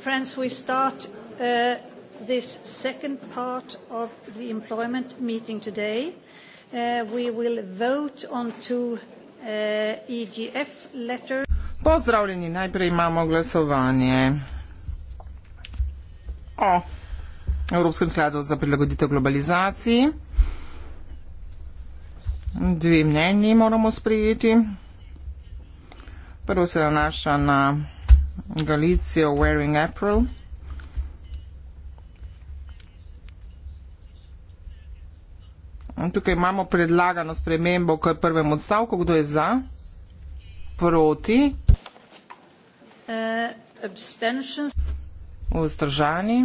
Friends, we start uh, this second part of the employment meeting today. Uh, we will vote on two uh, EGF letters. Pozdravljeni, najprej imamo glasovanje o Evropskem skladu za prilagoditev globalizaciji. Dve mnenji moramo sprejeti. Prvo se nanaša na Galicia wearing apparel. Tukaj imamo predlagano spremembo k prvem odstavku. Kdo je za? Proti? Uh, Vzdržani?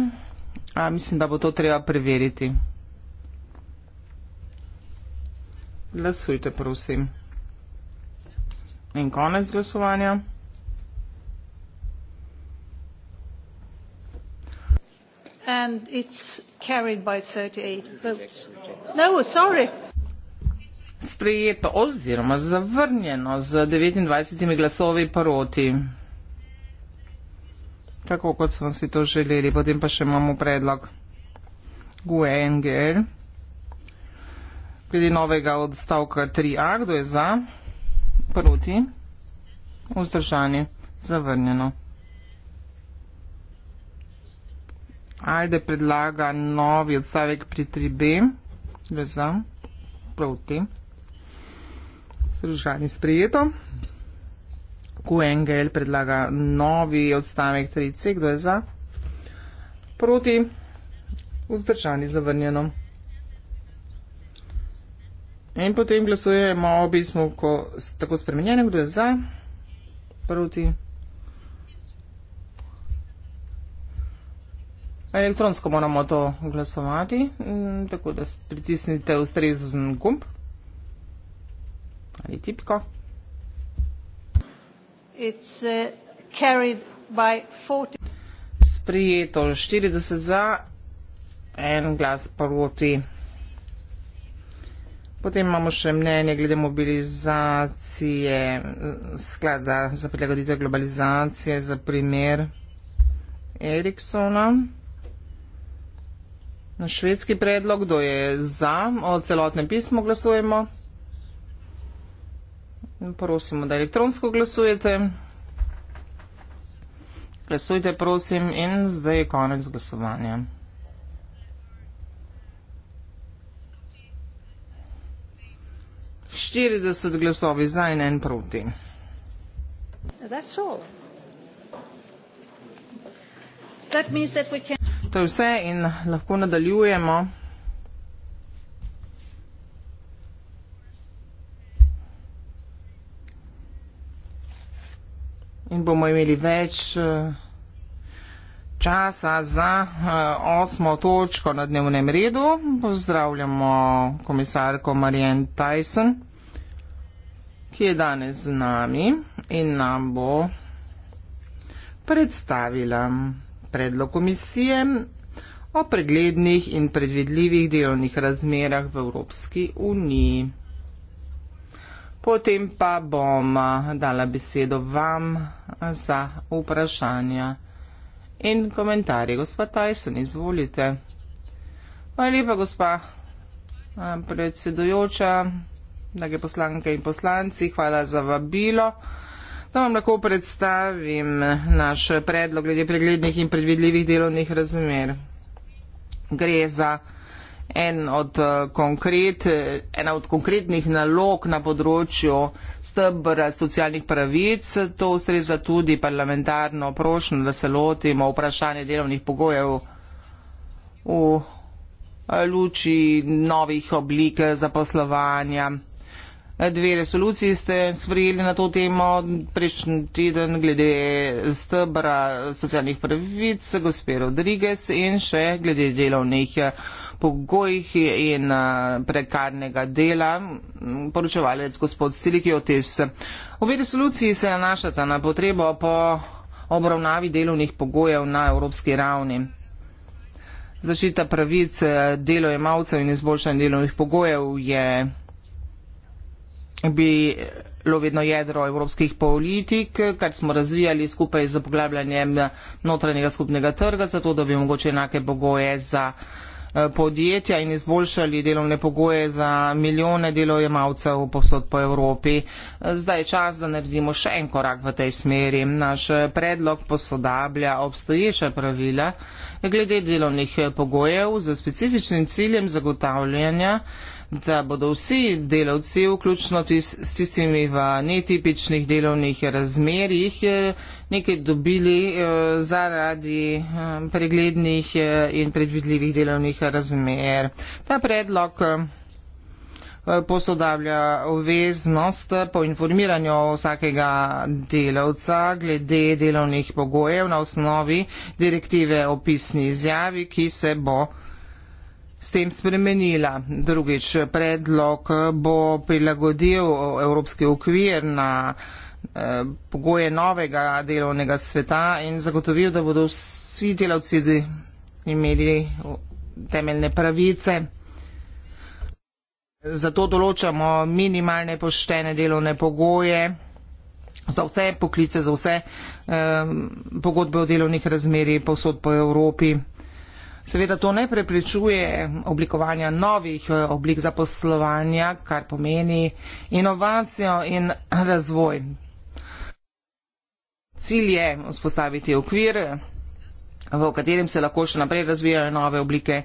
A, mislim, da bo to treba preveriti. Glasujte, prosim. In konec glasovanja. and it's carried by 38 votes. No, sorry. Sprejeto oziroma zavrnjeno z 29 glasovi proti. Tako kot smo si to želeli. Potem pa še imamo predlog Guengel. Glede novega odstavka 3a, kdo je za? Proti. Vzdržanje. Zavrnjeno. Ajde predlaga novi odstavek pri 3b, razum, prav v tem, sržani sprijeto. QNGL predlaga novi odstavek 3c, kdo je za, proti, vzdržani zavrnjeno. In potem glasujemo o pismu, ko tako spremenjeno, kdo je za, proti, vzdržani zavrnjeno. Elektronsko moramo to glasovati, mm, tako da pritisnite ustrezen gumb ali tipko. Uh, Sprijeto 40 za, en glas proti. Potem imamo še mnenje glede mobilizacije mm, sklada za prilagoditev globalizacije za primer Eriksona. Na švedski predlog, kdo je za, o celotnem pismu glasujemo. Prosimo, da elektronsko glasujete. Glasujte, prosim, in zdaj je konec glasovanja. Štirideset glasovi za in en proti. That's all. That means that we can. To je vse in lahko nadaljujemo. In bomo imeli več eh, časa za eh, osmo točko na dnevnem redu. Pozdravljamo komisarko Marijan Tyson, ki je danes z nami in nam bo predstavila predlog komisije o preglednih in predvidljivih delovnih razmerah v Evropski uniji. Potem pa bom dala besedo vam za vprašanja in komentarje. Gospa Tyson, izvolite. Hvala lepa, gospa predsedujoča, drage poslanke in poslanci, hvala za vabilo da vam lahko predstavim naš predlog glede preglednih in predvidljivih delovnih razmer. Gre za en od eh, konkret, ena od konkretnih nalog na področju stebra socialnih pravic. To ustreza tudi parlamentarno prošnjo, da se lotimo vprašanje delovnih pogojev v eh, luči novih oblik zaposlovanja. Dve resoluciji ste sprejeli na to temo prejšnji teden glede stebra socialnih pravic, gospe Rodriguez in še glede delovnih eh, pogojih in eh, prekarnega dela, poročevalec gospod Stilikiotis. Obe resoluciji se nanašata na potrebo po obravnavi delovnih pogojev na evropski ravni. Zašita pravic eh, delojemalcev in izboljšanje delovnih pogojev je bilo vedno jedro evropskih politik, kar smo razvijali skupaj z poglabljanjem notranjega skupnega trga, zato da bi mogoče enake pogoje za eh, podjetja in izboljšali delovne pogoje za milijone delojemalcev posod po Evropi. Zdaj je čas, da naredimo še en korak v tej smeri. Naš predlog posodablja obstoječa pravila glede delovnih pogojev z specifičnim ciljem zagotavljanja da bodo vsi delavci, vključno tis, s tistimi v netipičnih delovnih razmerjih, eh, nekaj dobili eh, zaradi eh, preglednih in predvidljivih delovnih razmer. Ta predlog posodablja obveznost po informiranju vsakega delavca glede delovnih pogojev na osnovi direktive opisni izjavi, ki se bo s tem spremenila. Drugič, predlog bo prilagodil evropski okvir na eh, pogoje novega delovnega sveta in zagotovil, da bodo vsi delavci imeli temeljne pravice. Zato določamo minimalne poštene delovne pogoje za vse poklice, za vse eh, pogodbe o delovnih razmerih posod po Evropi. Seveda to ne preprečuje oblikovanja novih eh, oblik zaposlovanja, kar pomeni inovacijo in razvoj. Cilj je vzpostaviti okvir, v katerem se lahko še naprej razvijajo nove oblike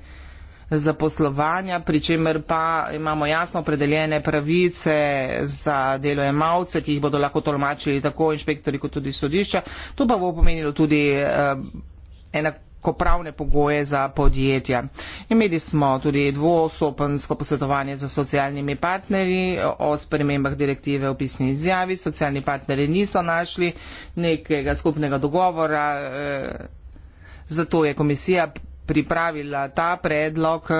zaposlovanja, pri čemer pa imamo jasno opredeljene pravice za delojemalce, ki jih bodo lahko tolmačili tako inšpektori kot tudi sodišča. To pa bo pomenilo tudi eh, enako ko pravne pogoje za podjetja. Imeli smo tudi dvostopensko posvetovanje z socialnimi partnerji o spremembah direktive o pisni izjavi. Socialni partnerji niso našli nekega skupnega dogovora, eh, zato je komisija pripravila ta predlog.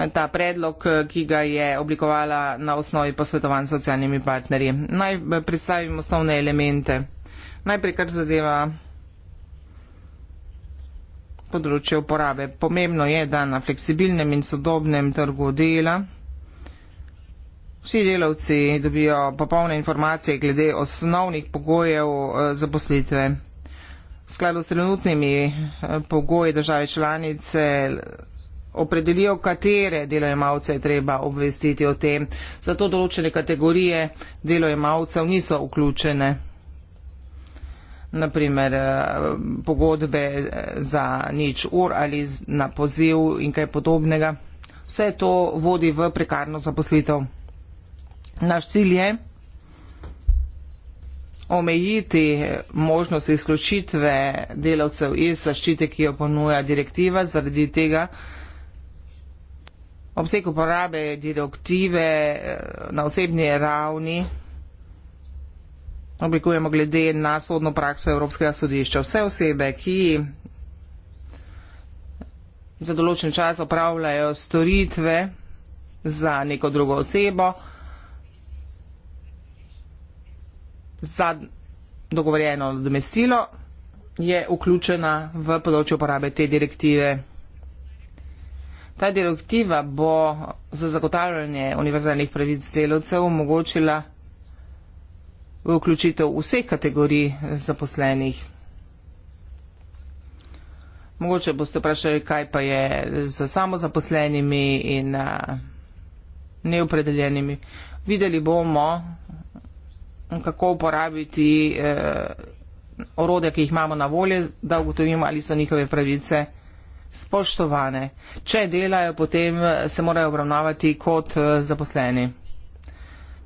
Eh, ta predlog, eh, ki ga je oblikovala na osnovi posvetovanj s socialnimi partnerji. Naj predstavim osnovne elemente najprej kar zadeva področje uporabe. Pomembno je, da na fleksibilnem in sodobnem trgu dela vsi delavci dobijo popolne informacije glede osnovnih pogojev eh, zaposlitve. V skladu s trenutnimi eh, pogoji države članice opredelijo, katere delojemalce je treba obvestiti o tem. Zato določene kategorije delojemalcev niso vključene naprimer eh, pogodbe eh, za nič ur ali na poziv in kaj podobnega. Vse to vodi v prekarno zaposlitev. Naš cilj je omejiti možnost izključitve delavcev iz zaščite, ki jo ponuja direktiva zaradi tega. Obseg uporabe direktive eh, na osebni ravni oblikujemo glede na sodno prakso Evropskega sodišča. Vse osebe, ki za določen čas opravljajo storitve za neko drugo osebo, za dogovorjeno domestilo, je vključena v področju uporabe te direktive. Ta direktiva bo za zagotavljanje univerzalnih pravic delovcev omogočila vključitev vseh kategorij zaposlenih. Mogoče boste vprašali, kaj pa je z samozaposlenimi in neopredeljenimi. Videli bomo, kako uporabiti e, orode, ki jih imamo na volje, da ugotovimo, ali so njihove pravice spoštovane. Če delajo, potem e, se morajo obravnavati kot e, zaposleni.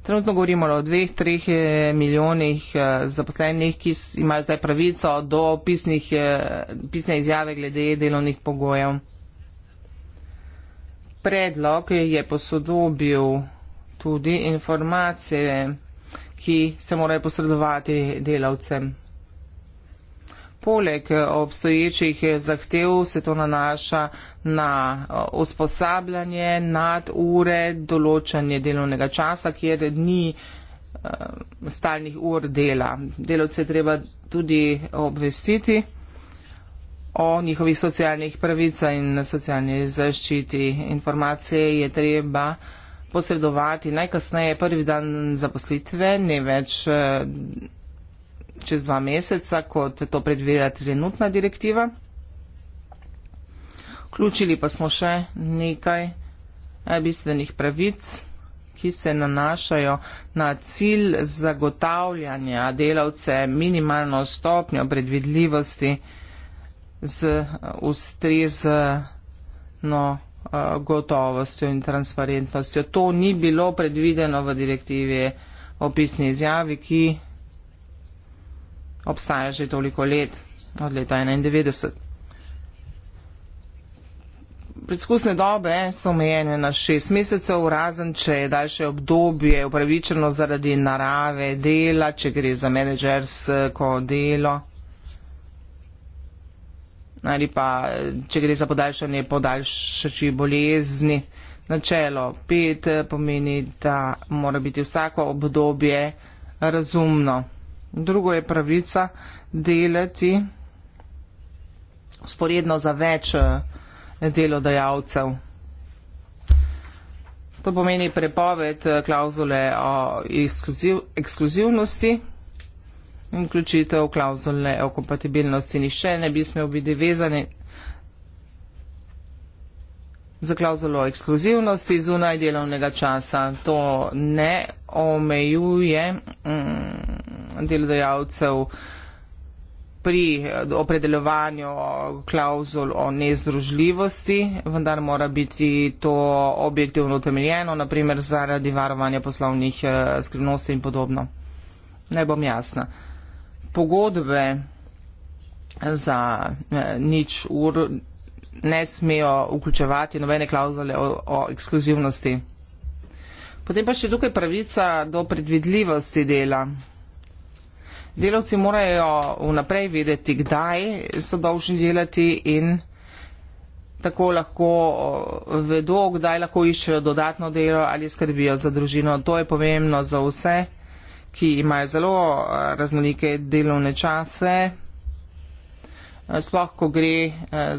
Trenutno govorimo o dveh, treh eh, milijonih eh, zaposlenih, ki imajo zdaj pravico do pisnih, eh, pisne izjave glede delovnih pogojev. Predlog je posodobil tudi informacije, ki se morajo posredovati delavcem poleg obstoječih zahtev se to nanaša na usposabljanje, nadure, določanje delovnega časa, kjer ni e, stalnih ur dela. Delovce je treba tudi obvestiti o njihovih socialnih pravica in socialni zaščiti. Informacije je treba posredovati najkasneje prvi dan zaposlitve, ne več e, čez dva meseca, kot to predvira trenutna direktiva. Vključili pa smo še nekaj bistvenih pravic, ki se nanašajo na cilj zagotavljanja delavce minimalno stopnjo predvidljivosti z ustrezno eh, gotovostjo in transparentnostjo. To ni bilo predvideno v direktivi opisni izjavi, ki obstaja že toliko let, od leta 1991. Predskusne dobe so omejene na šest mesecev, razen če je daljše obdobje upravičeno zaradi narave dela, če gre za menedžersko delo ali pa če gre za podaljšanje podaljšači bolezni. Načelo pet pomeni, da mora biti vsako obdobje razumno drugo je pravica delati sporedno za več eh, delodajalcev. To pomeni prepoved eh, klauzule o ekskluziv, ekskluzivnosti in vključitev klauzule o kompatibilnosti. Nihče ne bi smel biti vezani za klauzulo o ekskluzivnosti zunaj delovnega časa. To ne omejuje. Mm, delodajalcev pri opredeljevanju klauzul o nezdružljivosti, vendar mora biti to objektivno utemeljeno, naprimer zaradi varovanja poslovnih eh, skrivnosti in podobno. Ne bom jasna. Pogodbe za eh, nič ur ne smejo vključevati nobene klauzule o, o ekskluzivnosti. Potem pa še tukaj pravica do predvidljivosti dela. Delavci morajo vnaprej vedeti, kdaj so dolžni delati in tako lahko eh, vedo, kdaj lahko iščejo dodatno delo ali skrbijo za družino. To je pomembno za vse, ki imajo zelo eh, raznolike delovne čase, eh, sploh ko gre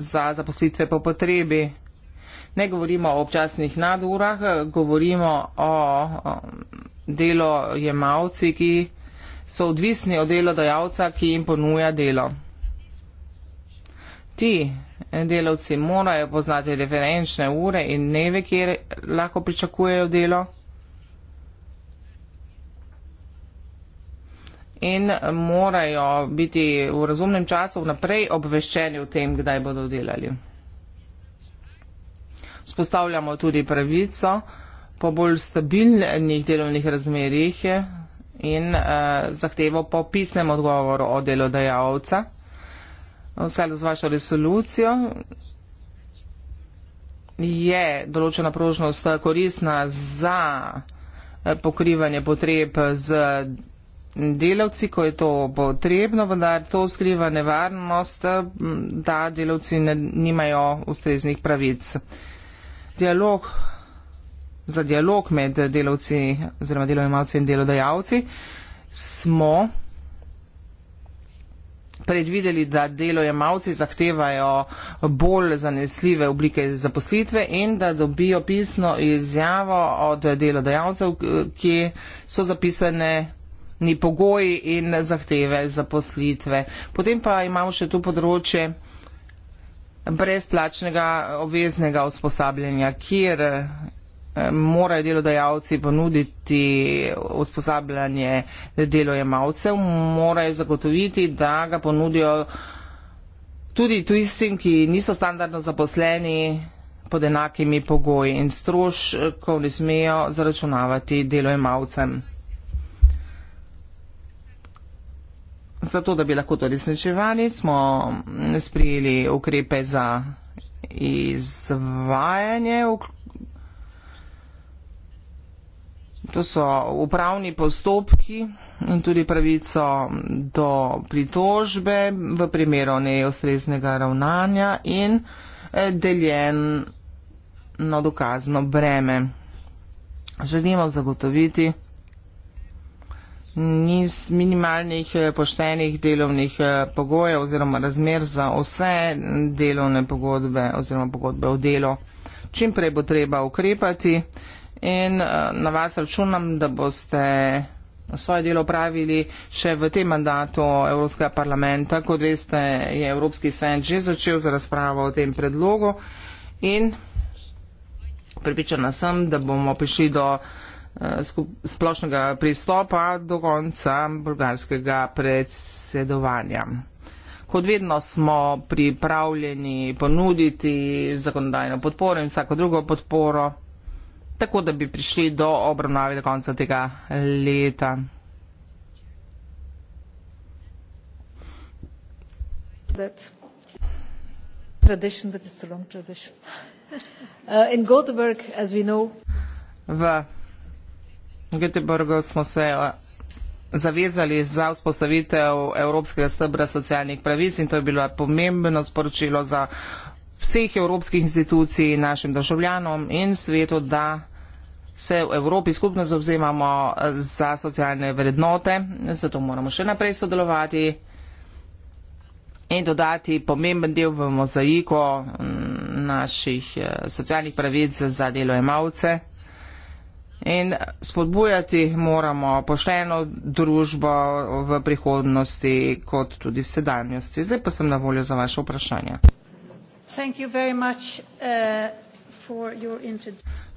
za zaposlitve po potrebi. Ne govorimo o občasnih nadurah, govorimo o delojemalci, ki so odvisni od delodajalca, ki jim ponuja delo. Ti eh, delavci morajo poznati referenčne ure in dneve, kjer lahko pričakujejo delo. In morajo biti v razumnem času naprej obveščeni o tem, kdaj bodo delali. Spostavljamo tudi pravico po bolj stabilnih delovnih razmerjih in uh, zahtevo po pisnem odgovoru od delodajalca v skladu z vašo resolucijo je določena prožnost koristna za eh, pokrivanje potreb z delavci, ko je to potrebno, vendar to skriva nevarnost, eh, da delavci ne, nimajo ustreznih pravic. Dialog za dialog med delavci oziroma delojemalci in delodajalci, smo predvideli, da delojemalci zahtevajo bolj zanesljive oblike zaposlitve in da dobijo pisno izjavo od delodajalcev, ki so zapisane ni pogoji in zahteve zaposlitve. Potem pa imamo še to področje brezplačnega obveznega usposabljanja, kjer morajo delodajalci ponuditi usposabljanje delojemalcev, morajo zagotoviti, da ga ponudijo tudi tujcem, ki niso standardno zaposleni pod enakimi pogoji in stroškov ne smejo zaračunavati delojemalcem. Zato, da bi lahko to resničevali, smo sprijeli ukrepe za izvajanje ukrepov To so upravni postopki in tudi pravico do pritožbe v primeru neustreznega ravnanja in eh, deljeno dokazno breme. Želimo zagotoviti niz minimalnih eh, poštenih delovnih eh, pogojev oziroma razmer za vse delovne pogodbe oziroma pogodbe v delo. Čim prej bo treba ukrepati in eh, na vas računam, da boste svoje delo pravili še v tem mandatu Evropskega parlamenta. Kot veste, je Evropski svet že začel z razpravo o tem predlogu in pripričana sem, da bomo prišli do eh, splošnega pristopa do konca bolgarskega predsedovanja. Kot vedno smo pripravljeni ponuditi zakonodajno podporo in vsako drugo podporo tako da bi prišli do obravnave do konca tega leta. Uh, v Göteborgu smo se uh, zavezali za vzpostavitev Evropskega stebra socialnih pravic in to je bilo pomembno sporočilo za vseh evropskih institucij, našim državljanom in svetu, da se v Evropi skupno zauzemamo eh, za socialne vrednote, zato moramo še naprej sodelovati in dodati pomemben del v mozaiko mm, naših eh, socialnih pravic za delojemalce. In spodbujati moramo pošteno družbo v prihodnosti kot tudi v sedanjosti. Zdaj pa sem na voljo za vaše vprašanje. Uh,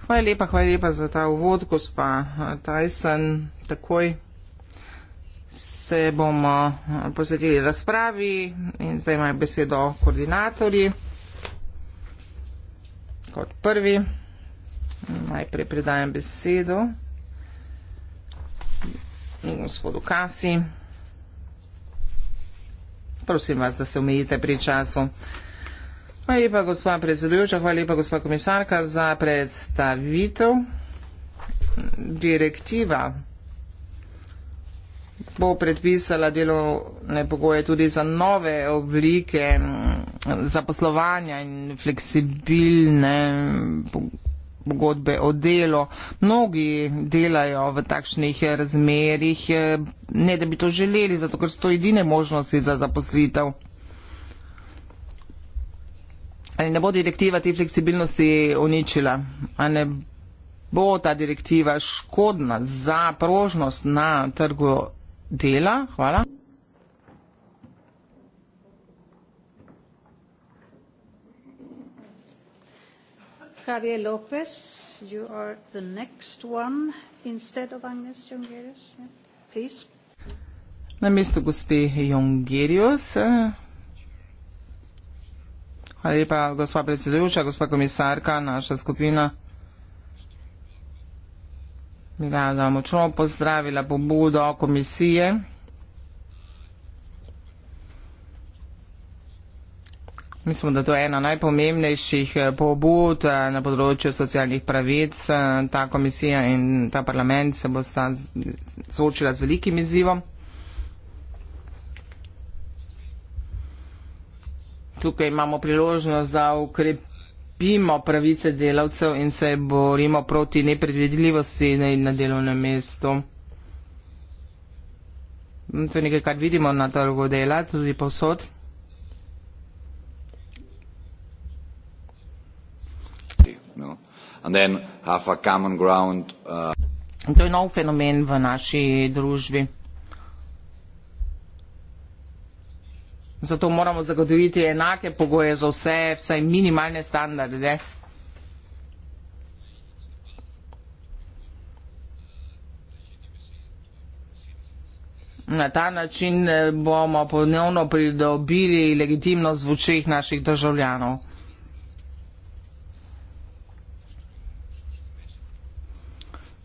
hvala lepa, hvala lepa za ta uvod, gospa uh, Tyson. Takoj se bomo uh, posvetili razpravi in zdaj imajo besedo koordinatorji. Kot prvi najprej predajam besedo gospodu Kasi. Prosim vas, da se omejite pri času. Uh, Hvala lepa, gospa predsedujoča, hvala lepa, gospa komisarka, za predstavitev. Direktiva bo predpisala delovne pogoje tudi za nove oblike mm, zaposlovanja in fleksibilne pogodbe o delo. Mnogi delajo v takšnih razmerih, eh, ne da bi to želeli, zato ker so to edine možnosti za zaposlitev ali ne bo direktiva te fleksibilnosti uničila, ali ne bo ta direktiva škodna za prožnost na trgu dela. Hvala. Javier Lopez, you are the next one instead of Agnes Jungerius. Please. Na mesto gospe Jungerius. Uh, eh, Hvala lepa, gospa predsedujoča, gospa komisarka, naša skupina. Bi rada močno pozdravila pobudo komisije. Mislim, da to je ena najpomembnejših eh, pobud eh, na področju socialnih pravic. Eh, ta komisija in ta parlament se bo soočila z velikim izzivom. tukaj imamo priložnost, da ukrepimo pravice delavcev in se borimo proti nepredvidljivosti na, na delovnem mestu. No, to je nekaj, kar vidimo na trgu dela, tudi posod. No. And then have a common ground, uh... In to je nov fenomen v naši družbi. Zato moramo zagotoviti enake pogoje za vse, vsaj minimalne standarde. Na ta način eh, bomo ponovno pridobili legitimnost v očeh naših državljanov.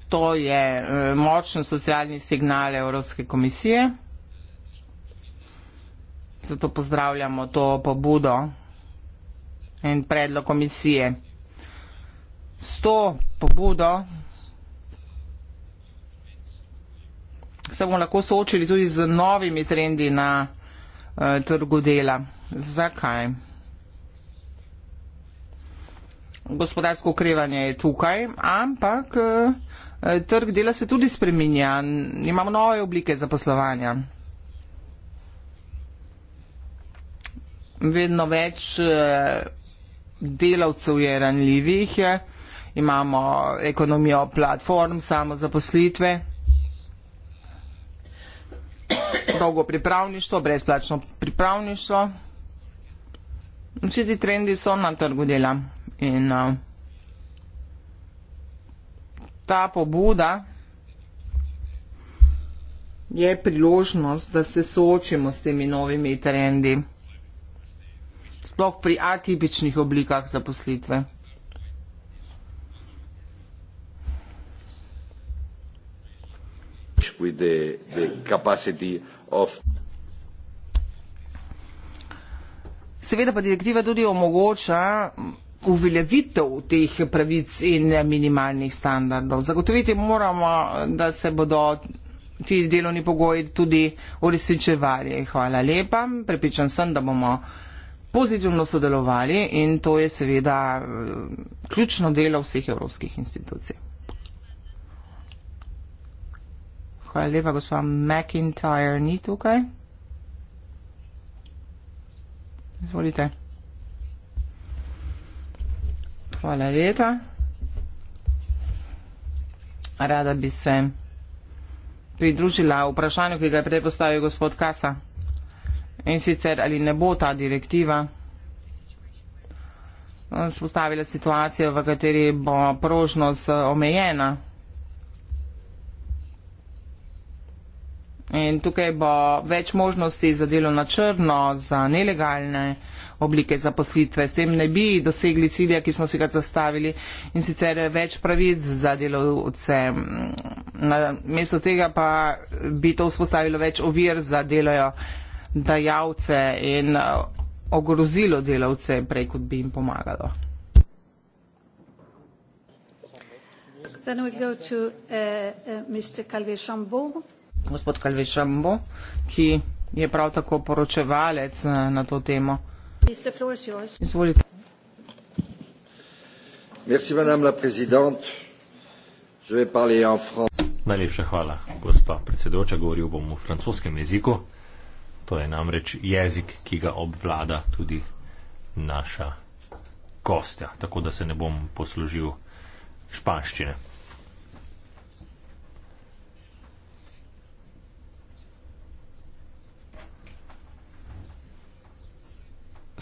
To je eh, močen socialni signal Evropske komisije. Zato pozdravljamo to pobudo in predlog komisije. S to pobudo se bomo lahko soočili tudi z novimi trendi na uh, trgu dela. Zakaj? Gospodarsko okrevanje je tukaj, ampak uh, trg dela se tudi spreminja. Imamo nove oblike zaposlovanja. vedno več eh, delavcev je ranljivih, imamo ekonomijo platform, samo zaposlitve, dolgo pripravništvo, brezplačno pripravništvo. Vsi ti trendi so na trgu dela in eh, ta pobuda je priložnost, da se soočimo s temi novimi trendi sploh pri atipičnih oblikah zaposlitve. The, the Seveda pa direktiva tudi omogoča uveljavitev teh pravic in minimalnih standardov. Zagotoviti moramo, da se bodo ti delovni pogoji tudi uresničevali. Hvala lepa. Prepričan sem, da bomo pozitivno sodelovali in to je seveda eh, ključno delo vseh evropskih institucij. Hvala lepa, gospod McIntyre ni tukaj. Izvolite. Hvala lepa. Rada bi se pridružila vprašanju, ki ga je prej postavil gospod Kasa in sicer ali ne bo ta direktiva spostavila eh, situacijo, v kateri bo prožnost eh, omejena. In tukaj bo več možnosti za delo na črno, za nelegalne oblike zaposlitve. S tem ne bi dosegli cilja, ki smo si ga zastavili in sicer več pravic za delovce. Na mesto tega pa bi to vzpostavilo več ovir za delojo dajalce in eh, ogrozilo delavce prej, kot bi jim pomagalo. Then we go to uh, uh, Mr. Calvi Shambo. ki je prav tako poročevalec eh, na to temo. Mr. Floor is yours. Izvolite. Merci, madame la présidente. Je vais parler en français. Najlepša hvala, gospa predsedoča, govoril bom v francoskem jeziku. To je namreč jezik, ki ga obvlada tudi naša gostja, tako da se ne bom poslužil španščine.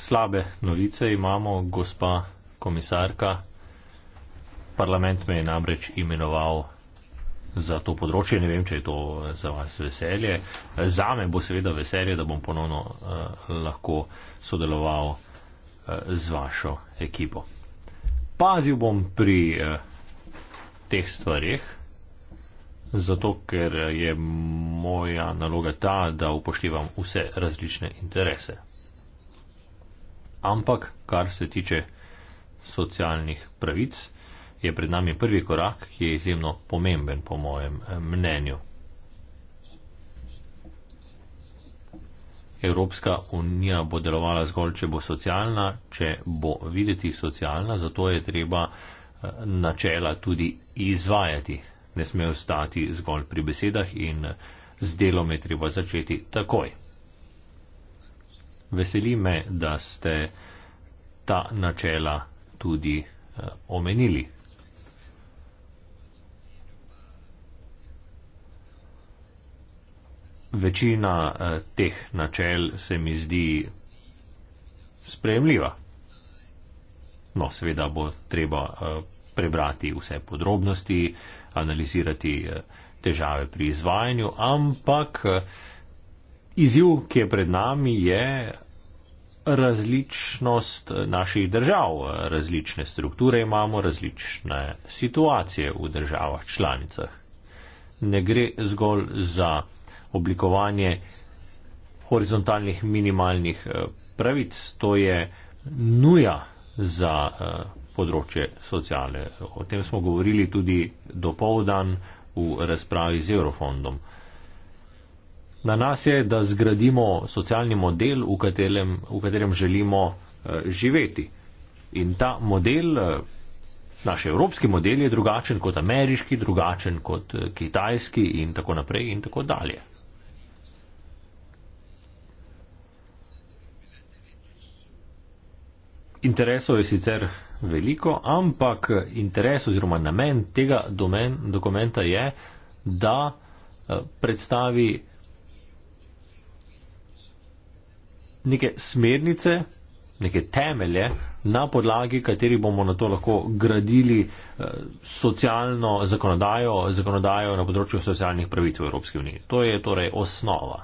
Slabe novice imamo, gospa komisarka. Parlament me je namreč imenoval za to področje. Ne vem, če je to za vas veselje. Za me bo seveda veselje, da bom ponovno uh, lahko sodeloval uh, z vašo ekipo. Pazil bom pri uh, teh stvarih, zato ker je moja naloga ta, da upoštevam vse različne interese. Ampak, kar se tiče socialnih pravic, je pred nami prvi korak, ki je izjemno pomemben, po mojem eh, mnenju. Evropska unija bo delovala zgolj, če bo socialna, če bo videti socialna, zato je treba eh, načela tudi izvajati. Ne sme ostati zgolj pri besedah in eh, z delom je treba začeti takoj. Veseli me, da ste ta načela tudi omenili. večina uh, teh načel se mi zdi sprejemljiva. No, seveda bo treba uh, prebrati vse podrobnosti, analizirati uh, težave pri izvajanju, ampak uh, izziv, ki je pred nami, je različnost naših držav. Različne strukture imamo, različne situacije v državah članicah. Ne gre zgolj za oblikovanje horizontalnih minimalnih eh, pravic, to je nuja za eh, področje socialne. O tem smo govorili tudi dopoledan v razpravi z Eurofondom. Na nas je, da zgradimo socialni model, v katerem, v katerem želimo eh, živeti. In ta model, naš evropski model, je drugačen kot ameriški, drugačen kot kitajski in tako naprej in tako dalje. Interesov je sicer veliko, ampak interes oziroma namen tega domen, dokumenta je, da eh, predstavi neke smernice, neke temelje, na podlagi katerih bomo na to lahko gradili eh, socialno zakonodajo, zakonodajo na področju socialnih pravic v Evropski uniji. To je torej osnova.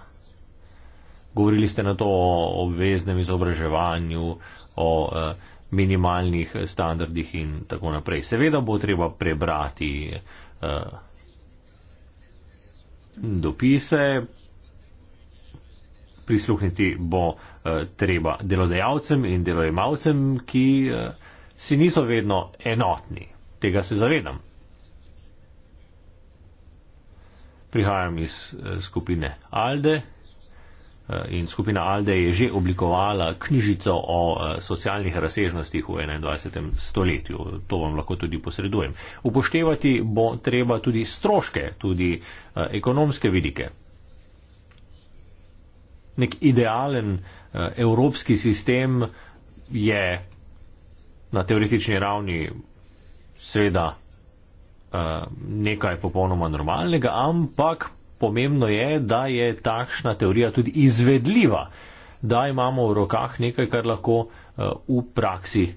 Govorili ste na to o obveznem izobraževanju, o eh, minimalnih standardih in tako naprej. Seveda bo treba prebrati eh, dopise, prisluhniti bo eh, treba delodajalcem in delojemalcem, ki si niso vedno enotni. Tega se zavedam. Prihajam iz skupine Alde. Eh, in skupina Alde je že oblikovala knjižico o eh, socialnih razsežnostih v 21. stoletju. To vam lahko tudi posredujem. Upoštevati bo treba tudi stroške, tudi eh, ekonomske vidike. Nek idealen evropski sistem je na teoretični ravni seveda nekaj popolnoma normalnega, ampak pomembno je, da je takšna teorija tudi izvedljiva, da imamo v rokah nekaj, kar lahko eh, v praksi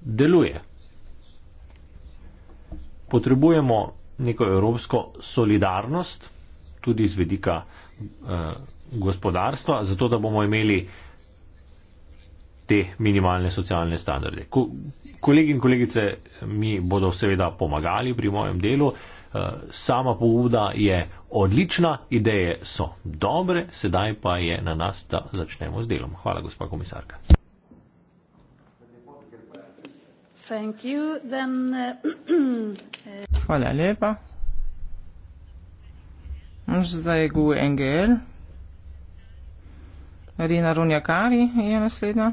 deluje. Potrebujemo neko evropsko solidarnost, tudi z vedika eh, gospodarstva, zato da bomo imeli te minimalne socialne standarde. Ko, kolegi in kolegice mi bodo seveda pomagali pri mojem delu, eh, Eh, sama pobuda je odlična, ideje so dobre, sedaj pa je na nas, da začnemo z delom. Hvala, gospa komisarka. Eh, eh, hvala lepa. Zdaj je GU NGL. Rina Runjakari je naslednja.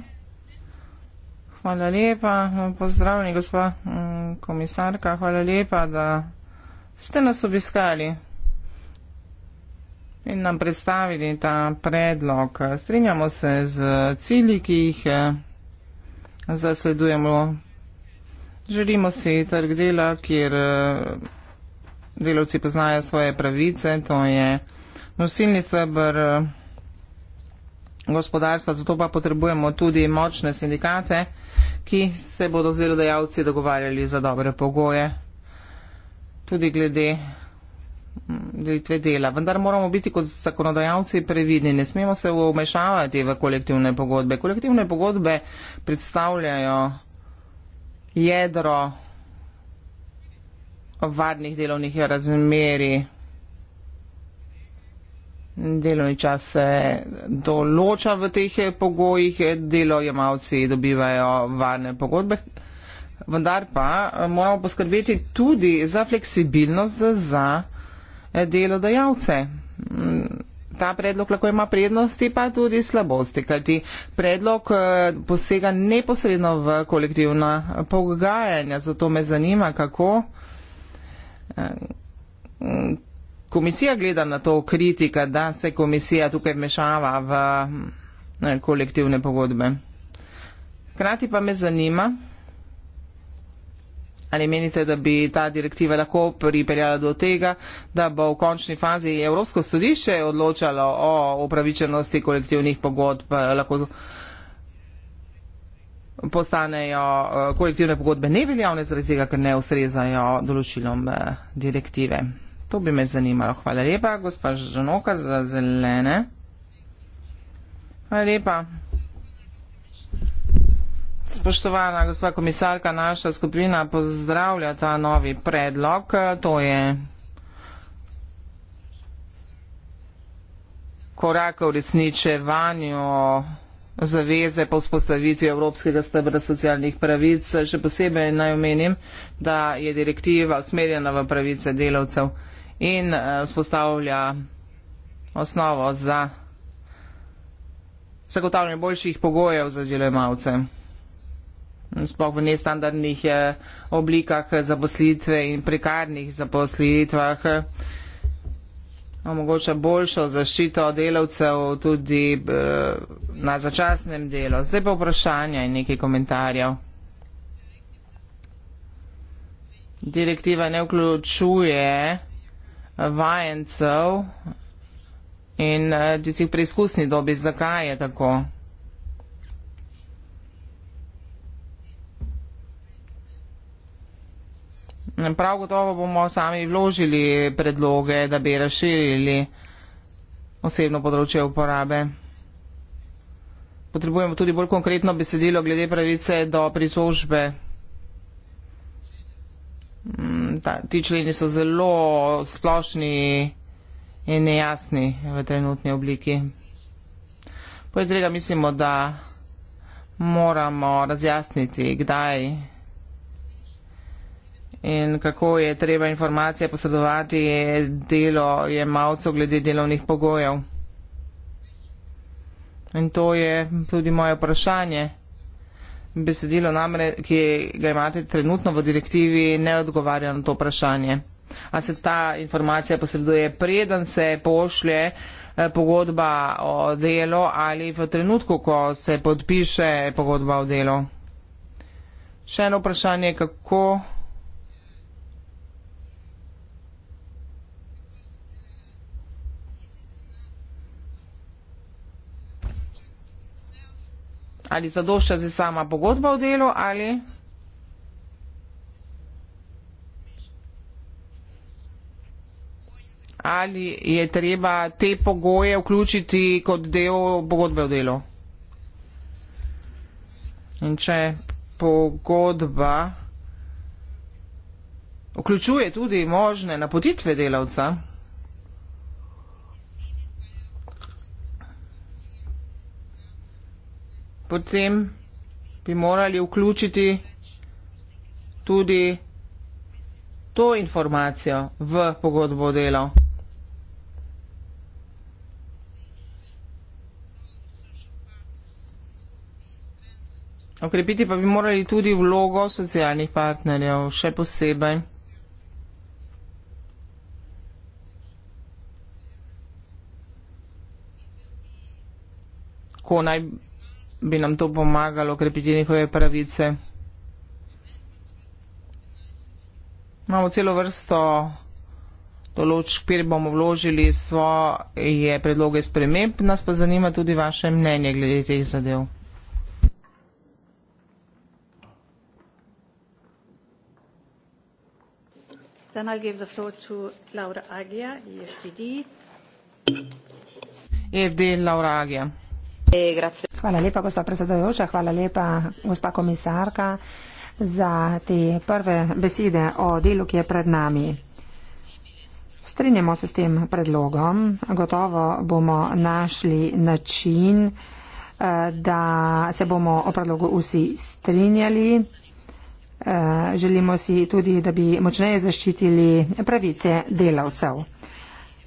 Hvala lepa, pozdravljeni gospa mm, komisarka, hvala lepa, da ste nas obiskali in nam predstavili ta predlog. Strinjamo se z cilji, ki jih eh, zasledujemo. Želimo si trg dela, kjer eh, delovci poznajo svoje pravice, to je nosilni sebr eh, gospodarstva, zato pa potrebujemo tudi močne sindikate, ki se bodo z delodajalci dogovarjali za dobre pogoje tudi glede mm, delitve dela. Vendar moramo biti kot zakonodajalci previdni. Ne smemo se vmešavati v kolektivne pogodbe. Kolektivne pogodbe predstavljajo jedro varnih delovnih razmeri. Delovni čas se določa v teh pogojih, delojemalci dobivajo varne pogodbe vendar pa eh, moramo poskrbeti tudi za fleksibilnost za eh, delodajalce. Mm, ta predlog lahko ima prednosti, pa tudi slabosti, kajti predlog eh, posega neposredno v kolektivna pogajanja. Zato me zanima, kako mm, komisija gleda na to kritika, da se komisija tukaj vmešava v mm, kolektivne pogodbe. Hkrati pa me zanima, Ali menite, da bi ta direktiva lahko pripeljala do tega, da bo v končni fazi Evropsko sodišče odločalo o upravičenosti kolektivnih pogodb, lahko postanejo eh, kolektivne pogodbe neveljavne zaradi tega, ker ne ustrezajo določilom eh, direktive. To bi me zanimalo. Hvala lepa, gospa Žanoka za zelene. Hvala lepa. Spoštovana gospa komisarka, naša skupina pozdravlja ta novi predlog. To je korak v resničevanju zaveze po vzpostavitvi Evropskega stebra socialnih pravic. Še posebej naj omenim, da je direktiva usmerjena v pravice delavcev in eh, vzpostavlja osnovo za zagotavljanje boljših pogojev za delojemalce sploh v nestandardnih eh, oblikah zaposlitve in prekarnih zaposlitvah, eh, omogoča boljšo zaščito delavcev tudi eh, na začasnem delu. Zdaj pa vprašanja in nekaj komentarjev. Direktiva ne vključuje vajencev in tistih preizkusnih dobi, zakaj je tako. Prav gotovo bomo sami vložili predloge, da bi razširili osebno področje uporabe. Potrebujemo tudi bolj konkretno besedilo glede pravice do pritožbe. Mm, ta, ti členi so zelo splošni in nejasni v trenutni obliki. Poleg tega mislimo, da moramo razjasniti, kdaj in kako je treba informacije posredovati delo jemalcev glede delovnih pogojev. In to je tudi moje vprašanje. Besedilo namre, ki ga imate trenutno v direktivi, ne odgovarja na to vprašanje. A se ta informacija posreduje preden se pošlje eh, pogodba o delo ali v trenutku, ko se podpiše pogodba o delo? Še eno vprašanje, kako ali zadošča za sama pogodba v delu ali ali je treba te pogoje vključiti kot del pogodbe v delu. In če pogodba vključuje tudi možne napotitve delavca, potem bi morali vključiti tudi to informacijo v pogodbo delo. Okrepiti pa bi morali tudi vlogo socialnih partnerjev, še posebej. Ko naj bi bi nam to pomagalo krepiti njihove pravice. Imamo celo vrsto določb, kjer bomo vložili svoje predloge sprememb, nas pa zanima tudi vaše mnenje glede teh zadev. Then I'll give the floor to Laura Agia, EFDD. EFD, Laura Agia. Hvala lepa, gospa predsedajoča, hvala lepa, gospa komisarka, za te prve besede o delu, ki je pred nami. Strinjamo se s tem predlogom. Gotovo bomo našli način, eh, da se bomo o predlogu vsi strinjali. Eh, želimo si tudi, da bi močneje zaščitili pravice delavcev.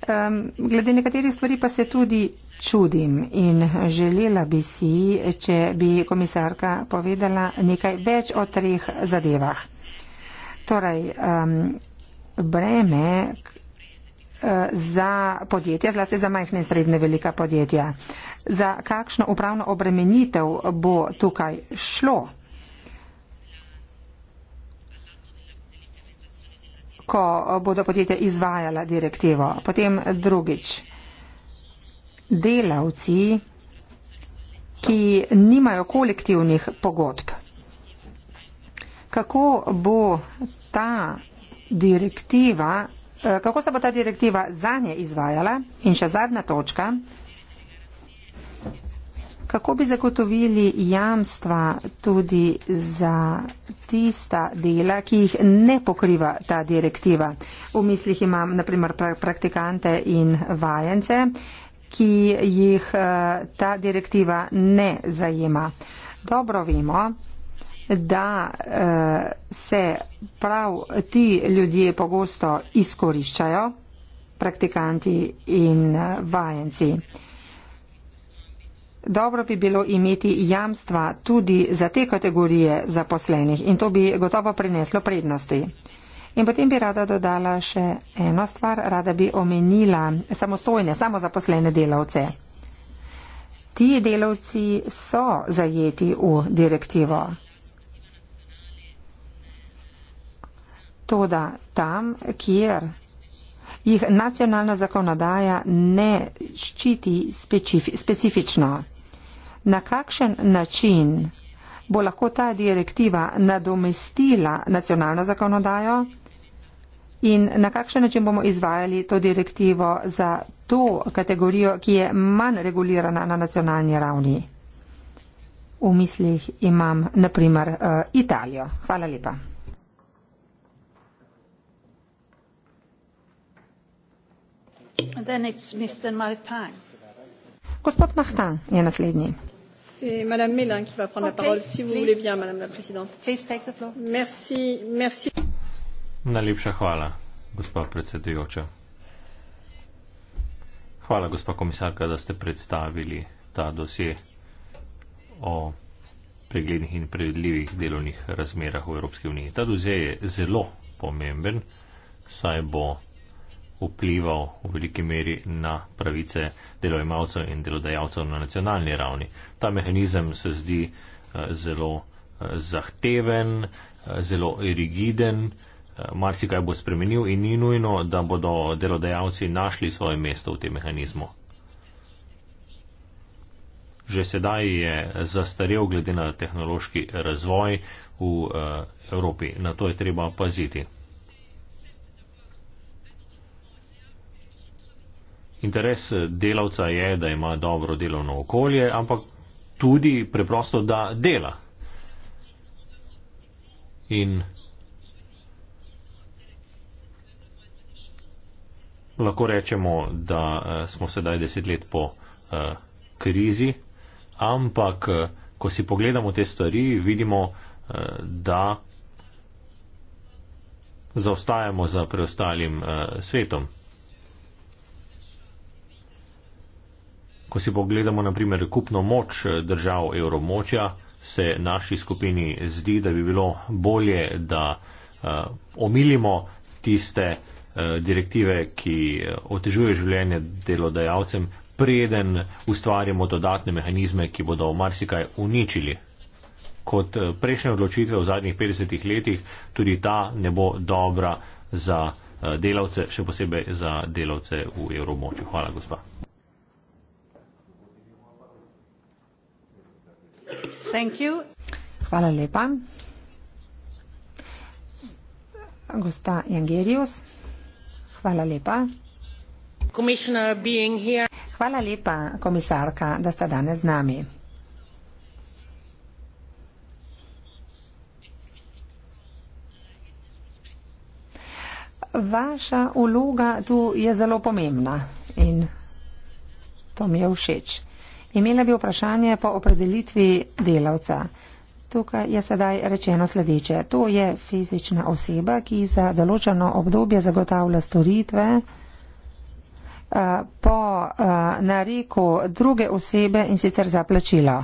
Um, glede nekaterih stvari pa se tudi čudim in želela bi si, če bi komisarka povedala nekaj več o treh zadevah. Torej, um, breme uh, za podjetja, zlasti za majhne in srednje velika podjetja. Za kakšno upravno obremenitev bo tukaj šlo? ko bodo podjetja izvajala direktivo. Potem drugič, delavci, ki nimajo kolektivnih pogodb. Kako bo ta direktiva, eh, kako se bo ta direktiva za nje izvajala? In še zadnja točka, kako bi zagotovili jamstva tudi za tista dela, ki jih ne pokriva ta direktiva. V mislih imam naprimer praktikante in vajence, ki jih eh, ta direktiva ne zajema. Dobro vemo, da eh, se prav ti ljudje pogosto izkoriščajo, praktikanti in eh, vajenci dobro bi bilo imeti jamstva tudi za te kategorije zaposlenih in to bi gotovo prineslo prednosti. In potem bi rada dodala še eno stvar, rada bi omenila samostojne, samozaposlene delavce. Ti delavci so zajeti v direktivo. Toda tam, kjer jih nacionalna zakonodaja ne ščiti specifično. Na kakšen način bo lahko ta direktiva nadomestila nacionalno zakonodajo in na kakšen način bomo izvajali to direktivo za to kategorijo, ki je manj regulirana na nacionalni ravni. V mislih imam naprimer eh, Italijo. Hvala lepa. Gospod Mahtan je naslednji. C'est Madame Mélin qui va prendre okay, la parole, si vous please, voulez bien, Madame la Présidente. Please take the floor. Merci, merci. Najlepša hvala, gospod predsedujoča. Hvala, gospod komisarka, da ste predstavili ta dosje o preglednih in predvidljivih delovnih razmerah v Evropski uniji. Ta dosje je zelo pomemben, saj bo vplival v veliki meri na pravice delojemalcev in delodajalcev na nacionalni ravni. Ta mehanizem se zdi eh, zelo eh, zahteven, eh, zelo rigiden, marsikaj bo spremenil in ni nujno, da bodo delodajalci našli svoje mesto v tem mehanizmu. Že sedaj je zastarel glede na tehnološki razvoj v Evropi. Na to je treba paziti. Interes delavca je, da ima dobro delovno okolje, ampak tudi preprosto, da dela. In lahko rečemo, da eh, smo sedaj deset let po eh, krizi, ampak eh, ko si pogledamo te stvari, vidimo, eh, da zaostajamo za preostalim eh, svetom. Ko si pogledamo, naprimer, kupno moč eh, držav evromočja, se naši skupini zdi, da bi bilo bolje, da uh, omilimo tiste uh, direktive, ki otežuje življenje delodajalcem, preden ustvarjamo dodatne mehanizme, ki bodo marsikaj uničili. Kot prejšnje odločitve v zadnjih 50 letih, tudi ta ne bo dobra za delavce, še posebej za delavce v evromočju. Hvala, gospa. Thank you. Hvala lepa. Gospa Jangerius, hvala lepa. Being here. Hvala lepa, komisarka, da ste danes z nami. Vaša vloga tu je zelo pomembna in to mi je všeč. Imela bi vprašanje po opredelitvi delavca. Tukaj je sedaj rečeno sledeče. To je fizična oseba, ki za določeno obdobje zagotavlja storitve eh, po eh, nareku druge osebe in sicer za plačilo.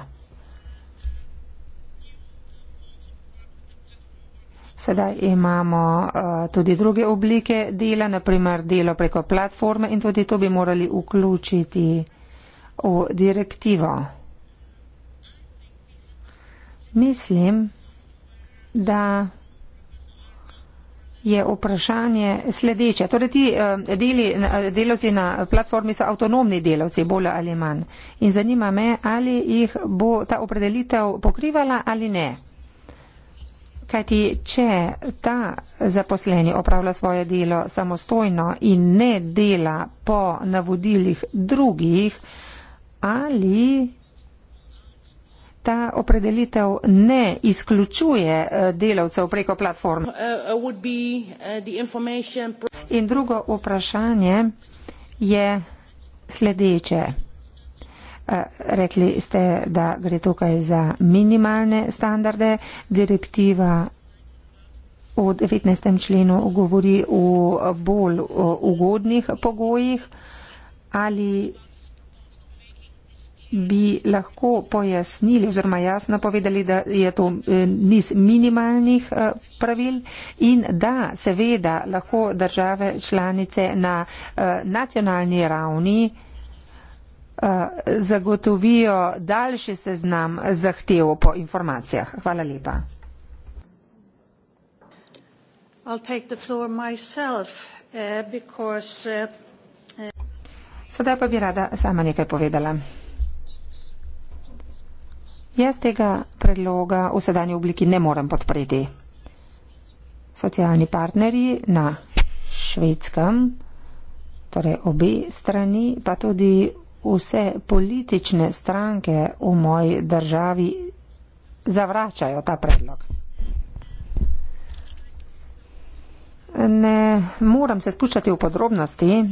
Sedaj imamo eh, tudi druge oblike dela, naprimer delo preko platforme in tudi to bi morali vključiti v direktivo. Mislim, da je vprašanje sledeče. Torej, ti eh, deli, delavci na platformi so avtonomni delavci, bolj ali manj. In zanima me, ali jih bo ta opredelitev pokrivala ali ne. Kajti, če ta zaposleni opravlja svoje delo samostojno in ne dela po navodilih drugih, ali ta opredelitev ne izključuje eh, delavcev preko platform. Uh, uh, uh, In drugo vprašanje je sledeče. Eh, rekli ste, da gre tukaj za minimalne standarde. Direktiva v 19. členu govori o bolj eh, ugodnih pogojih. Ali bi lahko pojasnili oziroma jasno povedali, da je to eh, niz minimalnih eh, pravil in da seveda lahko države članice na eh, nacionalni ravni zagotovijo daljši seznam zahtev po informacijah. Hvala lepa. Sedaj pa bi rada sama nekaj povedala. Jaz tega predloga v sedanji obliki ne morem podpreti. Socialni partnerji na švedskem, torej obi strani, pa tudi vse politične stranke v moji državi zavračajo ta predlog. Ne moram se spuščati v podrobnosti,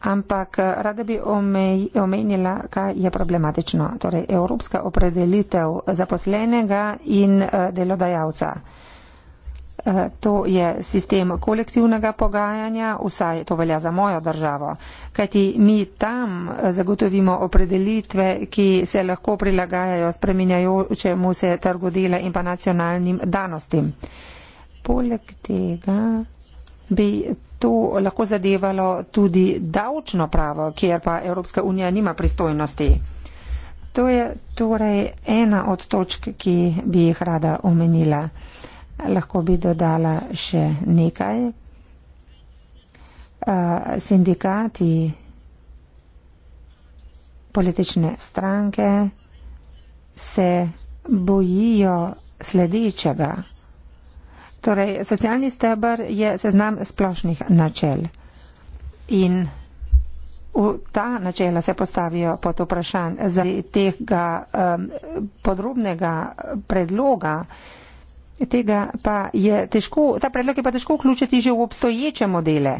ampak eh, rada bi omenila, kaj je problematično. Torej, evropska opredelitev zaposlenega in eh, delodajalca. Eh, to je sistem kolektivnega pogajanja, vsaj to velja za mojo državo, kajti mi tam zagotovimo opredelitve, ki se lahko prilagajajo spreminjajočemu se trgu dela in pa nacionalnim danostim. Poleg tega bi to lahko zadevalo tudi davčno pravo, kjer pa Evropska unija nima pristojnosti. To je torej ena od točk, ki bi jih rada omenila. Lahko bi dodala še nekaj. Eh, sindikati, politične stranke se bojijo sledečega. Torej, socialni stebr je seznam splošnih načel in v ta načela se postavijo pod vprašanj zaradi tega um, podrobnega predloga. Tega pa je težko, ta predlog je pa težko vključiti že v obstoječe modele.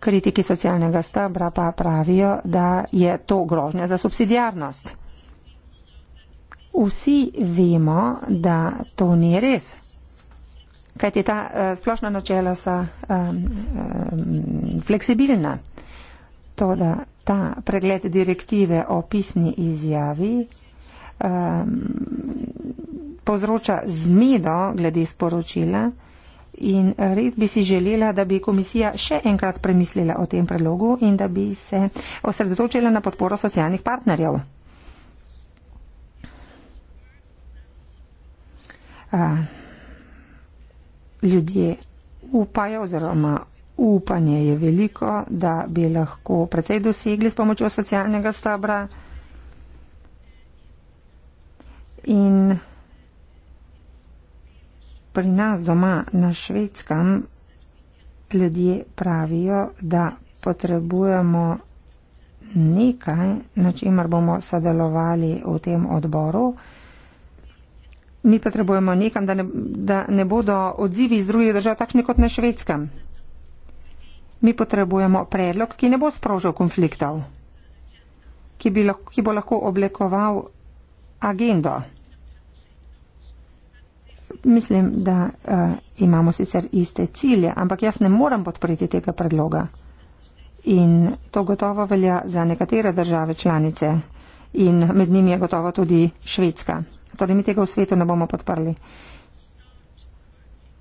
Kritiki socialnega stebra pa pravijo, da je to grožnja za subsidijarnost. Vsi vemo, da to ni res. Kajti ta eh, splošna načela so um, um, fleksibilna. To, da ta pregled direktive o pisni izjavi um, povzroča zmedo glede sporočila in red bi si želela, da bi komisija še enkrat premislila o tem predlogu in da bi se osredotočila na podporo socialnih partnerjev. Uh, ljudje upajo oziroma upanje je veliko, da bi lahko precej dosegli s pomočjo socialnega stabra. In pri nas doma na švedskem ljudje pravijo, da potrebujemo nekaj, na čemer bomo sodelovali v tem odboru. Mi potrebujemo nekam, da ne, da ne bodo odzivi iz drugih držav takšni kot na švedskem. Mi potrebujemo predlog, ki ne bo sprožil konfliktov, ki, bi, ki bo lahko oblikoval agendo. Mislim, da uh, imamo sicer iste cilje, ampak jaz ne morem podpreti tega predloga. In to gotovo velja za nekatere države članice in med njimi je gotovo tudi Švedska. Torej, mi tega v svetu ne bomo podprli.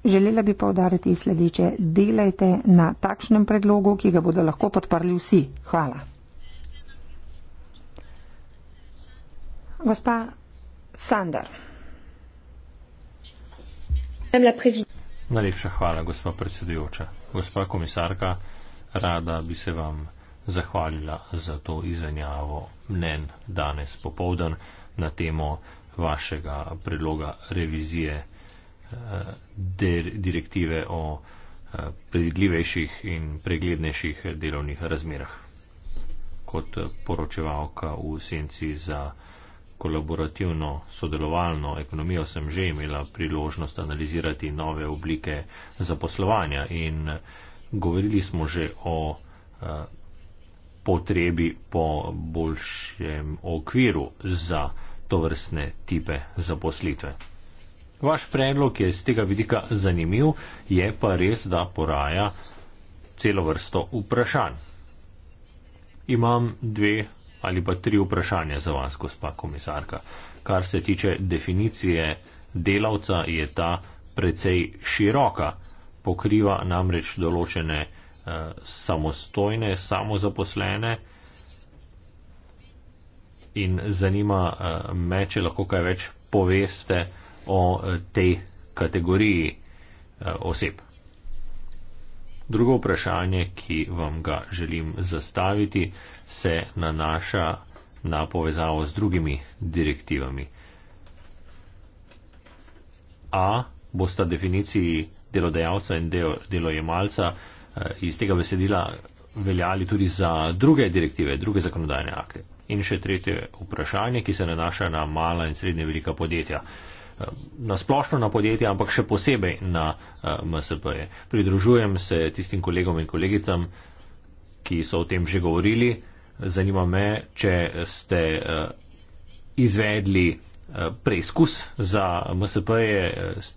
Želela bi povdariti sledeče. Delajte na takšnem predlogu, ki ga bodo lahko podprli vsi. Hvala. Gospa Sandar. Najlepša hvala, gospa predsedujoča. Gospa komisarka, rada bi se vam zahvalila za to izvenjavo mnen danes popovdan na temo vašega predloga revizije eh, direktive o eh, predvidljivejših in preglednejših delovnih razmerah. Kot eh, poročevalka v senci za kolaborativno sodelovalno ekonomijo sem že imela priložnost analizirati nove oblike zaposlovanja in govorili smo že o potrebi po boljšem okviru za to vrstne tipe zaposlitve. Vaš predlog je z tega vidika zanimiv, je pa res, da poraja celo vrsto vprašanj. Imam dve ali pa tri vprašanja za vas, gospa komisarka. Kar se tiče definicije delavca, je ta precej široka, pokriva namreč določene eh, samostojne, samozaposlene, eh, in zanima eh, me, če lahko kaj več poveste o eh, tej kategoriji eh, oseb. Drugo vprašanje, ki vam ga želim zastaviti, se nanaša na povezavo z drugimi direktivami. A bosta definiciji delodajalca in delojemalca iz tega besedila veljali tudi za druge direktive, druge zakonodajne akte. In še tretje vprašanje, ki se nanaša na mala in srednje velika podjetja. Eh, na splošno na podjetja, ampak še posebej na eh, MSP-je. Pridružujem se tistim kolegom in kolegicam, ki so o tem že govorili. Zanima me, če ste eh, izvedli preizkus za MSP-je,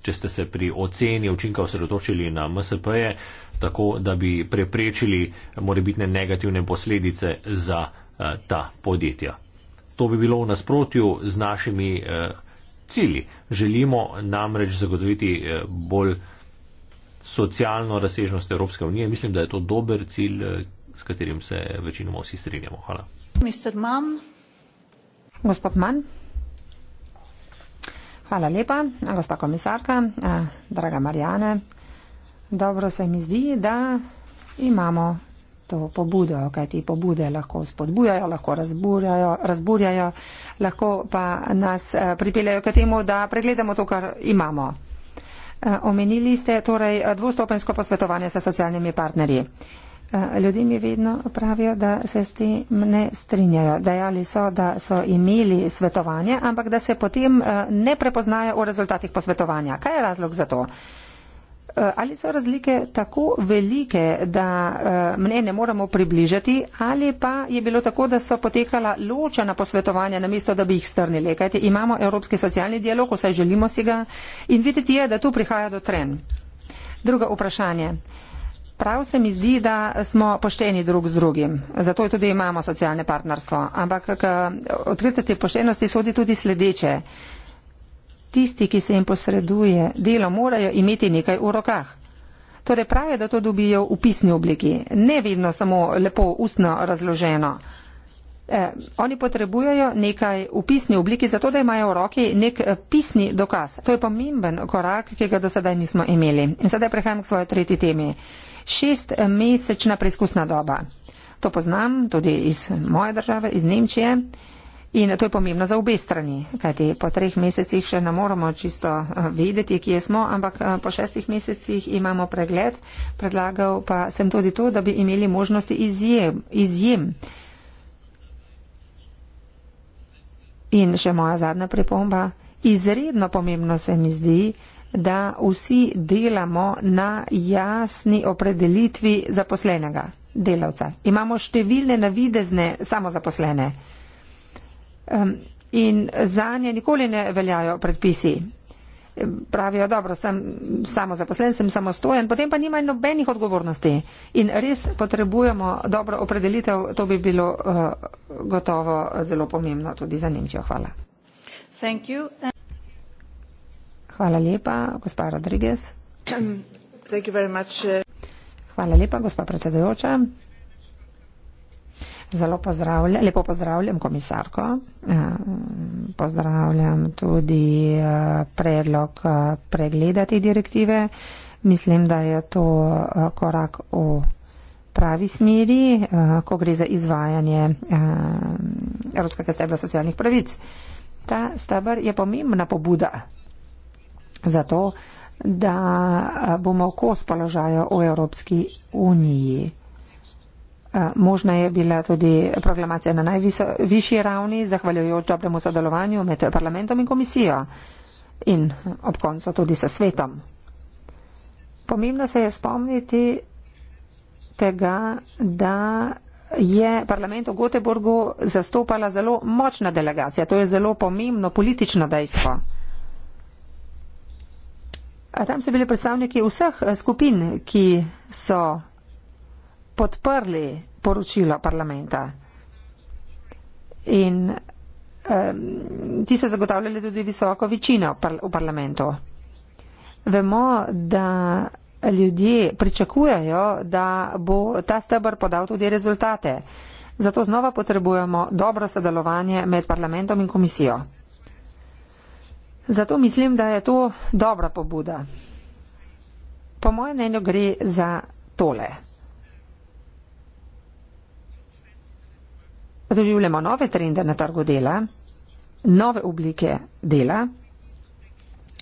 če ste se pri oceni učinka osredotočili na MSP-je, tako da bi preprečili morebitne negativne posledice za MSP-je. Eh, ta podjetja. To bi bilo v nasprotju z našimi eh, cilji. Želimo namreč zagotoviti eh, bolj socialno razsežnost Evropske unije. Mislim, da je to dober cilj, s katerim se večinoma vsi strinjamo. Hvala. Mr. Mann. Gospod Mann. Hvala lepa, gospa komisarka, draga Marijane. Dobro se mi zdi, da imamo to pobudo, kajti pobude lahko spodbujajo, lahko razburjajo, razburjajo lahko pa nas eh, pripeljajo k temu, da pregledamo to, kar imamo. Eh, omenili ste torej eh, dvostopensko posvetovanje s socialnimi partnerji. Ljudje mi vedno pravijo, da se s tem ne strinjajo. Dejali so, da so imeli svetovanje, ampak da se potem ne prepoznajo v rezultatih posvetovanja. Kaj je razlog za to? Uh, Eh, ali so razlike tako velike, da eh, mne ne moremo približati, ali pa je bilo tako, da so potekala ločena posvetovanja, namesto da bi jih strnili. Kajti imamo evropski socialni dialog, vsaj želimo si ga in videti je, da tu prihaja do tren. Drugo vprašanje. Prav se mi zdi, da smo pošteni drug z drugim. Zato tudi imamo socialne partnerstvo. Ampak k odkritosti in poštenosti sodi tudi sledeče tisti, ki se jim posreduje delo, morajo imeti nekaj v rokah. Torej pravijo, da to dobijo v pisni obliki, ne vedno samo lepo ustno razloženo. Eh, oni potrebujejo nekaj v pisni obliki, zato da imajo v roki nek e, pisni dokaz. To je pomemben korak, ki ga do sedaj nismo imeli. In sedaj prehajam k svoji tretji temi. Šest mesečna preizkusna doba. To poznam tudi iz moje države, iz Nemčije. In to je pomembno za obe strani, kajti po treh mesecih še ne moramo čisto eh, vedeti, kje smo, ampak eh, po šestih mesecih imamo pregled. Predlagal pa sem tudi to, da bi imeli možnosti izjem. izjem. In še moja zadnja pripomba. Izredno pomembno se mi zdi, da vsi delamo na jasni opredelitvi zaposlenega delavca. Imamo številne navidezne samozaposlene in za nje nikoli ne veljajo predpisi. Pravijo, dobro, sem samo zaposlen, sem samostojen, potem pa nimajo nobenih odgovornosti. In res potrebujemo dobro opredelitev, to bi bilo eh, gotovo zelo pomembno tudi za Nemčijo. Hvala. Hvala lepa, gospa Rodriguez. Eh. Hvala lepa, gospa predsedujoča. Zelo pozdravljam, lepo pozdravljam komisarko. Eh, pozdravljam tudi eh, predlog eh, pregleda te direktive. Mislim, da je to korak v pravi smeri, ko gre za izvajanje Evropskega stebra socialnih pravic. Ta stebr je pomembna pobuda za to, da bomo kos položaja v Evropski uniji. Eh, možna je bila tudi proklamacija na najvišji ravni, zahvaljujoč dobremu sodelovanju med parlamentom in komisijo in ob koncu tudi s svetom. Pomembno se je spomniti tega, da je parlament v Goteborgu zastopala zelo močna delegacija. To je zelo pomembno politično dejstvo. A tam so bili predstavniki vseh eh, skupin, ki so podprli poročilo parlamenta. In um, ti so zagotavljali tudi visoko večino par v parlamentu. Vemo, da ljudje pričakujejo, da bo ta stebr podal tudi rezultate. Zato znova potrebujemo dobro sodelovanje med parlamentom in komisijo. Zato mislim, da je to dobra pobuda. Po mojem mnenju gre za tole. doživljamo nove trende na trgu dela, nove oblike dela.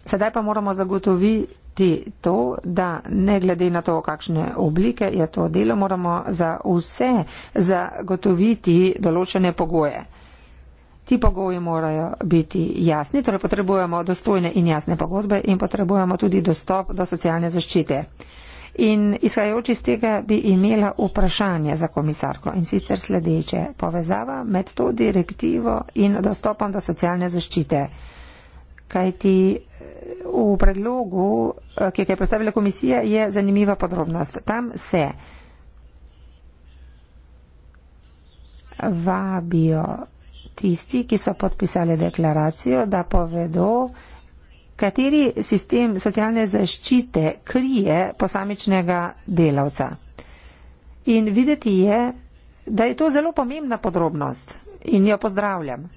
Sedaj pa moramo zagotoviti to, da ne glede na to, kakšne oblike je to delo, moramo za vse zagotoviti določene pogoje. Ti pogoji morajo biti jasni, torej potrebujemo dostojne in jasne pogodbe in potrebujemo tudi dostop do socialne zaščite. In izhajajoč iz tega bi imela vprašanje za komisarko in sicer sledeče povezava med to direktivo in dostopom do socialne zaščite. Kaj ti eh, v predlogu, eh, ki ga je predstavila komisija, je zanimiva podrobnost. Tam se vabijo tisti, ki so podpisali deklaracijo, da povedo, kateri sistem socialne zaščite krije posamičnega delavca. In videti je, da je to zelo pomembna podrobnost in jo pozdravljam.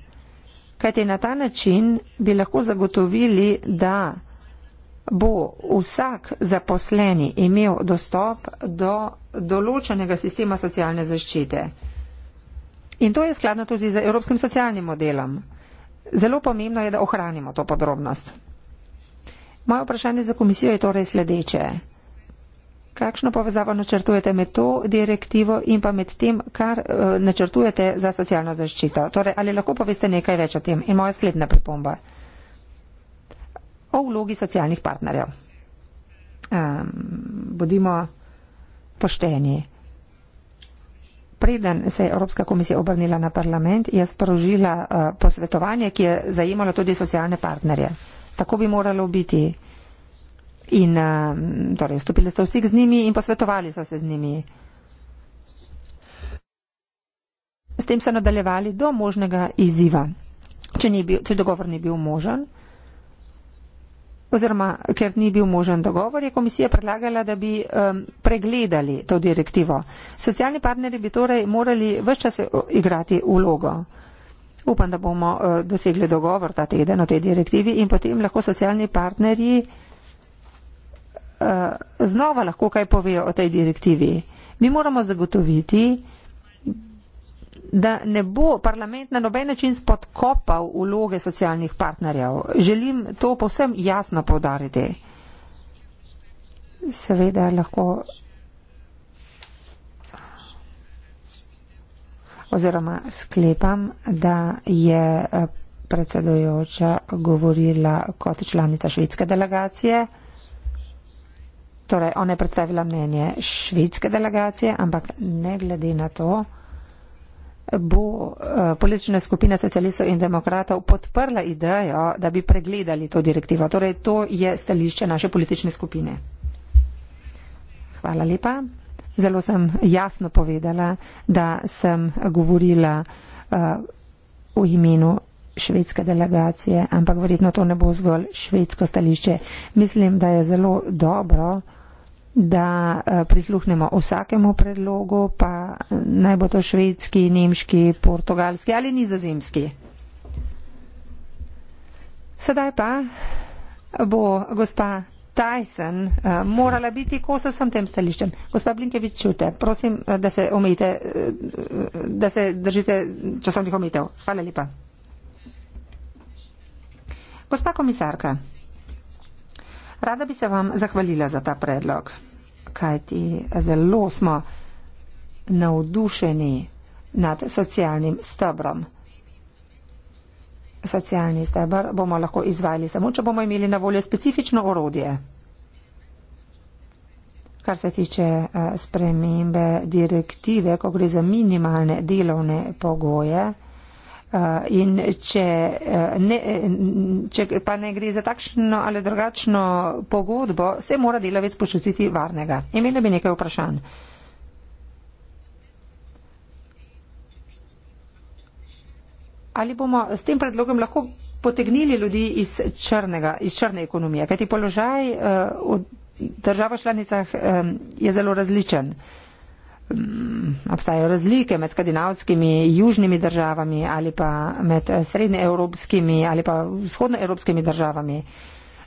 Kajti na ta način bi lahko zagotovili, da bo vsak zaposleni imel dostop do določenega sistema socialne zaščite. In to je skladno tudi z Evropskim socialnim modelom. Zelo pomembno je, da ohranimo to podrobnost. Moje vprašanje za komisijo je torej sledeče. Kakšno povezavo načrtujete med to direktivo in pa med tem, kar uh, načrtujete za socialno zaščito? Torej, ali lahko poveste nekaj več o tem? In moja sklepna pripomba. O vlogi socialnih partnerjev. Um, bodimo pošteni. Preden se je Evropska komisija obrnila na parlament, je sprožila uh, posvetovanje, ki je zajemalo tudi socialne partnerje tako bi moralo biti. In eh, torej, vstopili ste v stik z njimi in posvetovali so se z njimi. S tem so nadaljevali do možnega izziva, če, bil, če dogovor ni bil možen. Oziroma, ker ni bil možen dogovor, je komisija predlagala, da bi um, pregledali to direktivo. Socialni partneri bi torej morali vse čas igrati vlogo. Upam, da bomo eh, dosegli dogovor ta teden o tej direktivi in potem lahko socialni partnerji eh, znova lahko kaj povejo o tej direktivi. Mi moramo zagotoviti, da ne bo parlament na noben način spodkopal vloge socialnih partnerjev. Želim to povsem jasno povdariti. Seveda lahko oziroma sklepam, da je eh, predsedojoča govorila kot članica švedske delegacije. Torej, ona je predstavila mnenje švedske delegacije, ampak ne glede na to, bo uh, politična skupina socialistov in demokratov podprla idejo, da bi pregledali to direktivo. Torej, to je stališče naše politične skupine. Hvala lepa. Zelo sem jasno povedala, da sem govorila uh, v imenu švedske delegacije, ampak verjetno to ne bo zgolj švedsko stališče. Mislim, da je zelo dobro, da uh, prisluhnemo vsakemu predlogu, pa eh, naj bo to švedski, nemški, portugalski ali nizozemski. Sedaj pa bo gospa Tyson uh, morala biti kosa sem tem stališčem. Gospa Blinkevič, čute, prosim, eh, da se omejite, eh, da se držite časovnih omejitev. Hvala lepa. Gospa komisarka, rada bi se vam zahvalila za ta predlog, kajti zelo smo navdušeni nad socialnim stebrom socialni stebr bomo lahko izvajali samo, če bomo imeli na voljo specifično orodje. Kar se tiče eh, spremembe direktive, ko gre za minimalne delovne pogoje eh, in če, eh, ne, če pa ne gre za takšno ali drugačno pogodbo, se mora delavec počutiti varnega. Imeli bi nekaj vprašanj. ali bomo s tem predlogom lahko potegnili ljudi iz, črnega, iz črne ekonomije, kajti položaj eh, v državah članicah eh, je zelo različen. Mm, obstajajo razlike med skandinavskimi, južnimi državami ali pa med srednjeevropskimi ali pa vzhodnoevropskimi državami.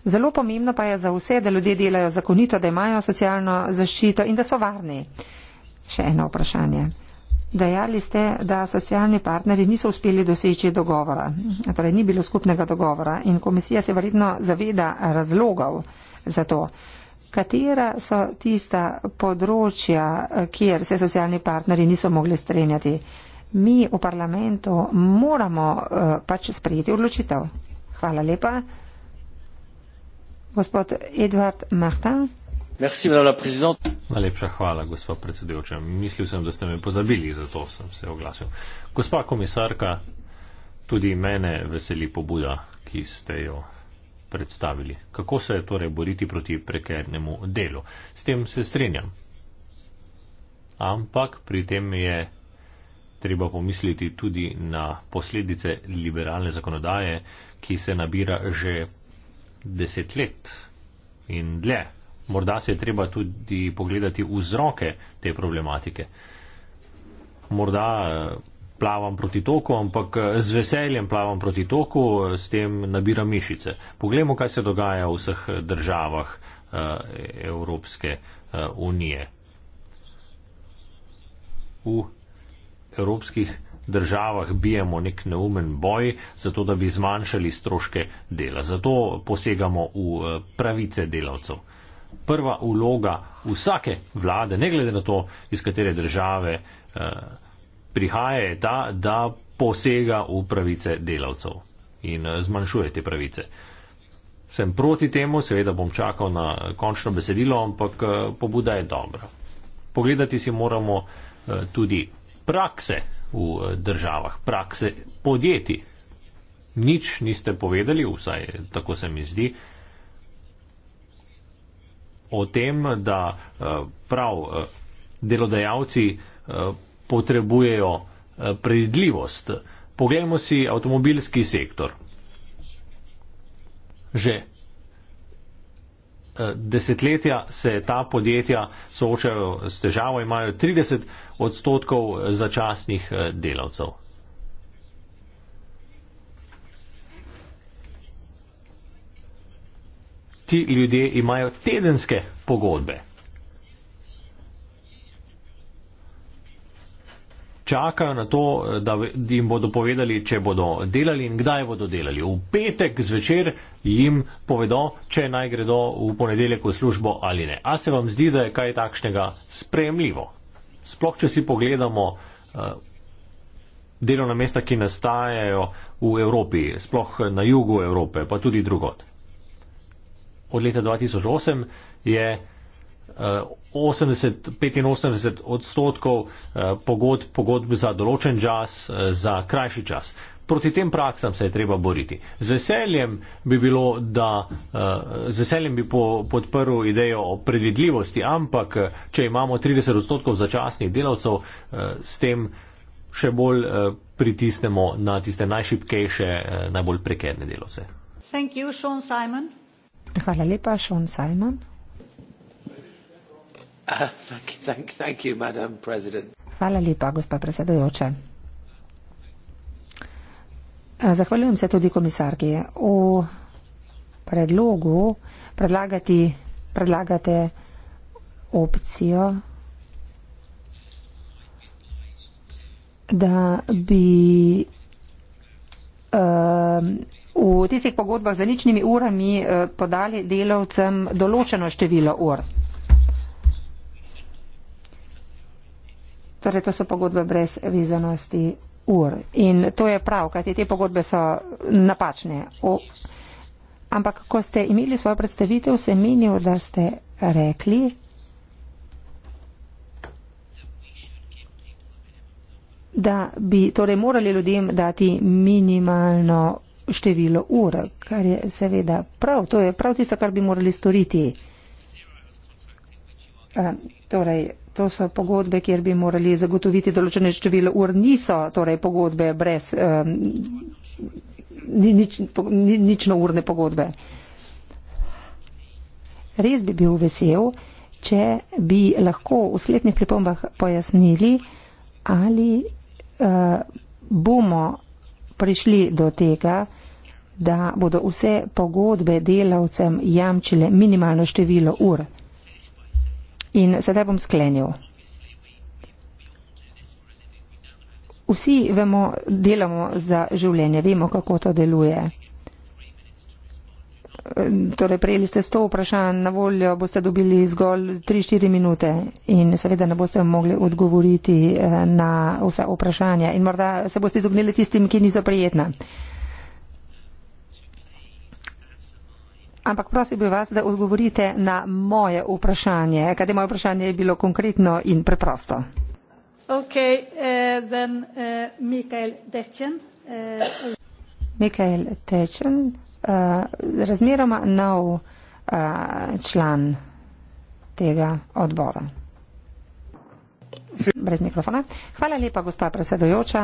Zelo pomembno pa je za vse, da ljudje delajo zakonito, da imajo socialno zaščito in da so varni. Še eno vprašanje. Dejali ste, da socialni partnerji niso uspeli doseči dogovora, torej ni bilo skupnega dogovora in komisija se verjetno zaveda razlogov za to. Katera so tista področja, kjer se socialni partnerji niso mogli strenjati? Mi v parlamentu moramo eh, pač sprejeti odločitev. Hvala lepa. Gospod Edvard Mahtan. Najlepša hvala, gospa predsedujoča. Mislil sem, da ste me pozabili, zato sem se oglasil. Gospa komisarka, tudi mene veseli pobuda, ki ste jo predstavili. Kako se je torej boriti proti prekernemu delu? S tem se strinjam. Ampak pri tem je treba pomisliti tudi na posledice liberalne zakonodaje, ki se nabira že deset let in dlje. Morda se je treba tudi pogledati vzroke te problematike. Morda eh, plavam proti toku, ampak eh, z veseljem plavam proti toku, eh, s tem nabiram mišice. Poglejmo, kaj se dogaja v vseh državah Evropske unije. V evropskih državah bijemo nek neumen boj, zato da bi zmanjšali stroške dela. Zato posegamo v pravice delavcev prva vloga vsake vlade, ne glede na to, iz katere države eh, prihaja, je ta, da posega v pravice delavcev in eh, zmanjšuje te pravice. Sem proti temu, seveda bom čakal na končno besedilo, ampak eh, pobuda je dobra. Pogledati si moramo tudi prakse v državah, prakse podjetij. Nič niste povedali, vsaj tako se mi zdi, o tem, da eh, prav eh, delodajalci eh, potrebujejo predvidljivost. Poglejmo si avtomobilski sektor. Že desetletja se ta podjetja soočajo s težavo, imajo 30 odstotkov začasnih delavcev. ti ljudje imajo tedenske pogodbe. Čakajo na to, da jim bodo povedali, če bodo delali in kdaj bodo delali. V petek zvečer jim povedo, če naj gredo v ponedeljek v službo ali ne. A se vam zdi, da je kaj takšnega spremljivo? Sploh, če si pogledamo eh, delovna mesta, ki nastajajo v Evropi, sploh na jugu Evrope, pa tudi drugot od leta 2008 je 80, eh, 85 odstotkov eh, pogodb, pogodb za določen čas, eh, za krajši čas. Proti tem praksam se je treba boriti. Z veseljem bi, bilo, da, z veseljem bi po, podprl idejo o predvidljivosti, ampak če imamo 30 odstotkov začasnih delavcev, s tem še bolj pritisnemo na tiste najšipkejše, najbolj prekerne delavce. Hvala, Sean Simon. Hvala lepa. Sean Simon. Ah, Hvala lepa, gospa predsedojoča. Eh, zahvaljujem se tudi komisarki. V predlogu predlagati, predlagate opcijo, da bi Ehm, v tistih pogodbah za ničnimi urami eh, podali delavcem določeno število ur. Torej, to so pogodbe brez vizanosti ur. In to je prav, kajti te pogodbe so napačne. O, ampak, ko ste imeli svojo predstavitev, sem menil, da ste rekli, da bi torej morali ljudem dati minimalno število ur, kar je seveda prav, to je prav tisto, kar bi morali storiti. Eh, torej, to so pogodbe, kjer bi morali zagotoviti določene število ur, niso torej pogodbe brez um, nič, nično urne pogodbe. Res bi bil vesel, če bi lahko v sletnih pripombah pojasnili, ali uh, bomo prišli do tega, da bodo vse pogodbe delavcem jamčile minimalno število ur. In sedaj bom sklenil. Vsi vemo, delamo za življenje, vemo, kako to deluje torej prejeli ste 100 vprašanj, na voljo boste dobili zgolj 3-4 minute in seveda ne boste mogli odgovoriti eh, na vsa vprašanja in morda se boste izognili tistim, ki niso prijetna. Ampak prosim bi vas, da odgovorite na moje vprašanje, kaj je moje vprašanje je bilo konkretno in preprosto. Okay, uh, then, uh, eh, Mikael Dečen. Uh, Mikael Dečen. Eh, razmeroma nov uh, član tega odbora. Brez mikrofona. Hvala lepa, gospa predsedojoča,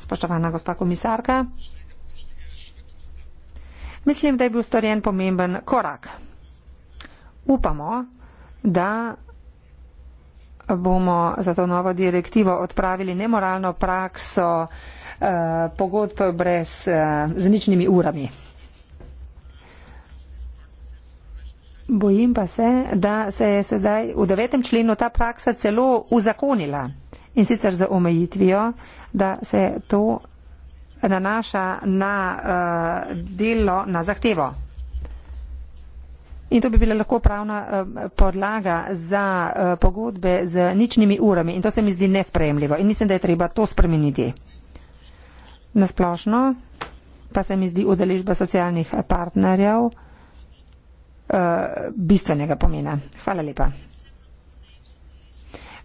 spoštovana gospa komisarka. Mislim, da je bil storjen pomemben korak. Upamo, da bomo za to novo direktivo odpravili nemoralno prakso eh, pogodb brez eh, zničnimi urami. Bojim pa se, da se je sedaj v devetem členu ta praksa celo uzakonila in sicer z omejitvijo, da se to nanaša na uh, delo, na zahtevo. In to bi bila lahko pravna eh, podlaga za eh, pogodbe z ničnimi urami. In to se mi zdi nespremljivo. In mislim, da je treba to spremeniti. Nasplošno pa se mi zdi udeležba socialnih partnerjev. Eh, bistvenega pomena. Hvala lepa.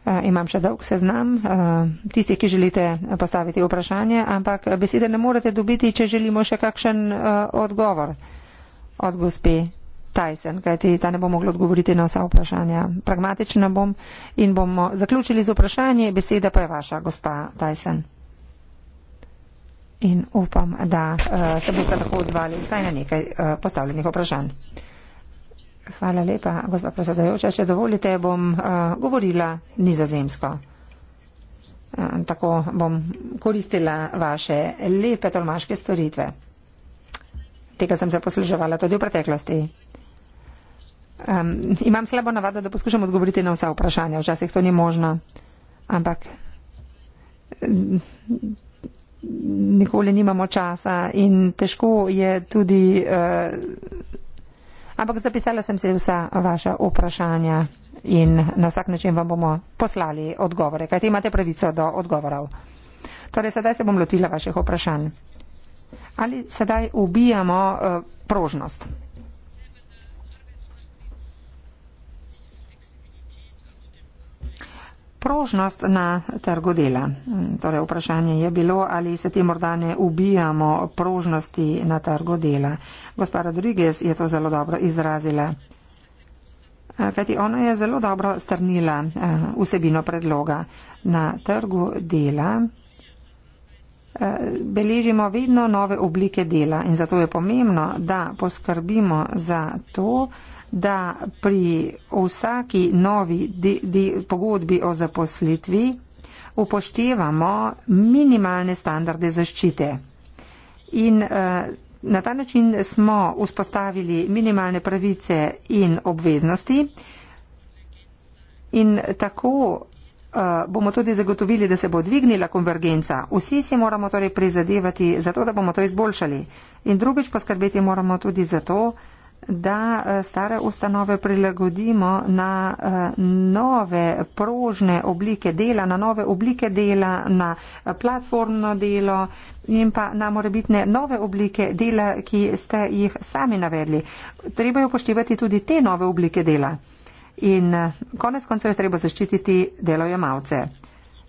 Eh, imam še dolg seznam eh, tistih, ki želite postaviti vprašanje, ampak besede ne morete dobiti, če želimo še kakšen odgovor od gospe Tyson, kajti ta ne bo mogla odgovoriti na vsa vprašanja. Pragmatična bom in bomo zaključili z vprašanje, beseda pa je vaša, gospa Tyson. In upam, da se boste lahko odvali vsaj na nekaj postavljenih vprašanj. Hvala lepa, gospod predsedajoča. Če dovolite, bom uh, govorila nizozemsko. Uh, tako bom koristila vaše lepe tolmaške storitve. Tega sem se posluževala tudi v preteklosti. Um, imam slabo navado, da poskušam odgovoriti na vsa vprašanja. Včasih to ni možno, ampak nikoli nimamo časa in težko je tudi. Uh, ampak zapisala sem si vsa vaša vprašanja in na vsak način vam bomo poslali odgovore, kajti imate pravico do odgovorov. Torej, sedaj se bom lotila vaših vprašanj. Ali sedaj ubijamo eh, prožnost? prožnost na trgu dela. Torej, vprašanje je bilo, ali se ti morda ne ubijamo prožnosti na trgu dela. Gospa Rodriguez je to zelo dobro izrazila. Eh, kajti ona je zelo dobro strnila eh, vsebino predloga. Na trgu dela eh, beležimo vedno nove oblike dela in zato je pomembno, da poskrbimo za to, da pri vsaki novi di, di, pogodbi o zaposlitvi upoštevamo minimalne standarde zaščite. In uh, na ta način smo vzpostavili minimalne pravice in obveznosti in tako uh, bomo tudi zagotovili, da se bo dvignila konvergenca. Vsi si moramo torej prizadevati za to, da bomo to izboljšali. In drugič poskrbeti moramo tudi za to, da eh, stare ustanove prilagodimo na eh, nove prožne oblike dela, na nove oblike dela, na eh, platformno delo in pa na morebitne nove oblike dela, ki ste jih sami navedli. Treba je upoštevati tudi te nove oblike dela. In konec koncev je treba zaščititi delojemalce.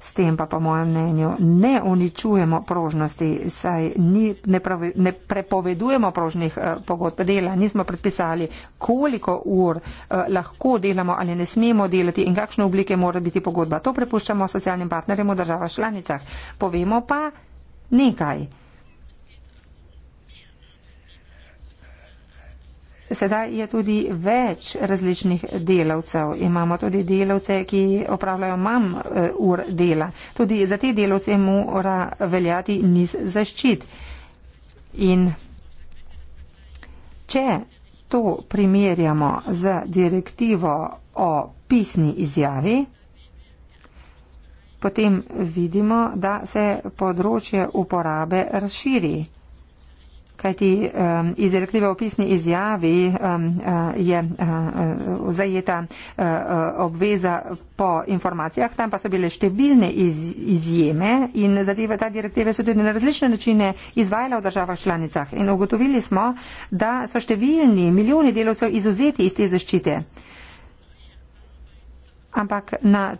S tem pa po mojem mnenju ne uničujemo prožnosti, saj ni, ne, pravi, ne prepovedujemo prožnih eh, pogodb dela, nismo predpisali, koliko ur eh, lahko delamo ali ne smemo delati in kakšne oblike mora biti pogodba. To prepuščamo socialnim partnerjem v državah članicah. Povemo pa nekaj. Sedaj je tudi več različnih delavcev. Imamo tudi delavce, ki opravljajo manj eh, ur dela. Tudi za te delavce mora veljati niz zaščit. In če to primerjamo z direktivo o pisni izjavi, potem vidimo, da se področje uporabe razširi kajti um, izrekljive opisni izjavi um, uh, je uh, zajeta uh, obveza po informacijah, tam pa so bile številne iz, izjeme in zadeve ta direktive so tudi na različne načine izvajala v državah članicah. In ugotovili smo, da so številni milijoni delovcev izuzeti iz te zaščite ampak na,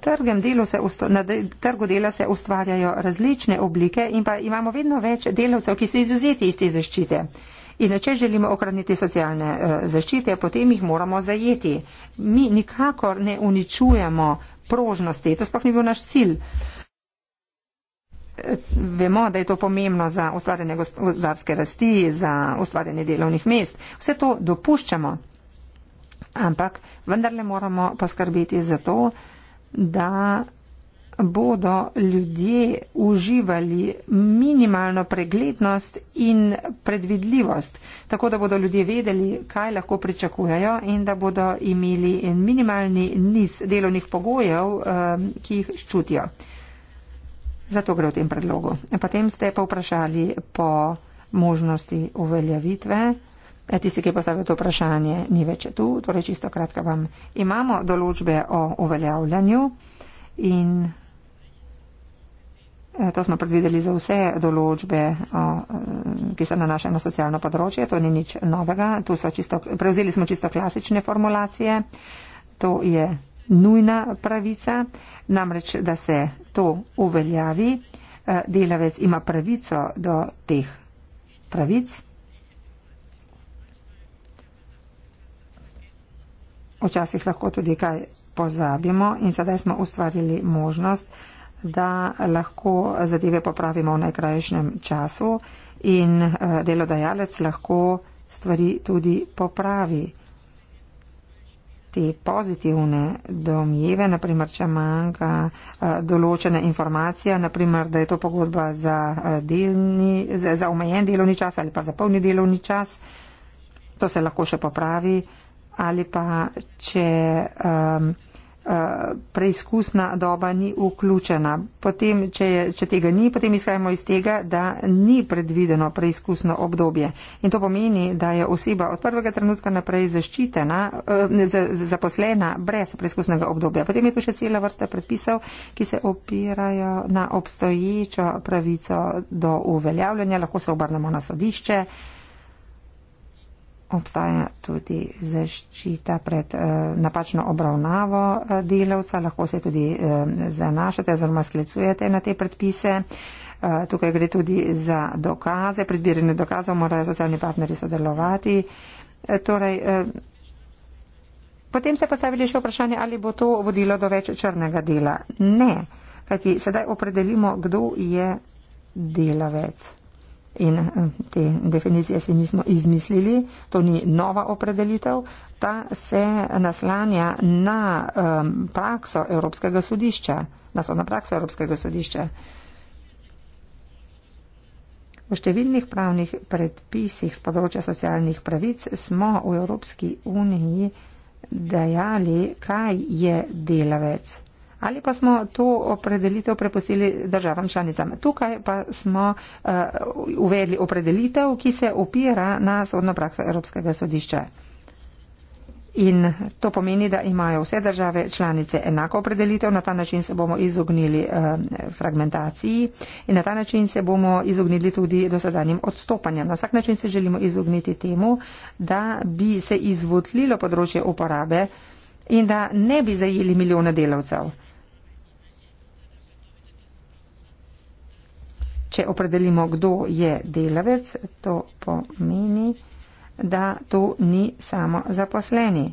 se, na trgu dela se ustvarjajo različne oblike in pa imamo vedno več delavcev, ki se izuzeti iz te zaščite. In če želimo ohraniti socialne eh, zaščite, potem jih moramo zajeti. Mi nikakor ne uničujemo prožnosti, to sploh ni bil naš cilj. Eh, vemo, da je to pomembno za ustvarjanje gospodarske rasti, za ustvarjanje delovnih mest. Vse to dopuščamo. Ampak vendarle moramo poskrbeti za to, da bodo ljudje uživali minimalno preglednost in predvidljivost, tako da bodo ljudje vedeli, kaj lahko pričakujejo in da bodo imeli minimalni niz delovnih pogojev, eh, ki jih čutijo. Zato gre v tem predlogu. Potem ste pa vprašali po možnosti uveljavitve. Tisti, ki postavlja to vprašanje, ni več tu, torej čisto kratka vam. Imamo določbe o uveljavljanju in eh, to smo predvideli za vse določbe, eh, ki se nanašajo na socialno področje, to ni nič novega. Tu so čisto, prevzeli smo čisto klasične formulacije, to je nujna pravica, namreč, da se to uveljavi, eh, delavec ima pravico do teh pravic. Včasih lahko tudi kaj pozabimo in sedaj smo ustvarili možnost, da lahko zadeve popravimo v najkrajšnjem času in eh, delodajalec lahko stvari tudi popravi. Te pozitivne domjeve, naprimer, če manjka eh, določene informacije, naprimer, da je to pogodba za, eh, delni, za omejen delovni čas ali pa za polni delovni čas, to se lahko še popravi ali pa če um, uh, preizkusna doba ni vključena. Potem, če, je, če tega ni, potem izhajamo iz tega, da ni predvideno preizkusno obdobje. In to pomeni, da je oseba od prvega trenutka naprej zaščitena, uh, zaposlena brez preizkusnega obdobja. Potem je tu še cela vrsta predpisov, ki se opirajo na obstoječo pravico do uveljavljanja. Lahko se obrnemo na sodišče. Uh, obstaja tudi zaščita pred eh, napačno obravnavo eh, delavca. Lahko se tudi eh, zanašate oziroma sklicujete na te predpise. Eh, tukaj gre tudi za dokaze. Pri zbiranju dokazov morajo socialni partneri sodelovati. Eh, torej, eh, potem se postavili še vprašanje, ali bo to vodilo do več črnega dela. Ne, kajti sedaj opredelimo, kdo je delavec. In eh, te definicije si nismo izmislili, to ni nova opredelitev, ta se naslanja na um, prakso Evropskega sodišča, na sodno prakso Evropskega sodišča. V številnih pravnih predpisih z področja socialnih pravic smo v Evropski uniji dejali, kaj je delavec ali pa smo to opredelitev prepustili državam članicam. Tukaj pa smo uh, uvedli opredelitev, ki se opira na sodno prakso Evropskega sodišča. In to pomeni, da imajo vse države članice enako opredelitev, na ta način se bomo izognili eh, fragmentaciji in na ta način se bomo izognili tudi dosedanjem odstopanjem. Na vsak način se želimo izogniti temu, da bi se izvotlilo področje uporabe in da ne bi zajeli milijone delavcev. Če opredelimo, kdo je delavec, to pomeni, da to ni samo zaposleni.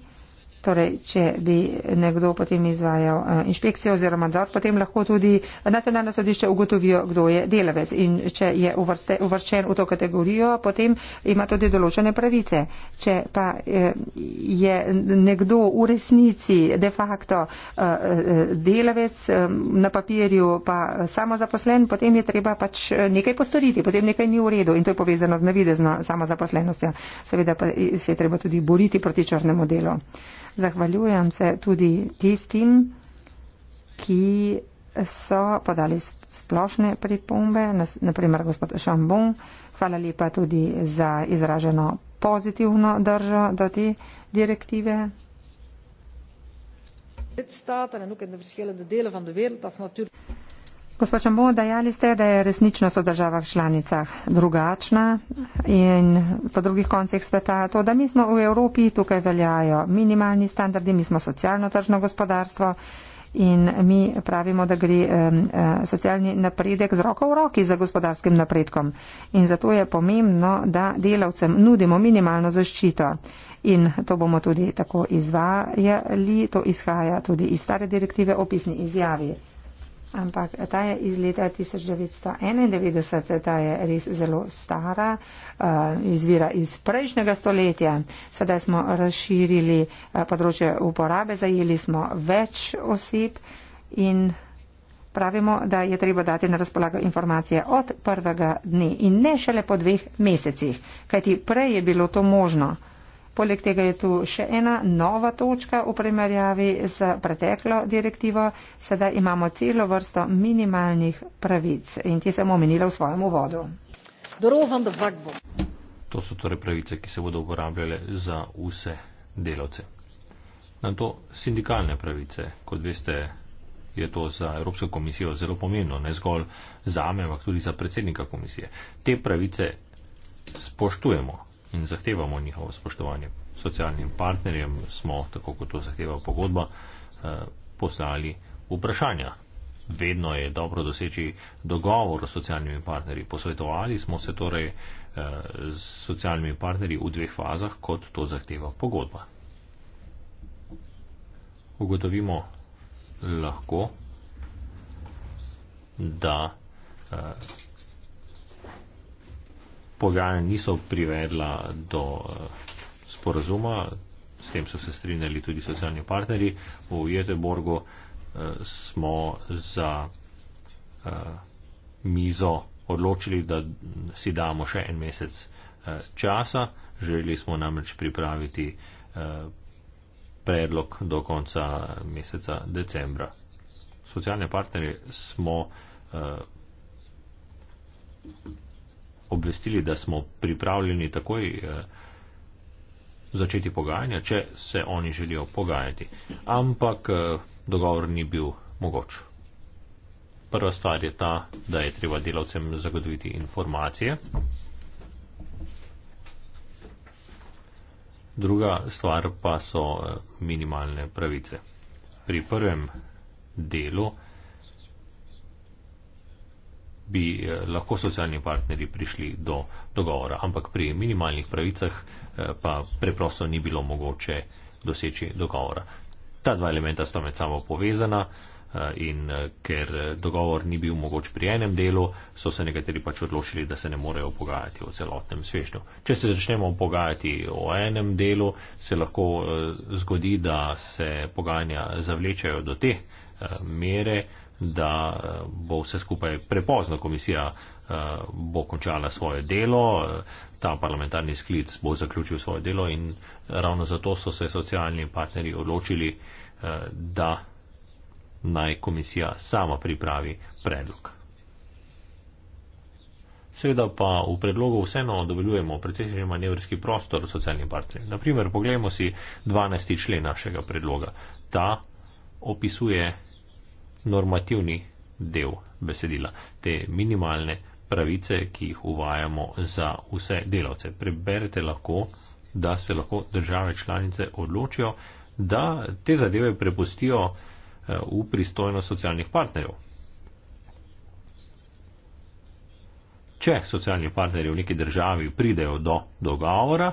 Torej, če bi nekdo potem izvajal eh, inšpekcijo oziroma nadzor, potem lahko tudi nacionalna sodišča ugotovijo, kdo je delavec. In če je uvrščen v to kategorijo, potem ima tudi določene pravice. Če pa eh, je nekdo v resnici de facto eh, delavec, na papirju pa samozaposlen, potem je treba pač nekaj postoriti, potem nekaj ni v redu in to je povezano z navidezno samozaposlenostjo. Seveda pa se je treba tudi boriti proti črnemu delu. Zahvaljujem se tudi tistim, ki so podali splošne pripombe, naprimer gospod Šambon. Hvala lepa tudi za izraženo pozitivno držo do te direktive. Zdaj, staten, nukaj, Gospod Čambo, dejali ste, da je resničnost v državah članicah drugačna in po drugih koncih sveta to, da mi smo v Evropi, tukaj veljajo minimalni standardi, mi smo socialno-tržno gospodarstvo in mi pravimo, da gre um, socialni napredek z roko v roki za gospodarskim napredkom. In zato je pomembno, da delavcem nudimo minimalno zaščito. In to bomo tudi tako izvajali, to izhaja tudi iz stare direktive o pisni izjavi. Ampak ta je iz leta 1991, ta je res zelo stara, eh, izvira iz prejšnjega stoletja. Sedaj smo razširili eh, področje uporabe, zajeli smo več osib in pravimo, da je treba dati na razpolago informacije od prvega dne in ne šele po dveh mesecih, kajti prej je bilo to možno. Poleg tega je tu še ena nova točka v primerjavi z preteklo direktivo. Sedaj imamo celo vrsto minimalnih pravic in ti sem omenila v svojem uvodu. To so torej pravice, ki se bodo uporabljale za vse delavce. Na to sindikalne pravice, kot veste, je to za Evropsko komisijo zelo pomembno, ne zgolj za me, ampak tudi za predsednika komisije. Te pravice spoštujemo, in zahtevamo njihovo spoštovanje. Socialnim partnerjem smo, tako kot to zahteva pogodba, eh, poslali vprašanja. Vedno je dobro doseči dogovor s socialnimi partnerji. Posvetovali smo se torej eh, s socialnimi partnerji v dveh fazah, kot to zahteva pogodba. Ugotovimo lahko, da eh, pogajanja niso privedla do eh, sporazuma, s tem so se strinjali tudi socialni partneri. V Jeteborgu eh, smo za eh, mizo odločili, da si damo še en mesec časa. Želeli smo namreč pripraviti predlog do konca meseca decembra. Socialne partnerje smo uh, obvestili, da smo pripravljeni takoj eh, začeti pogajanja, če se oni želijo pogajati. Ampak eh, dogovor ni bil mogoč. Prva stvar je ta, da je treba delavcem zagotoviti informacije. Druga stvar pa so eh, minimalne pravice. Pri prvem delu bi eh, lahko socialni partneri prišli do dogovora, ampak pri minimalnih pravicah eh, pa preprosto ni bilo mogoče doseči dogovora. Ta dva elementa sta med samo povezana eh, in ker dogovor ni bil mogoč pri enem delu, so se nekateri pač odločili, da se ne morejo pogajati o celotnem svežnju. Če se začnemo pogajati o enem delu, se lahko zgodi, da se pogajanja zavlečajo do te mere, da eh, bo vse skupaj prepozno komisija eh, bo končala svoje delo, eh, ta parlamentarni sklic bo zaključil svoje delo in ravno zato so se socialni partneri odločili, da naj komisija sama pripravi predlog. Seveda pa v predlogu vseeno dovoljujemo precejšen manevrski prostor socialnim partnerjem. Naprimer, pogledajmo si 12. člen našega predloga. Ta opisuje normativni del besedila, te minimalne pravice, ki jih uvajamo za vse delavce. Preberete lahko, da se lahko države članice odločijo, da te zadeve prepustijo eh, v pristojnost socialnih partnerjev. Če socialni partnerji v neki državi pridejo do dogovora,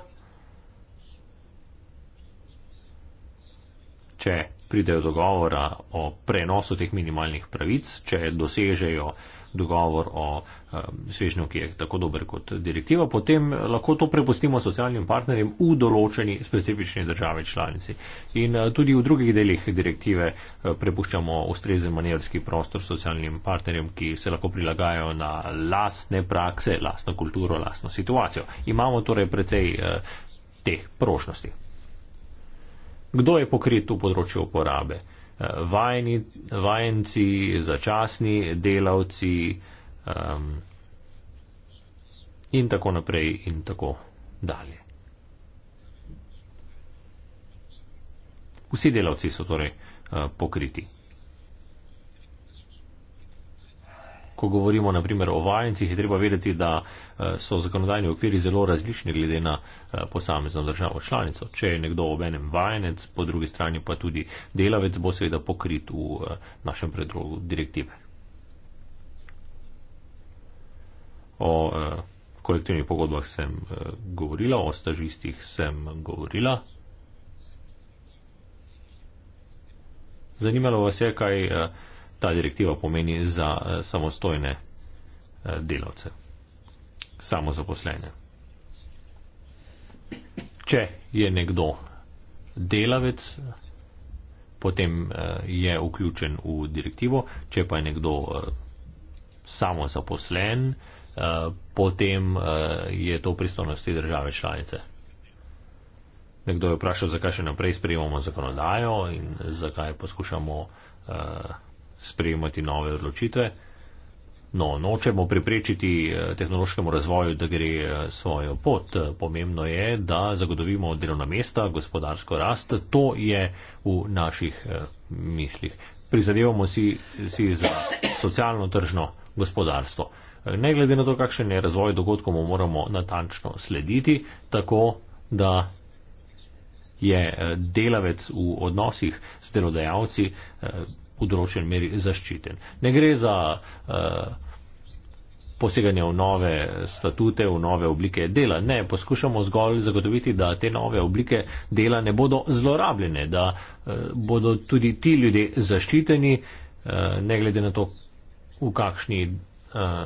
če pridejo dogovora o prenosu teh minimalnih pravic, če dosežejo dogovor o um, svežnju, ki je tako dober kot direktiva, potem lahko to prepustimo socialnim partnerjem v določeni specifični državi članici. In uh, tudi v drugih delih direktive uh, prepuščamo ustrezen manjerski prostor socialnim partnerjem, ki se lahko prilagajajo na lastne prakse, lastno kulturo, lastno situacijo. Imamo torej precej uh, teh prošnosti kdo je pokrit v področju uporabe. Eh, Vajni, vajenci, začasni delavci um, in tako naprej in tako dalje. Vsi delavci so torej uh, pokriti. ko govorimo naprimer o vajencih, je treba vedeti, da eh, so zakonodajni okviri zelo različni glede na eh, posamezno državo članico. Če je nekdo ob enem vajenec, po drugi strani pa tudi delavec, bo seveda pokrit v eh, našem predlogu direktive. O kolektivnih pogodbah sem govorila, o stažistih sem govorila. Zanimalo vas je, kaj ta direktiva pomeni za eh, samostojne eh, delavce, samozaposlene. Če je nekdo delavec, potem eh, je vključen v direktivo, če pa je nekdo samozaposlen, potem je to pristojnost te države članice. Nekdo je vprašal, zakaj še naprej sprejemamo zakonodajo in zakaj poskušamo uh, sprejemati nove odločitve. No, nočemo preprečiti eh, tehnološkemu razvoju, da gre eh, svojo pot. Pomembno je, da zagotovimo delovna mesta, gospodarsko rast. To je v naših eh, mislih. Prizadevamo si, si za socialno tržno gospodarstvo. Ne glede na to, kakšen je razvoj dogodkov, mu moramo natančno slediti, tako da je delavec v odnosih s delodajalci v določeni meri zaščiten. Ne gre za uh, poseganje v nove statute, v nove oblike dela. Ne, poskušamo zgolj zagotoviti, da te nove oblike dela ne bodo zlorabljene, da uh, bodo tudi ti ljudje zaščiteni, uh, ne glede na to, v kakšni. Uh,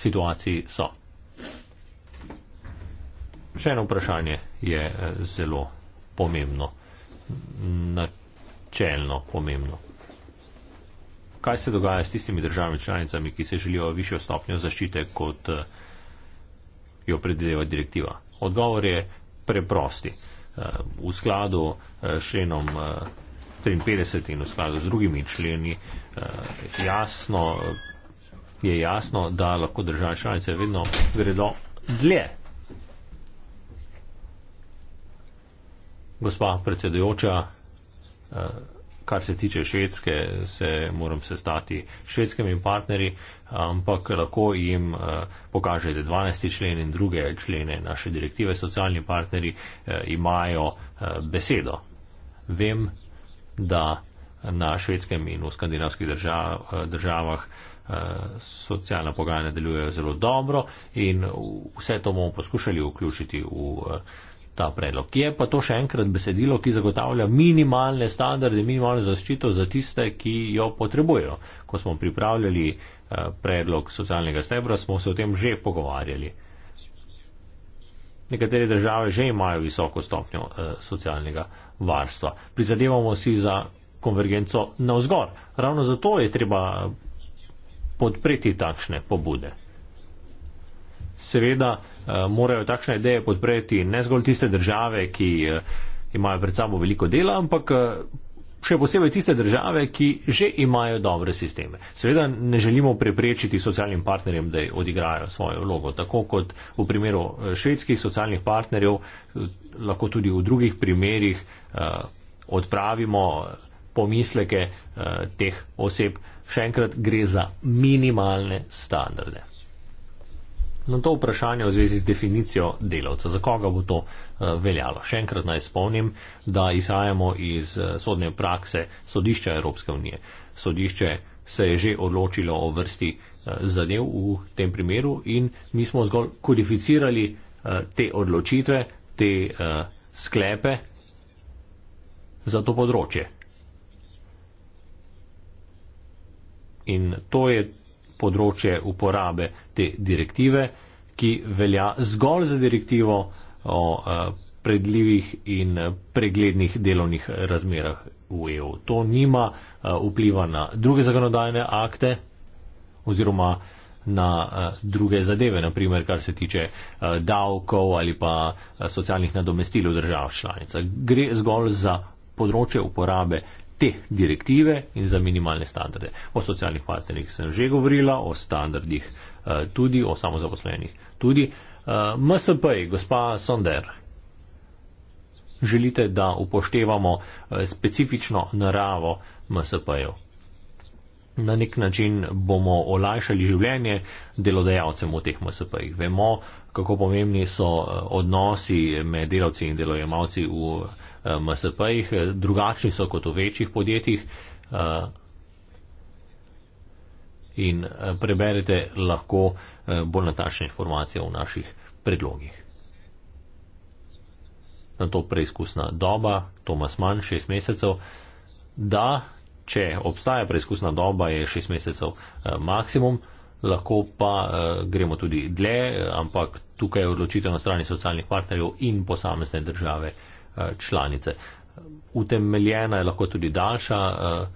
situaciji so. Še eno vprašanje je zelo pomembno. Na čelno pomembno. Kaj se dogaja s tistimi državami članicami, ki se želijo višjo stopnjo zaščite, kot eh, jo predvideva direktiva? Odgovor je preprosti. Eh, v skladu eh, s členom 53 in v skladu z drugimi členi jasno, je jasno, da lahko države članice vedno gredo dlje. Gospa predsedujoča, Eh, kar se tiče švedske, se moram sestati s švedskimi partnerji, ampak lahko jim eh, pokažete 12. člen in druge člene naše direktive. Socialni partnerji eh, imajo besedo. Vem, da na švedskem in v skandinavskih državah socialna pogajanja delujejo zelo dobro in vse to bomo poskušali vključiti v ta predlog. Je pa to še enkrat besedilo, ki zagotavlja minimalne standarde, minimalno zaščito za tiste, ki jo potrebujejo. Ko smo pripravljali eh, predlog socialnega stebra, smo se o tem že pogovarjali. Nekatere države že imajo visoko stopnjo eh, socialnega varstva. Prizadevamo si za konvergenco na vzgor. Ravno zato je treba podpreti takšne pobude. Seveda, Eh, morajo takšne ideje podpreti ne zgolj tiste države, ki eh, imajo pred sabo veliko dela, ampak eh, še posebej tiste države, ki že imajo dobre sisteme. Seveda ne želimo preprečiti socialnim partnerjem, da odigrajo svojo vlogo, tako kot v primeru švedskih socialnih partnerjev, lahko tudi v drugih primerjih odpravimo pomisleke teh oseb. Še enkrat gre za minimalne standarde. Na to vprašanje v zvezi z definicijo delavca, za koga bo to eh, veljalo? Še enkrat naj spomnim, da izhajamo iz eh, sodne prakse sodišča Evropske unije. Sodišče se je že odločilo o vrsti eh, zadev v tem primeru in mi smo zgolj kodificirali te odločitve, te sklepe za to področje. In to je področje uporabe te direktive, ki velja zgolj za direktivo o eh, predljivih in preglednih delovnih razmerah v EU. To nima eh, vpliva na druge zakonodajne akte oziroma na eh, druge zadeve, naprimer, kar se tiče davkov ali pa socialnih nadomestil v državah članica. Gre zgolj za področje uporabe te direktive in za minimalne standarde. O socialnih partnerjih sem že govorila, o standardih eh, tudi, o samozaposlenih tudi. Eh, MSP, gospa Sonder, želite, da upoštevamo eh, specifično naravo MSP-jev? Na nek način bomo olajšali življenje delodajalcem v teh MSP-jih. Vemo, eh, kako pomembni so eh, odnosi med delavci in delojemalci v eh, MSP-jih, eh, drugačni so kot v večjih podjetjih. In preberite lahko bolj natačne informacije v naših predlogih. Na to preizkusna doba, Tomas Mann, šest mesecev, da, če obstaja preizkusna doba, je šest mesecev maksimum lahko pa uh, gremo tudi dlje, ampak tukaj je odločitev na strani socialnih partnerjev in posamezne države uh, članice. Utemeljena je lahko tudi daljša uh,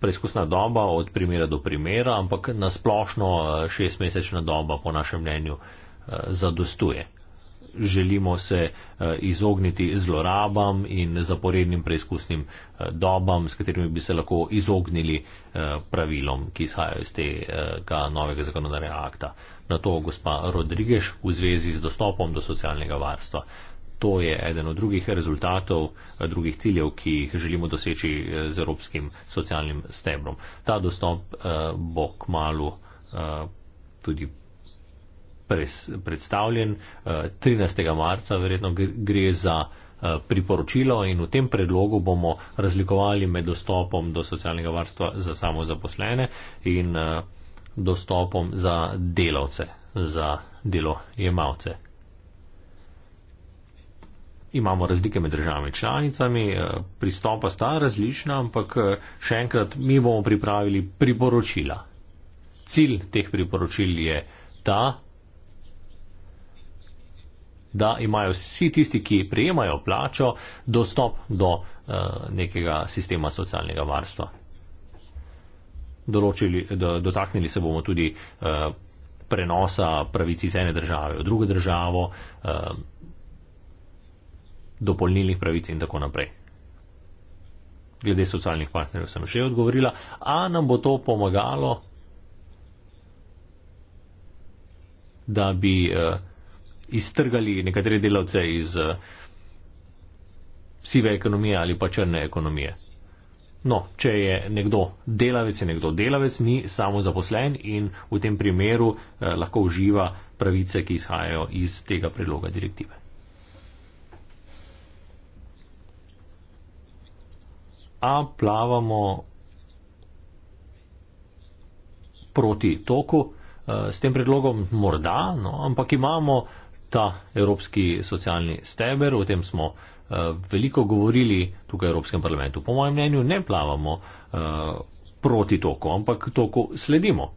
preizkusna doba od primera do primera, ampak nasplošno uh, šestmesečna doba po našem mnenju uh, zadostuje želimo se eh, izogniti zlorabam in zaporednim preizkusnim eh, dobam, s katerimi bi se lahko izognili eh, pravilom, ki izhajajo iz tega novega zakonodarja akta. Na to gospa Rodrigež v zvezi z dostopom do socialnega varstva. To je eden od drugih rezultatov, drugih ciljev, ki jih želimo doseči z evropskim socialnim stebrom. Ta dostop bo k malu tudi pres, predstavljen. 13. Eh, marca verjetno gre za eh, priporočilo in v tem predlogu bomo razlikovali med dostopom do socialnega varstva za samozaposlene in eh, dostopom za delavce, za delojemalce. Imamo razlike med državami članicami, pristopa sta različna, ampak še enkrat mi bomo pripravili priporočila. Cilj teh priporočil je ta, da imajo vsi tisti, ki prejemajo plačo, dostop do uh, nekega sistema socialnega varstva. Določili, do, dotaknili se bomo tudi uh, prenosa pravic iz ene države v drugo državo, uh, dopolnilnih pravic in tako naprej. Glede socialnih partnerjev sem že odgovorila, a nam bo to pomagalo, da bi uh, iztrgali nekatere delavce iz uh, sive ekonomije ali pa črne ekonomije. No, če je nekdo delavec, je nekdo delavec, ni samo zaposlen in v tem primeru eh, lahko uživa pravice, ki izhajajo iz tega predloga direktive. A plavamo proti toku eh, s tem predlogom? Morda, no, ampak imamo eh, ta evropski socialni steber, o tem smo uh, veliko govorili tukaj v Evropskem parlamentu. Po mojem mnenju ne plavamo uh, proti toku, ampak toku sledimo.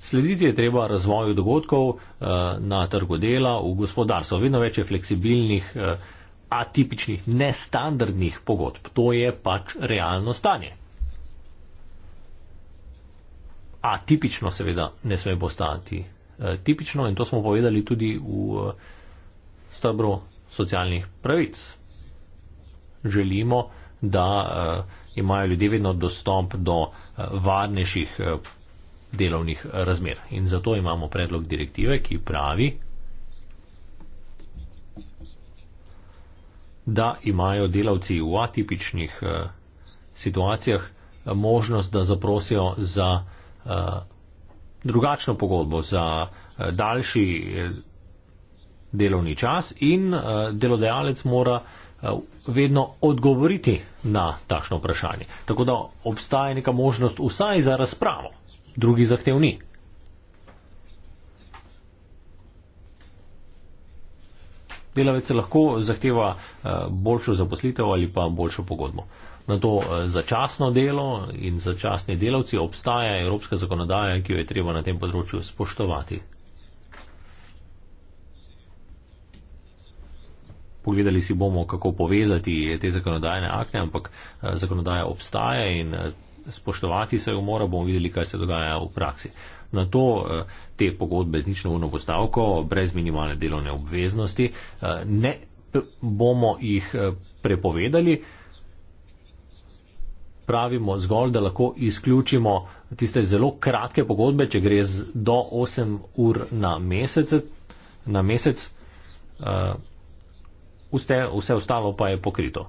Slediti je treba razvoju dogodkov uh, na trgu dela, v gospodarstvu. Vedno več je fleksibilnih, uh, atipičnih, nestandardnih pogodb. To je pač realno stanje. Atipično seveda ne sme postati. Eh, tipično in to smo povedali tudi v eh, stebru socialnih pravic. Želimo, da eh, imajo ljudje vedno dostop do varnejših delovnih razmer. In zato imamo predlog direktive, ki pravi, da imajo delavci v atipičnih situacijah možnost, da zaprosijo za drugačno pogodbo za eh, daljši eh, delovni čas in eh, delodajalec mora vedno odgovoriti na takšno vprašanje. Tako da obstaja neka možnost vsaj za razpravo, drugi zahtev ni. Delavec lahko zahteva boljšo zaposlitev ali pa boljšo pogodbo na to eh, začasno delo in začasni delavci obstaja evropska zakonodaja, ki jo je treba na tem področju spoštovati. Pogledali si bomo, kako povezati te zakonodajne akte, ampak eh, zakonodaja obstaja in eh, spoštovati se jo mora, bomo videli, kaj se dogaja v praksi. Na to te pogodbe z nično urno postavko, brez minimalne delovne obveznosti, ne bomo jih prepovedali, pravimo zgolj, da lahko izključimo tiste zelo kratke pogodbe, če gre do 8 ur na mesec. Na mesec uh, eh, vse, vse ostalo pa je pokrito.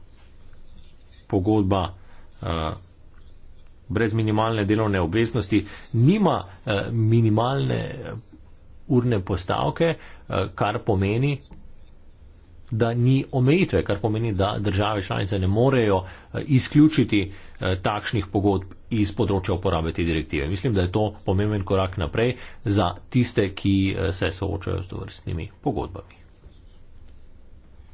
Pogodba uh, brez minimalne delovne obveznosti nima uh, minimalne urne postavke, uh, kar pomeni, da ni omejitve, kar pomeni, da države članice ne morejo eh, izključiti eh, takšnih pogodb iz področja uporabe te direktive. Mislim, da je to pomemben korak naprej za tiste, ki eh, se soočajo z dovrstnimi pogodbami.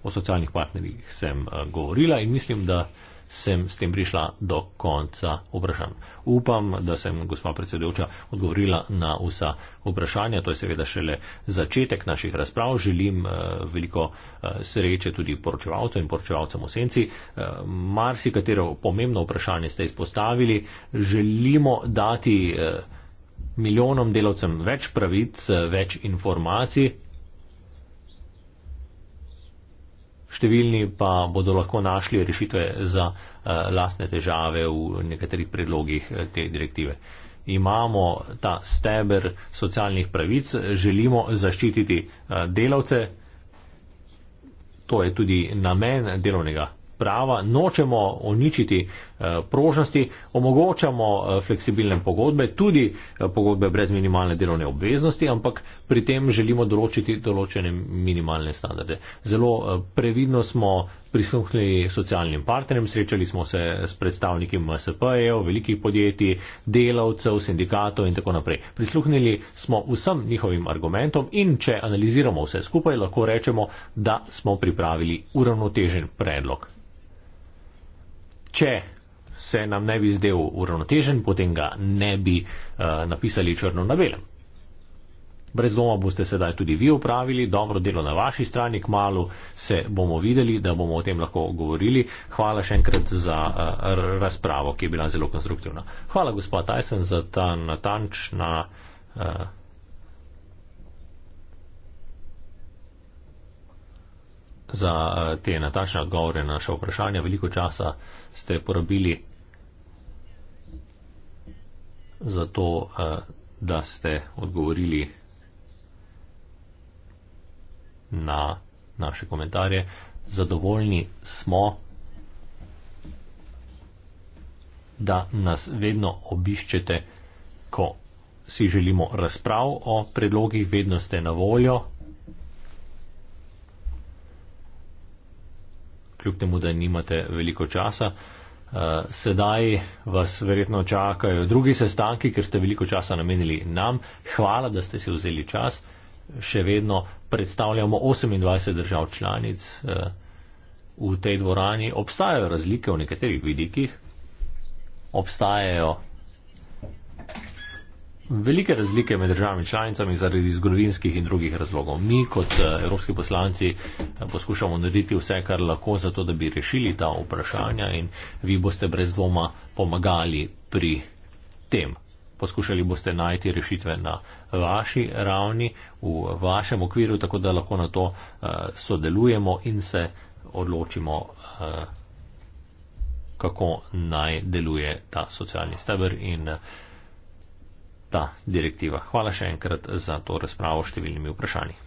O socialnih partnerjih sem govorila in mislim, da sem s tem prišla do konca vprašanj. Upam, da sem, gospa predsedujoča, odgovorila na vsa vprašanja. To je seveda šele začetek naših razprav. Želim uh, veliko uh, sreče tudi poročevalcem in poročevalcem v senci. Uh, eh, Marsi katero pomembno vprašanje ste izpostavili. Želimo dati. Uh, milijonom delavcem več pravic, več informacij, številni pa bodo lahko našli rešitve za eh, lastne težave v nekaterih predlogih eh, te direktive. Imamo ta steber socialnih pravic, želimo zaščititi eh, delavce. To je tudi namen delovnega prava, nočemo uničiti eh, prožnosti, omogočamo eh, fleksibilne pogodbe, tudi eh, pogodbe brez minimalne delovne obveznosti, ampak pri tem želimo določiti določene minimalne standarde. Zelo previdno smo prisluhnili socialnim partnerjem, srečali smo se s predstavniki MSP-jev, velikih podjetij, delavcev, sindikatov in tako naprej. Prisluhnili smo vsem njihovim argumentom in če analiziramo vse skupaj, lahko rečemo, da smo pripravili uravnotežen predlog če se nam ne bi zdel uravnotežen, potem ga ne bi uh, napisali črno na belem. Brez doma boste sedaj tudi vi upravili, dobro delo na vaši strani, kmalo se bomo videli, da bomo o tem lahko govorili. Hvala še enkrat za uh, razpravo, ki je bila zelo konstruktivna. Hvala, gospod Tyson, za ta natančna. Uh, za eh, te natačne odgovore na naše vprašanja. Veliko časa ste porabili za to, eh, da ste odgovorili na naše komentarje. Zadovoljni smo, da nas vedno obiščete, ko si želimo razprav o predlogih, vedno ste na voljo. kljub temu, da nimate veliko časa. Uh, sedaj vas verjetno čakajo drugi sestanki, ker ste veliko časa namenili nam. Hvala, da ste si vzeli čas. Še vedno predstavljamo 28 držav članic uh, v tej dvorani. Obstajajo razlike v nekaterih vidikih, obstajajo velike razlike med državami članicami zaradi zgodovinskih in drugih razlogov. Mi kot eh, evropski poslanci eh, poskušamo narediti vse, kar lahko, zato da bi rešili ta vprašanja in vi boste brez dvoma pomagali pri tem. Poskušali boste najti rešitve na vaši ravni, v vašem okviru, tako da lahko na to uh, sodelujemo in se odločimo, uh, kako naj deluje ta socialni stebr in uh, ta direktiva. Hvala še enkrat za to razpravo številnimi vprašanji.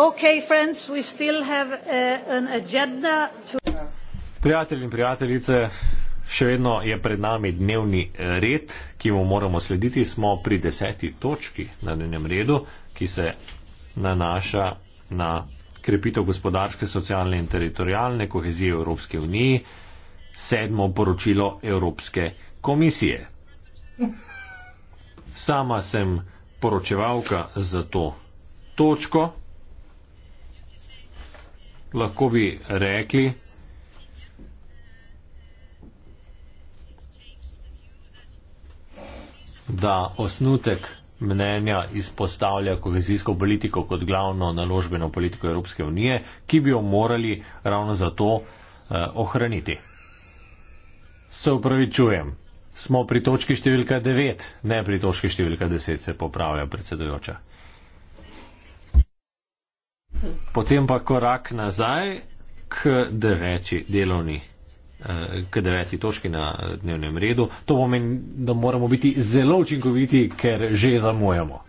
Okay, friends, we still have uh, an agenda to. Prijatelji in prijateljice, še vedno je pred nami dnevni eh, red, ki mu moramo slediti. Smo pri deseti točki na dnevnem redu, ki se nanaša na krepitev gospodarske, socialne in teritorijalne kohezije Evropske unije, sedmo poročilo Evropske komisije. Sama sem poročevalka za to točko lahko bi rekli, da osnutek mnenja izpostavlja kohezijsko politiko kot glavno naložbeno politiko Evropske unije, ki bi jo morali ravno zato eh, ohraniti. Se upravičujem, smo pri točki številka 9, ne pri točki številka 10, se popravlja predsedujoča potem pa korak nazaj k deveti delovni, eh, k deveti točki na eh, dnevnem redu. To pomeni, da moramo biti zelo učinkoviti, ker že zamujamo.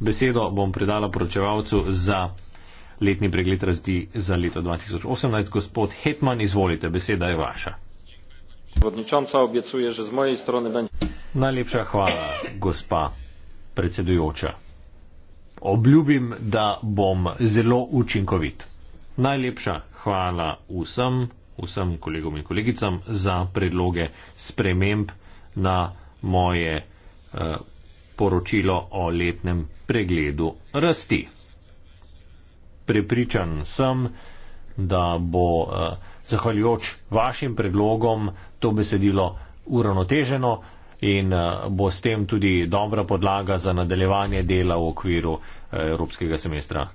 Besedo bom predala poročevalcu za letni pregled razdi za leto 2018. Gospod Hetman, izvolite, beseda je vaša. Najlepša hvala, gospa predsedujoča obljubim, da bom zelo učinkovit. Najlepša hvala vsem, vsem kolegom in kolegicam za predloge sprememb na moje eh, poročilo o letnem pregledu rasti. Prepričan sem, da bo eh, zahvaljujoč vašim predlogom to besedilo uravnoteženo in eh, bo s tem tudi dobra podlaga za nadaljevanje dela v okviru eh, evropskega semestra.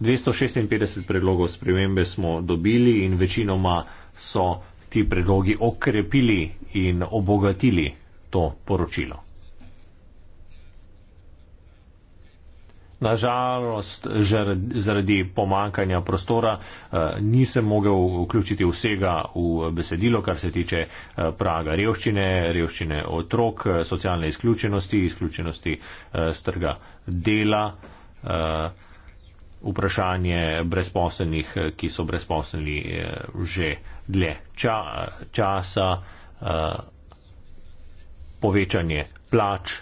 256 predlogov spremembe smo dobili in večinoma so ti predlogi okrepili in obogatili to poročilo. Nažalost, zaradi pomankanja prostora eh, nisem mogel vključiti vsega v besedilo, kar se tiče eh, praga revščine, revščine otrok, eh, socialne izključenosti, izključenosti strga dela, vprašanje brezposelnih, ki so brezposelni že dlje ča, časa, povečanje plač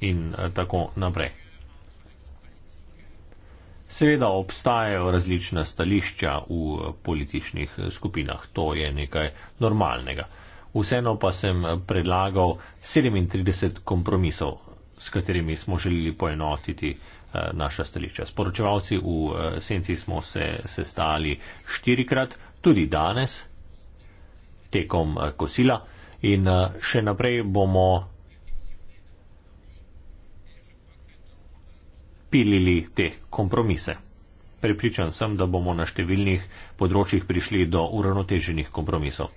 in eh, tako naprej. Seveda obstajajo različna stališča v eh, političnih eh, skupinah, to je nekaj normalnega. Vseeno pa sem predlagal 37 kompromisov, s katerimi smo želeli poenotiti naša stališča. Sporočevalci v senci smo se sestali štirikrat, tudi danes, tekom kosila in še naprej bomo pilili te kompromise. Pripričan sem, da bomo na številnih področjih prišli do uravnoteženih kompromisov.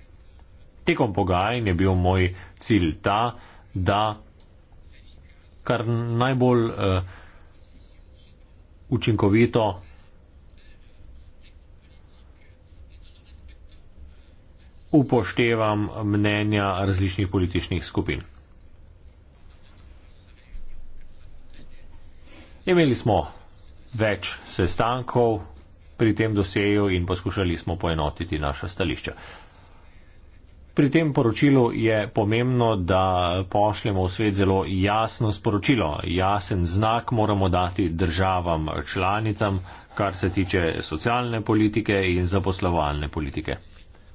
Tekom pogajanj je bil moj cilj ta, da kar najbolj uh, učinkovito upoštevam mnenja različnih političnih skupin. Imeli smo več sestankov pri tem dosjeju in poskušali smo poenotiti naša stališča. Pri tem poročilu je pomembno, da pošljemo v svet zelo jasno sporočilo. Jasen znak moramo dati državam članicam, kar se tiče socialne politike in zaposlovalne politike.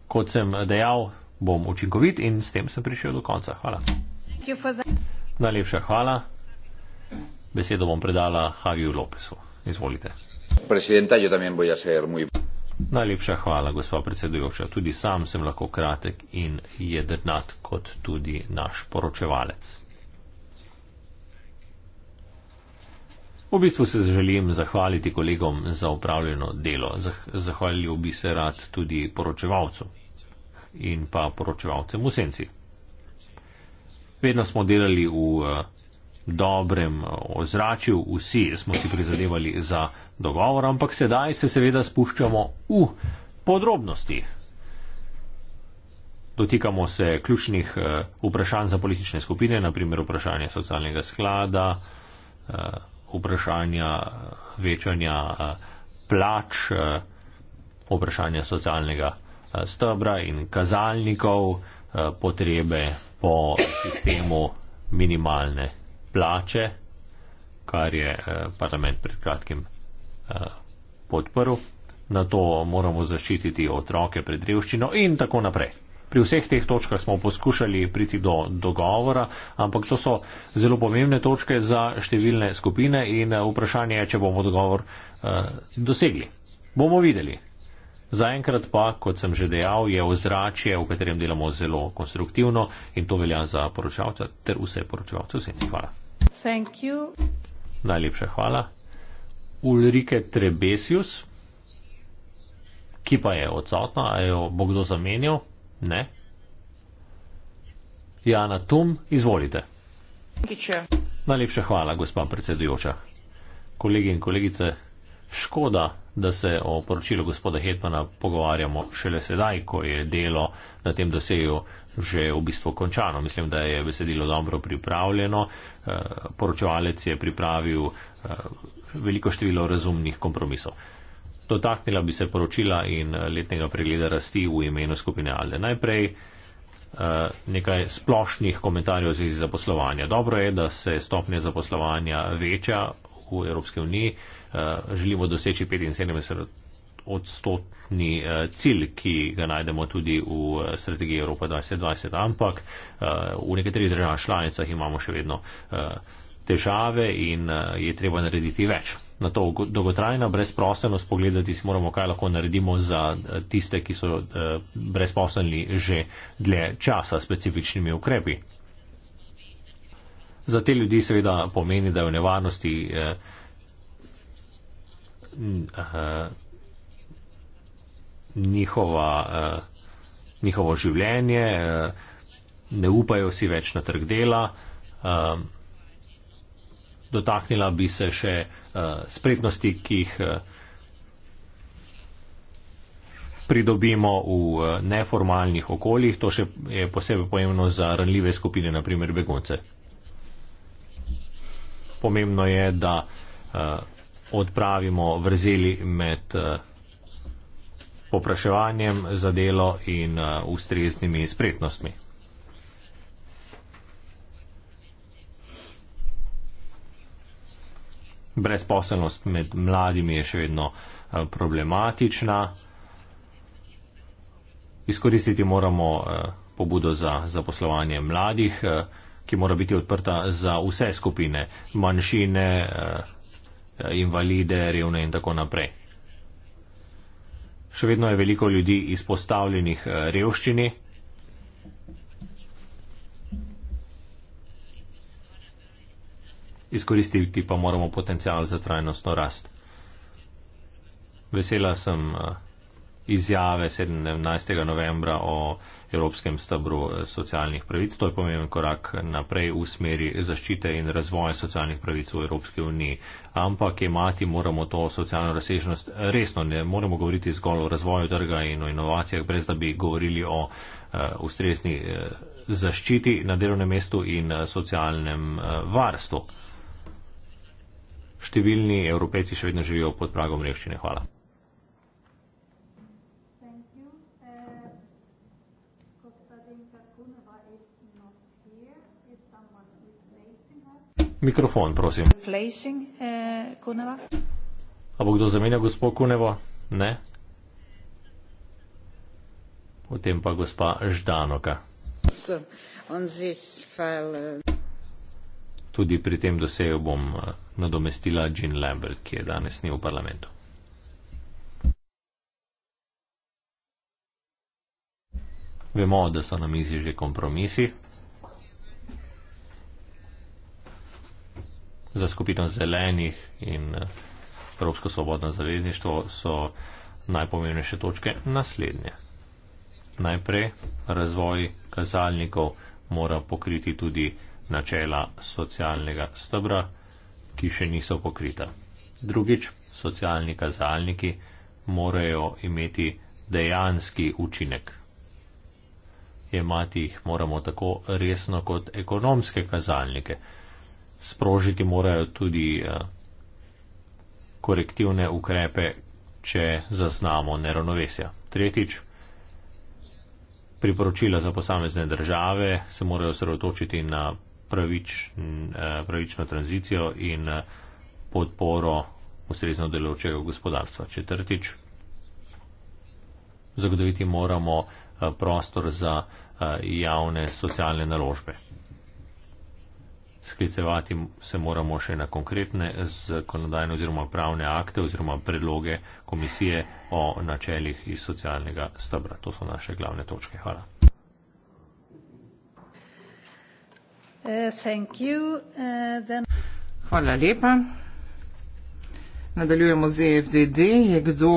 Kot sem dejal, bom učinkovit in s tem sem prišel do konca. Hvala. Najlepša hvala. Besedo bom predala Haviju Lopesu. Izvolite. Presidenta, jo tam bo jaser moj. Najlepša hvala, gospa predsedujoča. Tudi sam sem lahko kratek in jedrnat, kot tudi naš poročevalec. V bistvu se želim zahvaliti kolegom za upravljeno delo. Zahvalil bi se rad tudi poročevalcu in pa poročevalcem v senci. Vedno smo delali v eh, dobrem ozračju, vsi smo si prizadevali za dogovor, ampak sedaj se seveda spuščamo v podrobnosti. Dotikamo se ključnih eh, vprašanj za politične skupine, naprimer vprašanje socialnega sklada, eh, vprašanja večanja eh, plač, vprašanja socialnega stebra in kazalnikov, potrebe po sistemu minimalne plače, kar je eh, parlament pred kratkim eh, podprl, na to moramo zaščititi otroke pred revščino in tako naprej. Pri vseh teh točkah smo poskušali priti do dogovora, ampak to so zelo pomembne točke za številne skupine in eh, vprašanje je, če bomo dogovor uh, dosegli. Bomo videli. Zaenkrat pa, kot sem že dejal, je ozračje, v katerem delamo zelo konstruktivno in to velja za poročavca ter vse poročavce. Vsem ti hvala. Najlepša hvala. Ulrike Trebesius, ki pa je odsotna, a jo bo kdo zamenjal? Ne. Jana Tum, izvolite. Najlepša hvala, gospa predsedujoča. Kolegi in kolegice. Škoda, da se o poročilu gospoda Hetmana pogovarjamo šele sedaj, ko je delo na tem doseju že v bistvu končano. Mislim, da je besedilo dobro pripravljeno. Eh, poročevalec je pripravil eh, veliko število razumnih kompromisov. Dotaknila bi se poročila in eh, letnega pregleda rasti v imenu skupine Alde. Najprej nekaj splošnih komentarjev z izaposlovanja. Dobro je, da se stopnje zaposlovanja veča v Evropske uniji. Eh, želimo doseči 75 odstotni eh, cilj, ki ga najdemo tudi v eh, strategiji Evropa 2020, ampak v nekaterih državah članicah imamo še vedno težave in je treba narediti več. Na to dolgotrajna brezposelnost pogledati si moramo, kaj lahko naredimo za tiste, ki so brezposelni že dlje časa s specifičnimi ukrepi. Za te ljudi seveda pomeni, da je v nevarnosti eh, njihova, eh, njihovo življenje, eh, ne upajo si več na trg dela. Eh, dotaknila bi se še spretnosti, ki jih pridobimo v neformalnih okoljih. To še je posebej pomembno za ranljive skupine, naprimer begunce. Pomembno je, da odpravimo vrzeli med eh, popraševanjem za delo in eh, ustreznimi spretnostmi. Brezposelnost med mladimi je še vedno eh, problematična. Izkoristiti moramo pobudo za zaposlovanje mladih, ki mora biti odprta za vse skupine, manjšine, invalide, revne in tako naprej. Še vedno je veliko ljudi izpostavljenih eh, revščini. Izkoristiti pa moramo potencial za trajnostno rast. Vesela sem. Uh, izjave 17. novembra o Evropskem stabru eh, socialnih pravic. To je pomemben korak naprej v smeri zaščite in razvoja socialnih pravic v Evropski uniji. Ampak imati moramo to socialno razsežnost resno. Ne moremo govoriti zgolj o razvoju trga in o inovacijah, brez da bi govorili o uh, ustrezni uh, zaščiti na delovnem mestu in uh, socialnem uh, varstvu. Številni evropejci še vedno živijo pod pragom revščine. Hvala. mikrofon, prosim. Eh, A bo kdo zamenjal gospo Kunevo? Ne. Potem pa gospa Ždanoka. Eh, Tudi pri tem doseju bom eh, nadomestila Jean Lambert, ki je danes ni v parlamentu. Vemo, da so na mizi že kompromisi. za skupino zelenih in eh, Evropsko svobodno zavezništvo so najpomembnejše točke naslednje. Najprej razvoj kazalnikov mora pokriti tudi načela socialnega stebra, ki še niso pokrita. Drugič, socialni kazalniki morajo imeti dejanski učinek. Jemati jih moramo tako resno kot ekonomske kazalnike sprožiti morajo tudi eh, korektivne ukrepe, če zaznamo neravnovesja. Tretjič, priporočila za posamezne države se morajo sredotočiti na pravič, eh, pravično tranzicijo in eh, podporo ustrezno delujočega gospodarstva. Četrtič, zagotoviti moramo prostor za javne socialne naložbe sklicevati se moramo še na konkretne zakonodajne oziroma pravne akte oziroma predloge komisije o načeljih iz socialnega stebra. To so naše glavne točke. Hvala. Eh, eh, Hvala lepa. Nadaljujemo z e FDD. Je kdo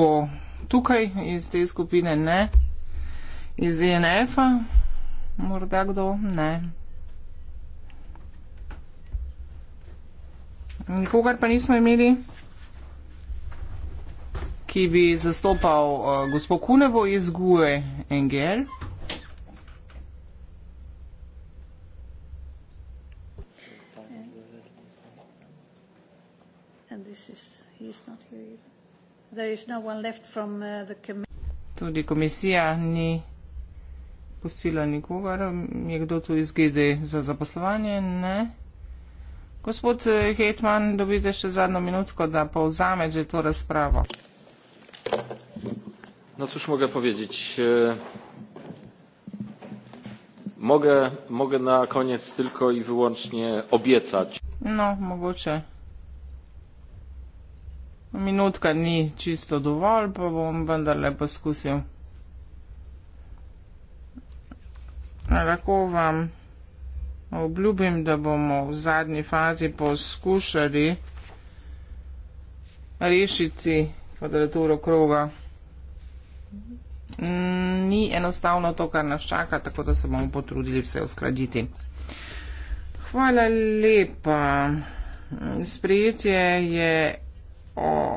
tukaj iz te skupine? Ne. Iz ENF-a? Morda kdo? Ne. Nikogar pa nismo imeli, ki bi zastopal uh, eh, gospod Kunevo iz Gue Engel. No uh, Tudi komisija ni pustila nikogar. Um, je kdo tu iz GD za zaposlovanje? Ne. Gospod eh, Hetman, dobite še zadnjo minutko, da povzamete to razpravo. No cóż mogę powiedzieć. E, mogę, mogę na koniec tylko i wyłącznie obiecać. No, mogę. Minutka nie czysto dowol, bo bym będę poskusił. Rakowam. wam. Obljubim, da bomo v zadnji fazi poskušali rešiti kvadraturo kroga. Mm, ni enostavno to, kar nas čaka, tako da se bomo potrudili vse uskladiti. Hvala lepa. Sprejetje je o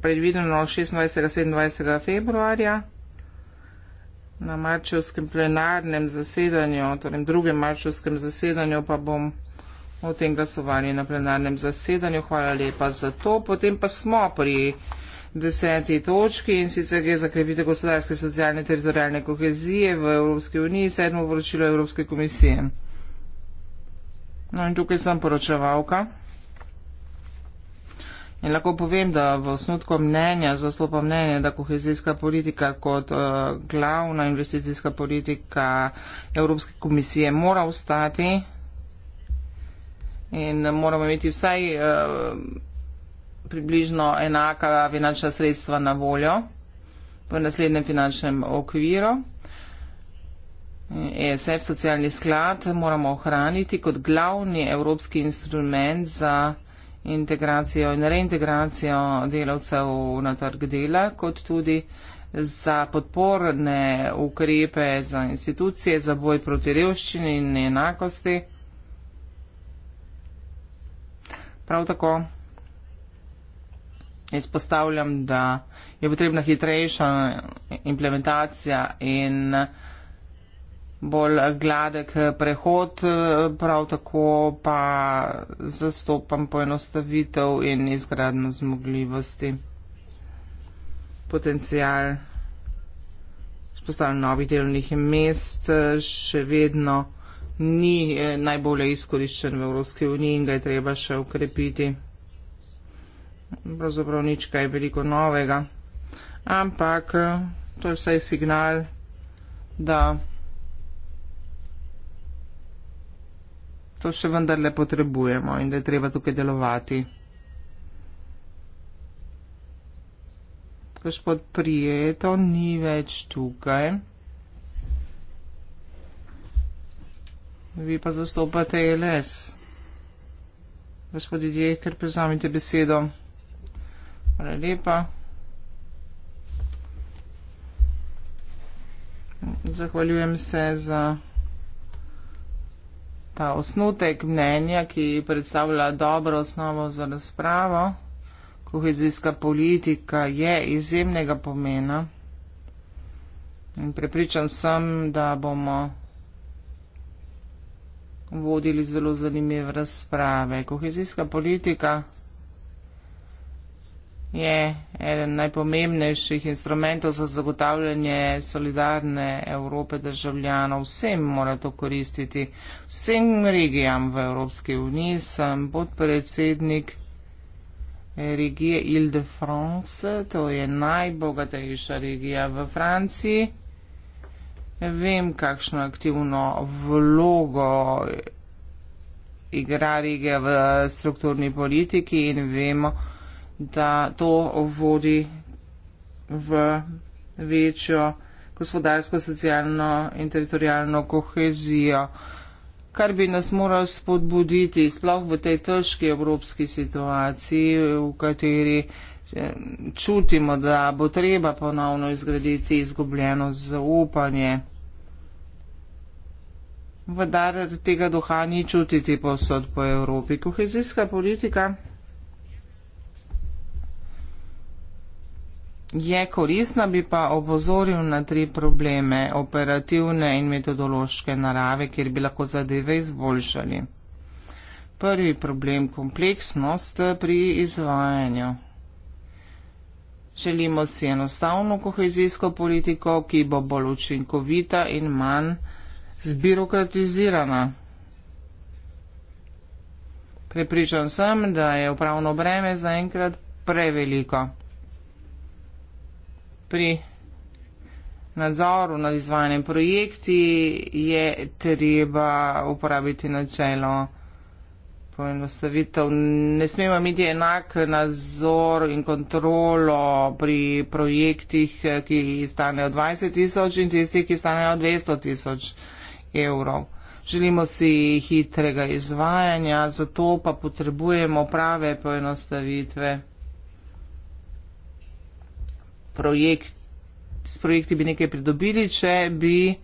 predvideno 26. in 27. februarja na marčevskem plenarnem zasedanju, torej drugem marčevskem zasedanju, pa bom o tem glasovali na plenarnem zasedanju. Hvala lepa za to. Potem pa smo pri deseti točki in sicer gre za krepitev gospodarske, socialne, teritorijalne kohezije v Evropski uniji, sedmo poročilo Evropske komisije. No in tukaj sem poročevalka. In lahko povem, da v osnutku mnenja zastopa mnenje, da kohezijska politika kot uh, glavna investicijska politika Evropske komisije mora ostati in moramo imeti vsaj uh, približno enaka finančna sredstva na voljo v naslednjem finančnem okviru. ESF, socialni sklad, moramo ohraniti kot glavni evropski instrument za integracijo in reintegracijo delavcev na trg dela, kot tudi za podporne ukrepe za institucije, za boj proti revščini in enakosti. Prav tako izpostavljam, da je potrebna hitrejša implementacija in bolj gladek prehod, prav tako pa zastopam poenostavitev in izgradno zmogljivosti. Potencijal spostavljanja novih delovnih mest še vedno ni eh, najbolje izkoriščen v Evropski uniji in ga je treba še ukrepiti. Pravzaprav nič kaj veliko novega, ampak eh, to je vsaj signal, da to še vendarle potrebujemo in da je treba tukaj delovati. Gospod Prijeto ni več tukaj. Vi pa zastopate LS. Gospodi Dijek, ker prezamite besedo. Hvala lepa. Zahvaljujem se za ta osnutek mnenja, ki predstavlja dobro osnovo za razpravo. Kohezijska politika je izjemnega pomena in prepričan sem, da bomo vodili zelo zanimive razprave. Kohezijska politika je eden najpomembnejših instrumentov za zagotavljanje solidarne Evrope državljanov. Vsem mora to koristiti, vsem regijam v Evropski uniji. Sem podpredsednik regije Ile-de-France, to je najbogatejša regija v Franciji. Vem, kakšno aktivno vlogo igra regija v strukturni politiki in vemo, da to vodi v večjo gospodarsko, socialno in teritorijalno kohezijo, kar bi nas moralo spodbuditi, sploh v tej težki evropski situaciji, v kateri eh, čutimo, da bo treba ponovno izgraditi izgubljeno zaupanje. Vendar tega duha ni čutiti posod po Evropi. Kohezijska politika je korisna, bi pa opozoril na tri probleme, operativne in metodološke narave, kjer bi lahko zadeve izboljšali. Prvi problem je kompleksnost pri izvajanju. Želimo si enostavno kohezijsko politiko, ki bo bolj učinkovita in manj zbirokratizirana. Prepričan sem, da je upravno breme zaenkrat preveliko pri nadzoru nad izvajanjem projekti je treba uporabiti načelo poenostavitev. Ne smemo imeti enak nadzor in kontrolo pri projektih, ki stanejo 20 tisoč in tistih, ki stanejo 200 tisoč evrov. Želimo si hitrega izvajanja, zato pa potrebujemo prave poenostavitve projekt, s projekti bi nekaj pridobili, če bi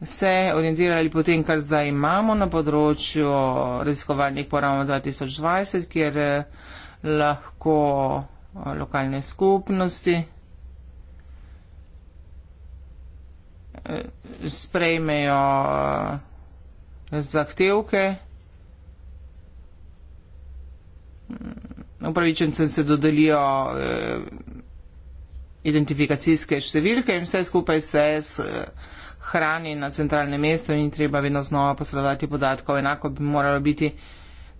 se orientirali po tem, kar zdaj imamo na področju raziskovalnih programov 2020, kjer eh, lahko eh, lokalne skupnosti eh, sprejmejo zahtevke upravičencem se dodelijo eh, identifikacijske številke in vse skupaj se eh, hrani na centralnem mestu in treba vedno znova posredovati podatkov. Enako bi moralo biti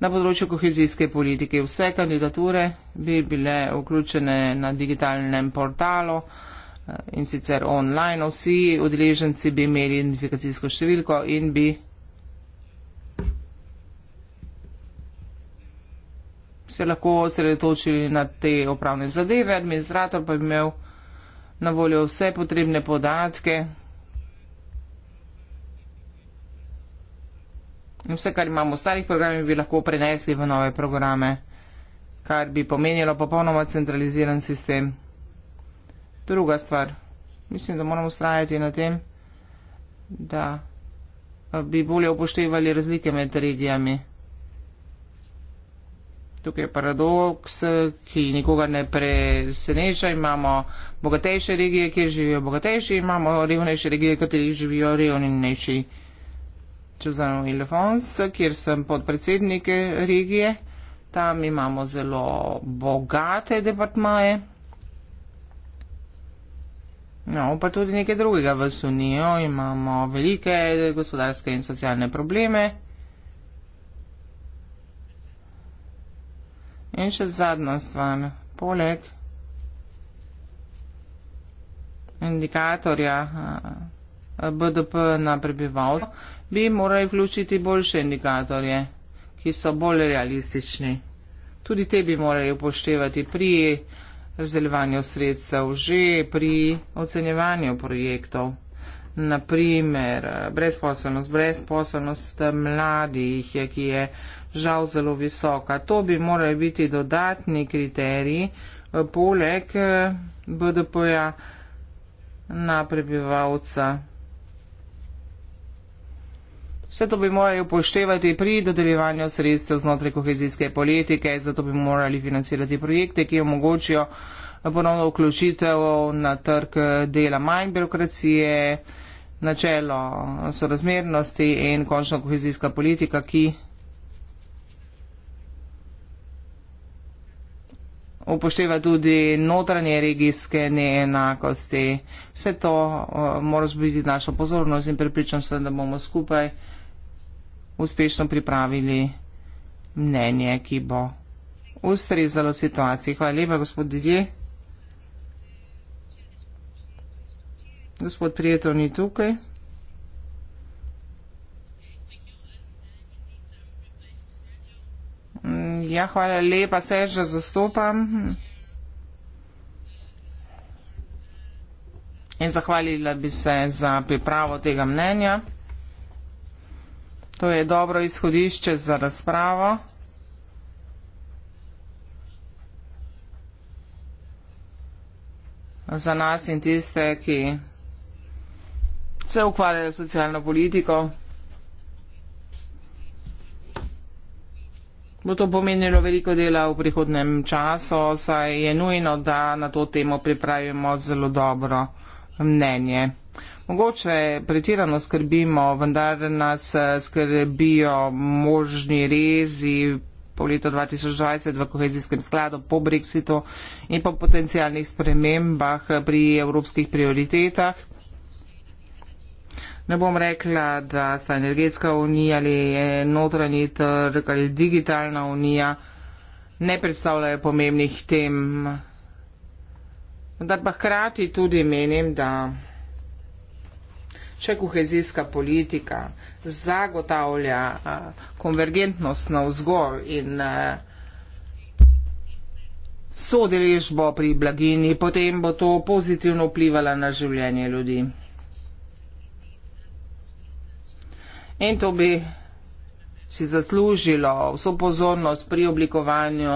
na področju kohezijske politike. Vse kandidature bi bile vključene na digitalnem portalu eh, in sicer online. Vsi udeleženci bi imeli identifikacijsko številko in bi se lahko osredotočili na te upravne zadeve, administrator pa bi imel na voljo vse potrebne podatke in vse, kar imamo v starih programih, bi lahko prenesli v nove programe, kar bi pomenilo popolnoma centraliziran sistem. Druga stvar, mislim, da moramo ustrajati na tem, da bi bolje upoštevali razlike med regijami. Tukaj je paradoks, ki nikoga ne preseneča. Imamo bogatejše regije, kjer živijo bogatejši, imamo revnejše regije, kateri živijo revnejši. Čuzano Ilefons, kjer sem podpredsednik regije, tam imamo zelo bogate departmaje. No, pa tudi nekaj drugega v Sunijo. Imamo velike gospodarske in socialne probleme. In še zadnja stvar, poleg indikatorja eh, BDP na prebivalstvo, bi morali vključiti boljše indikatorje, ki so bolj realistični. Tudi te bi morali upoštevati pri razdeljevanju sredstev, že pri ocenjevanju projektov. Naprimer, brezposobnost, brezposobnost mladih, ki je. Kje, žal zelo visoka. To bi morali biti dodatni kriteriji eh, poleg eh, BDP-ja na prebivalca. Vse to bi morali upoštevati pri dodeljevanju sredstev znotraj kohezijske politike, zato bi morali financirati projekte, ki omogočijo eh, ponovno vključitev na trg dela manj birokracije, načelo sorazmernosti in končno kohezijska politika, ki upošteva tudi notranje regijske neenakosti. Vse to uh, mora zbuditi našo pozornost in pripričam se, da bomo skupaj uspešno pripravili mnenje, ki bo ustrezalo situaciji. Hvala lepa, gospod Didje. Gospod Prijeto ni tukaj. Ja, hvala lepa, se že zastopam. In zahvalila bi se za pripravo tega mnenja. To je dobro izhodišče za razpravo. Za nas in tiste, ki se ukvarjajo s socialno politiko. bo to pomenilo veliko dela v prihodnem času, saj je nujno, da na to temo pripravimo zelo dobro mnenje. Mogoče pretirano skrbimo, vendar nas eh, skrbijo možni rezi po letu 2020 v kohezijskem skladu po Brexitu in po potencijalnih spremembah pri evropskih prioritetah. Ne bom rekla, da sta energetska unija ali notranji trg ali digitalna unija ne predstavljajo pomembnih tem. Vendar pa hkrati tudi menim, da če kohezijska politika zagotavlja konvergentnost na vzgor in sodeležbo pri blagini, potem bo to pozitivno vplivalo na življenje ljudi. In to bi si zaslužilo vso pozornost pri oblikovanju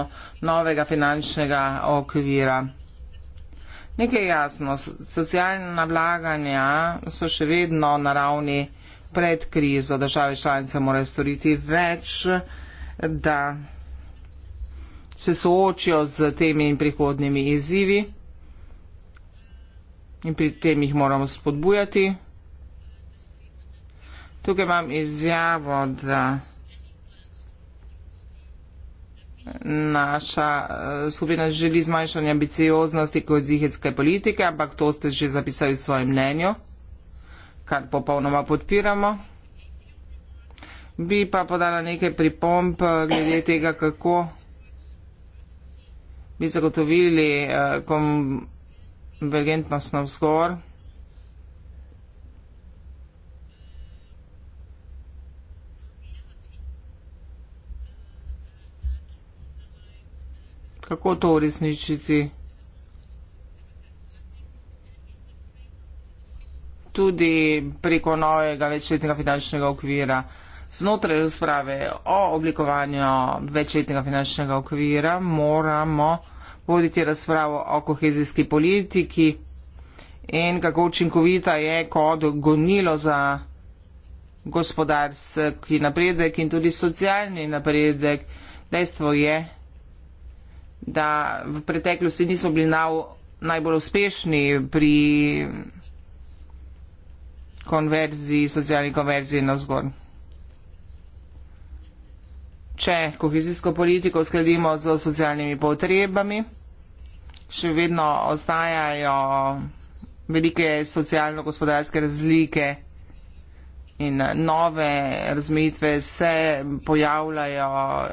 novega finančnega okvira. Nekaj jasno, socialna vlaganja so še vedno na ravni pred krizo, države članice morajo storiti več, da se soočijo z temi in prihodnimi izzivi in pri tem jih moramo spodbujati. Tukaj imam izjavo, da naša eh, skupina želi zmanjšanje ambicioznosti kozihetske politike, ampak to ste že zapisali v svojem mnenju, kar popolnoma podpiramo. Bi pa podala nekaj pripomp eh, glede tega, kako bi zagotovili eh, konvergentnostno vzgor. Kako to uresničiti? Tudi preko novega večletnega finančnega okvira. Znotraj razprave o oblikovanju večletnega finančnega okvira moramo voditi razpravo o kohezijski politiki in kako učinkovita je kot gonilo za gospodarski napredek in tudi socialni napredek. Dejstvo je, da v preteklosti nismo bili nav, najbolj uspešni pri konverziji, socialni konverziji na vzgor. Če kohezijsko politiko skladimo z socialnimi potrebami, še vedno ostajajo velike socialno-gospodarske razlike, in eh, nove razmejitve se pojavljajo eh,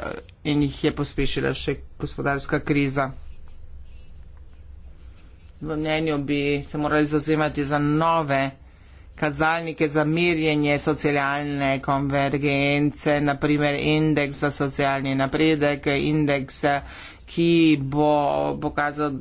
in jih je pospešila še gospodarska kriza. V mnenju bi se morali zazemati za nove kazalnike za merjenje socialne konvergence, naprimer indeks za socialni napredek, indeks, ki bo pokazal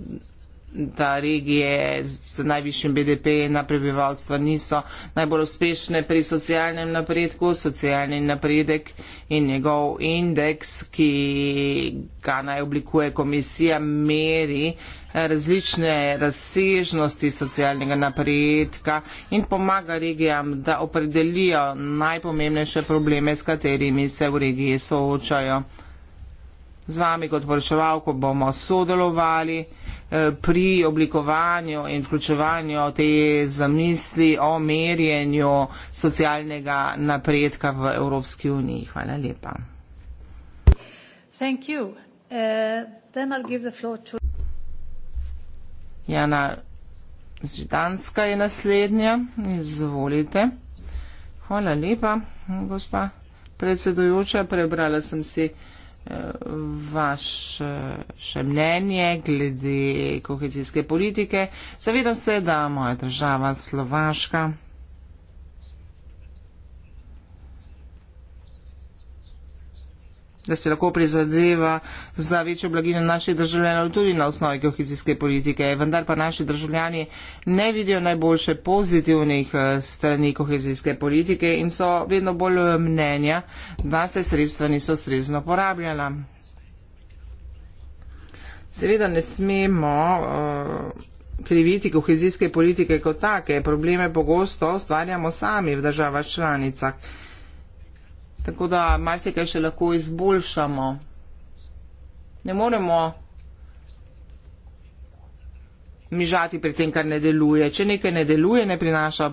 da regije s najvišjim BDP na prebivalstvo niso najbolj uspešne pri socialnem napredku. Socialni napredek in njegov indeks, ki ga naj oblikuje komisija, meri različne razsežnosti socialnega napredka in pomaga regijam, da opredelijo najpomembnejše probleme, s katerimi se v regiji soočajo z vami kot vprašalko bomo sodelovali eh, pri oblikovanju in vključevanju te zamisli o merjenju socialnega napredka v Evropski uniji. Hvala lepa. Thank you. Uh, then I'll give the floor to... Jana Židanska je naslednja. Izvolite. Hvala lepa, gospa predsedujoča. Prebrala sem si uh, vaše mnenje glede kohezijske politike. Zavedam se, da moja država Slovaška da se lahko prizadeva za večjo blaginjo naših državljanov tudi na osnovi kohezijske politike. Vendar pa naši državljani ne vidijo najboljše pozitivnih eh, strani kohezijske politike in so vedno bolj eh, mnenja, da se sredstva niso strezno porabljala. Seveda ne smemo uh, kriviti kohezijske politike kot take. Probleme pogosto ustvarjamo sami v državah članicah. Tako da marsikaj še lahko izboljšamo. Ne moremo mižati pri tem, kar ne deluje. Če nekaj ne deluje, ne prinaša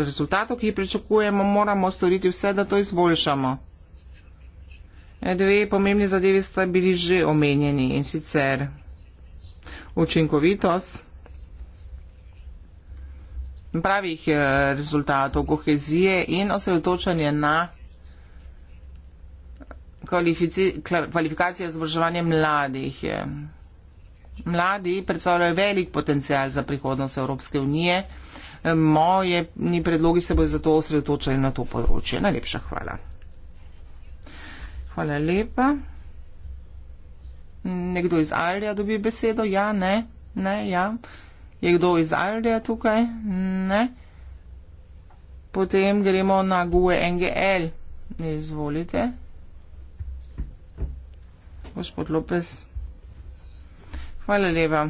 rezultatov, ki jih pričakujemo, moramo storiti vse, da to izboljšamo. Dve pomembni zadevi sta bili že omenjeni in sicer učinkovitost, pravih eh, rezultatov, kohezije in osredotočanje na kvalifikacija izobraževanja mladih je. Mladi predstavljajo velik potencial za prihodnost Evropske unije. Moje predlogi se bojo zato osredotočali na to področje. Najlepša hvala. Hvala lepa. Nekdo iz Aldija dobi besedo? Ja, ne, ne, ja. Je kdo iz Aldija tukaj? Ne. Potem gremo na GUE NGL. Izvolite gospod Lopez. Hvala lepa.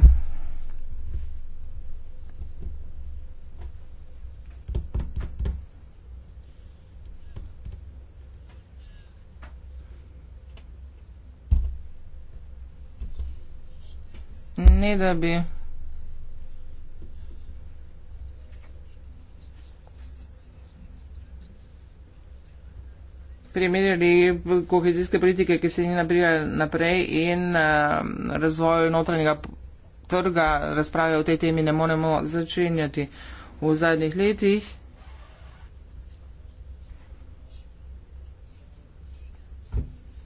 Ne da bi. primerjali kohezijske politike, ki se ni nabrila naprej in uh, razvoj notranjega trga, razprave o tej temi ne moremo začenjati v zadnjih letih.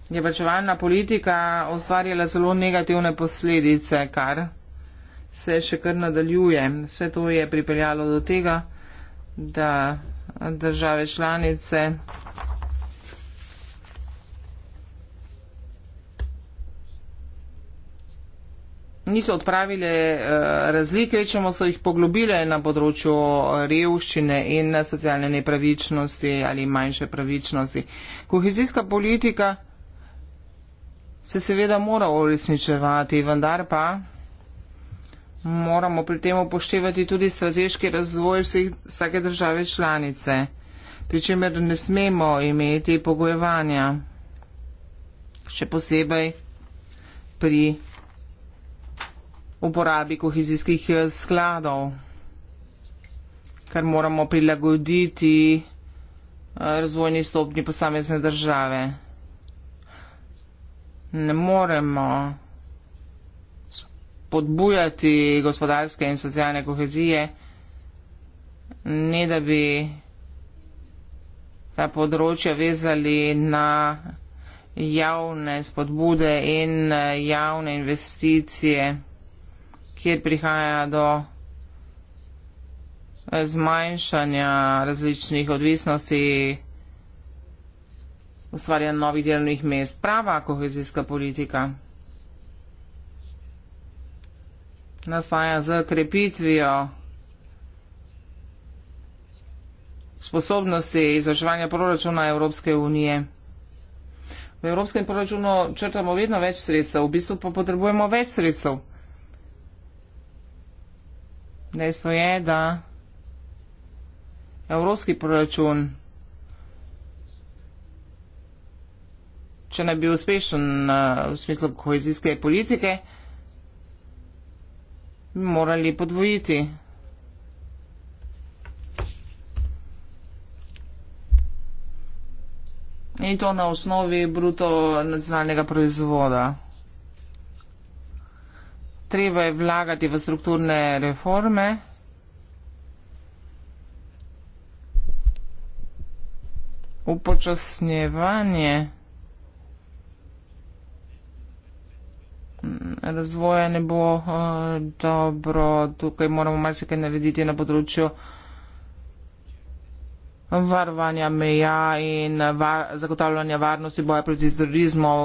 Je vrčevalna politika ustvarjala zelo negativne posledice, kar se še kar nadaljuje. Vse to je pripeljalo do tega, da države članice niso odpravile eh, razlike, večemo so jih poglobile na področju eh, revščine in eh, socialne nepravičnosti ali manjše pravičnosti. Kohezijska politika se seveda mora uresničevati, vendar pa moramo pri tem upoštevati tudi strateški razvoj vseh, vsake države članice, pri čemer ne smemo imeti pogojevanja, še posebej pri uporabi kohezijskih eh, skladov, kar moramo prilagoditi eh, razvojni stopnji posamezne države. Ne moremo podbujati gospodarske in socialne kohezije, ne da bi ta področja vezali na javne spodbude in eh, javne investicije kjer prihaja do zmanjšanja različnih odvisnosti, ustvarjanja novih delovnih mest. Prava kohezijska politika nastaja z krepitvijo sposobnosti izraževanja proračuna Evropske unije. V evropskem proračunu črtamo vedno več sredstev, v bistvu pa potrebujemo več sredstev dejstvo je, da evropski proračun, če ne bi uspešen eh, v smislu kohezijske politike, bi morali podvojiti. In to na osnovi bruto nacionalnega proizvoda treba je vlagati v strukturne reforme. Upočasnjevanje razvoja ne bo uh, dobro, tukaj moramo marsikaj narediti na področju varovanja meja in var zagotavljanja varnosti boja proti terorizmu.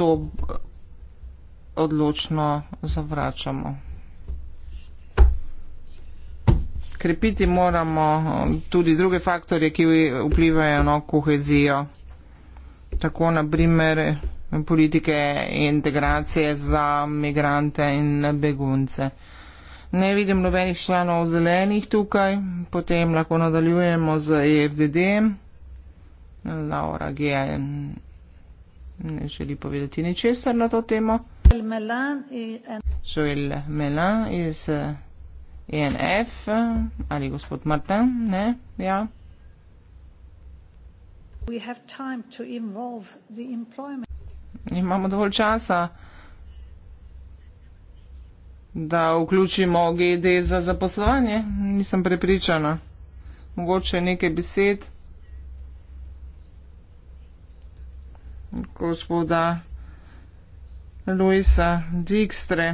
To odločno zavračamo. Krepiti moramo um, tudi druge faktorje, ki vplivajo na kohezijo, tako na primer politike integracije za migrante in begunce. Ne vidim nobenih članov zelenih tukaj, potem lahko nadaljujemo z EFDD. Laura G. ne želi povedati ničesar na to temo il Milan in So il Milan is uh, eh, ENF ali gospod Martin, ne? Ja. We have time to involve the employment. Imamo dovolj časa da vključimo GD za zaposlovanje, nisem prepričana. Mogoče nekaj besed gospoda Luisa Dijkstre.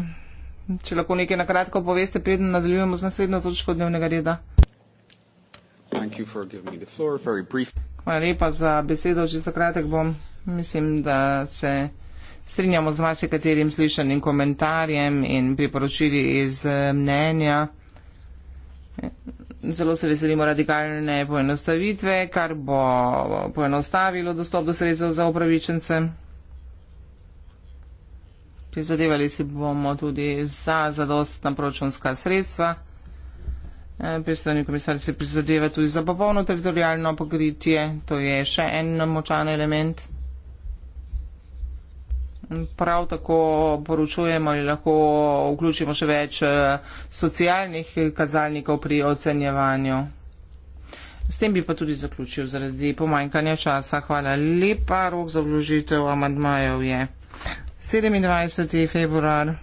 Če lahko nekaj na kratko poveste, preden nadaljujemo z naslednjo točko dnevnega reda. Hvala lepa za besedo, če za kratek bom. Mislim, da se strinjamo z vašim katerim slišanim komentarjem in priporočili iz eh, mnenja. Zelo se veselimo radikalne poenostavitve, kar bo poenostavilo dostop do sredstev za upravičence prizadevali si bomo tudi za zadostna proračunska sredstva. E, Pristojni komisar se prizadeva tudi za popolno teritorijalno pokritje, to je še en močan element. Prav tako poročujemo in lahko vključimo še več e, socialnih kazalnikov pri ocenjevanju. S tem bi pa tudi zaključil zaradi pomanjkanja časa. Hvala lepa, rok za vložitev amadmajev je 27. februar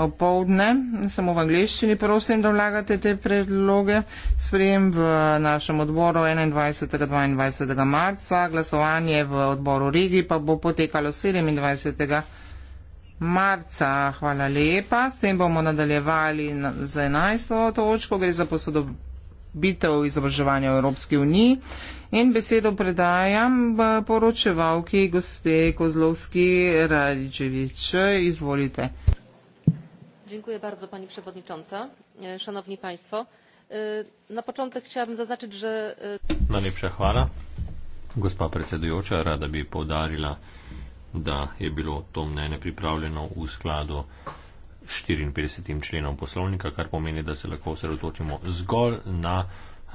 opoldne. Samo v angliščini prosim, da vlagate te predloge. Sprejem v našem odboru 21. 22. marca. Glasovanje v odboru Rigi pa bo potekalo 27. marca. Hvala lepa. S tem bomo nadaljevali na, za 11. točko. Gre za posodobitev bitev izobraževanja v Evropski uniji. In besedo predajam poročevalki gospe Kozlovski Radičevič. Izvolite. Dziękuję bardzo pani przewodnicząca, e, szanowni państwo. E, na początek chciałabym zaznaczyć, że. E, Najlepsza chwała. Gospa predsedujoča, rada bi poudarila, da je bilo to mnenje pripravljeno v skladu 54. členom poslovnika, kar pomeni, da se lahko osredotočimo zgolj na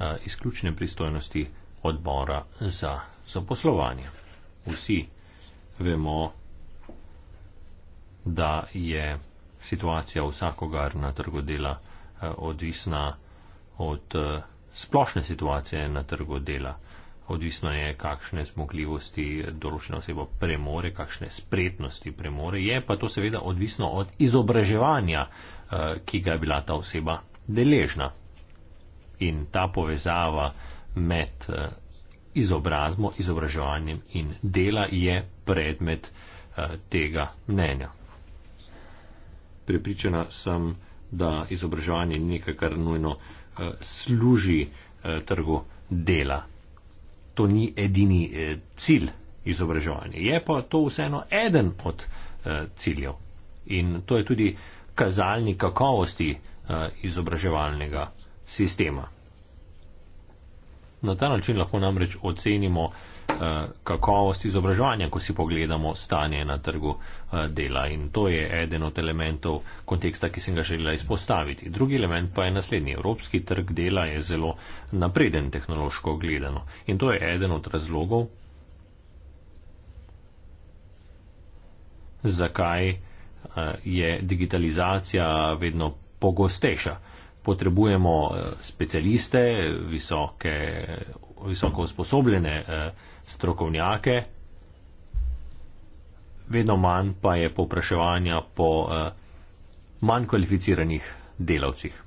eh, izključne pristojnosti odbora za zaposlovanje. Vsi vemo, da je situacija vsakogar na trgu dela eh, odvisna od eh, splošne situacije na trgu dela odvisno je, kakšne zmogljivosti določena oseba premore, kakšne spretnosti premore, je pa to seveda odvisno od izobraževanja, eh, ki ga je bila ta oseba deležna. In ta povezava med eh, izobrazmo, izobraževanjem in dela je predmet eh, tega mnenja. Prepričana sem, da izobraževanje ni nekaj, kar nujno služi trgu dela to ni edini eh, cilj izobraževanja. Je pa to vseeno eden od eh, ciljev in to je tudi kazalni kakovosti eh, izobraževalnega sistema. Na ta način lahko namreč ocenimo, Eh, kakovost izobraževanja, ko si pogledamo stanje na trgu eh, dela. In to je eden od elementov konteksta, ki sem ga želela izpostaviti. Drugi element pa je naslednji. Evropski trg dela je zelo napreden tehnološko gledano. In to je eden od razlogov, zakaj eh, je digitalizacija vedno pogostejša. Potrebujemo specialiste, visoke, visoko usposobljene eh, strokovnjake, vedno manj pa je povpraševanja po uh, manj kvalificiranih delavcih.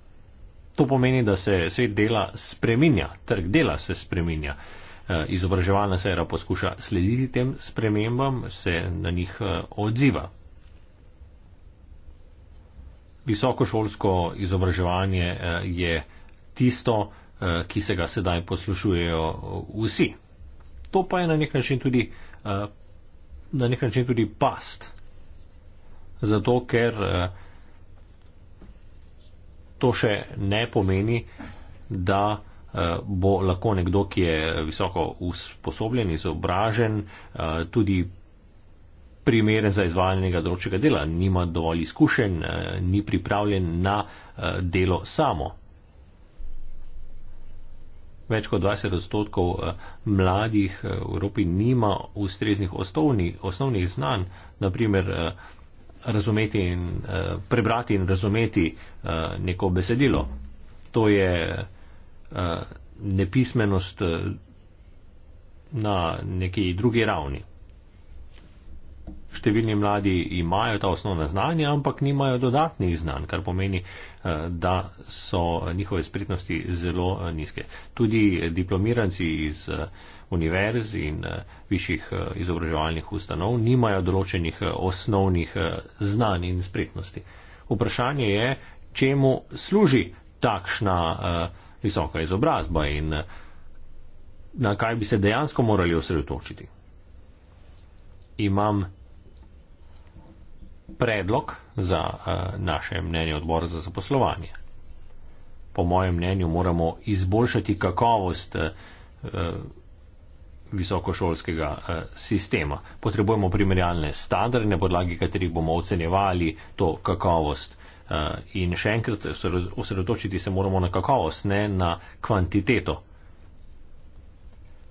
To pomeni, da se svet dela spreminja, trg dela se spreminja. Eh, izobraževalna sfera poskuša slediti tem spremembam, se na njih eh, odziva. Visokošolsko izobraževanje je tisto, ki se ga sedaj poslušujejo vsi. To pa je na nek način tudi, uh, na nek način tudi past. Zato, ker uh, to še ne pomeni, da uh, bo lahko nekdo, ki je visoko usposobljen, izobražen, uh, tudi primeren za izvajanje določega dela, nima dovolj izkušenj, uh, ni pripravljen na uh, delo samo več kot 20 odstotkov eh, mladih eh, v Evropi nima ustreznih osnovni, osnovnih znanj, naprimer eh, razumeti in prebrati in razumeti neko besedilo. To je nepismenost na neki drugi ravni. Številni mladi imajo ta osnovna znanja, ampak nimajo dodatnih znanj, kar pomeni, eh, da so njihove spretnosti zelo eh, nizke. Tudi diplomiranci iz eh, univerz in višjih izobraževalnih ustanov nimajo določenih osnovnih znanj in spretnosti. Vprašanje je, čemu služi takšna visoka izobrazba in na kaj bi se dejansko morali osredotočiti. Imam predlog za eh, naše mnenje odbora za zaposlovanje. Po mojem mnenju moramo izboljšati kakovost eh, visokošolskega eh, sistema. Potrebujemo primerjalne standarde, na podlagi katerih bomo ocenjevali to kakovost. In še enkrat, osredotočiti se moramo na kakovost, ne na kvantiteto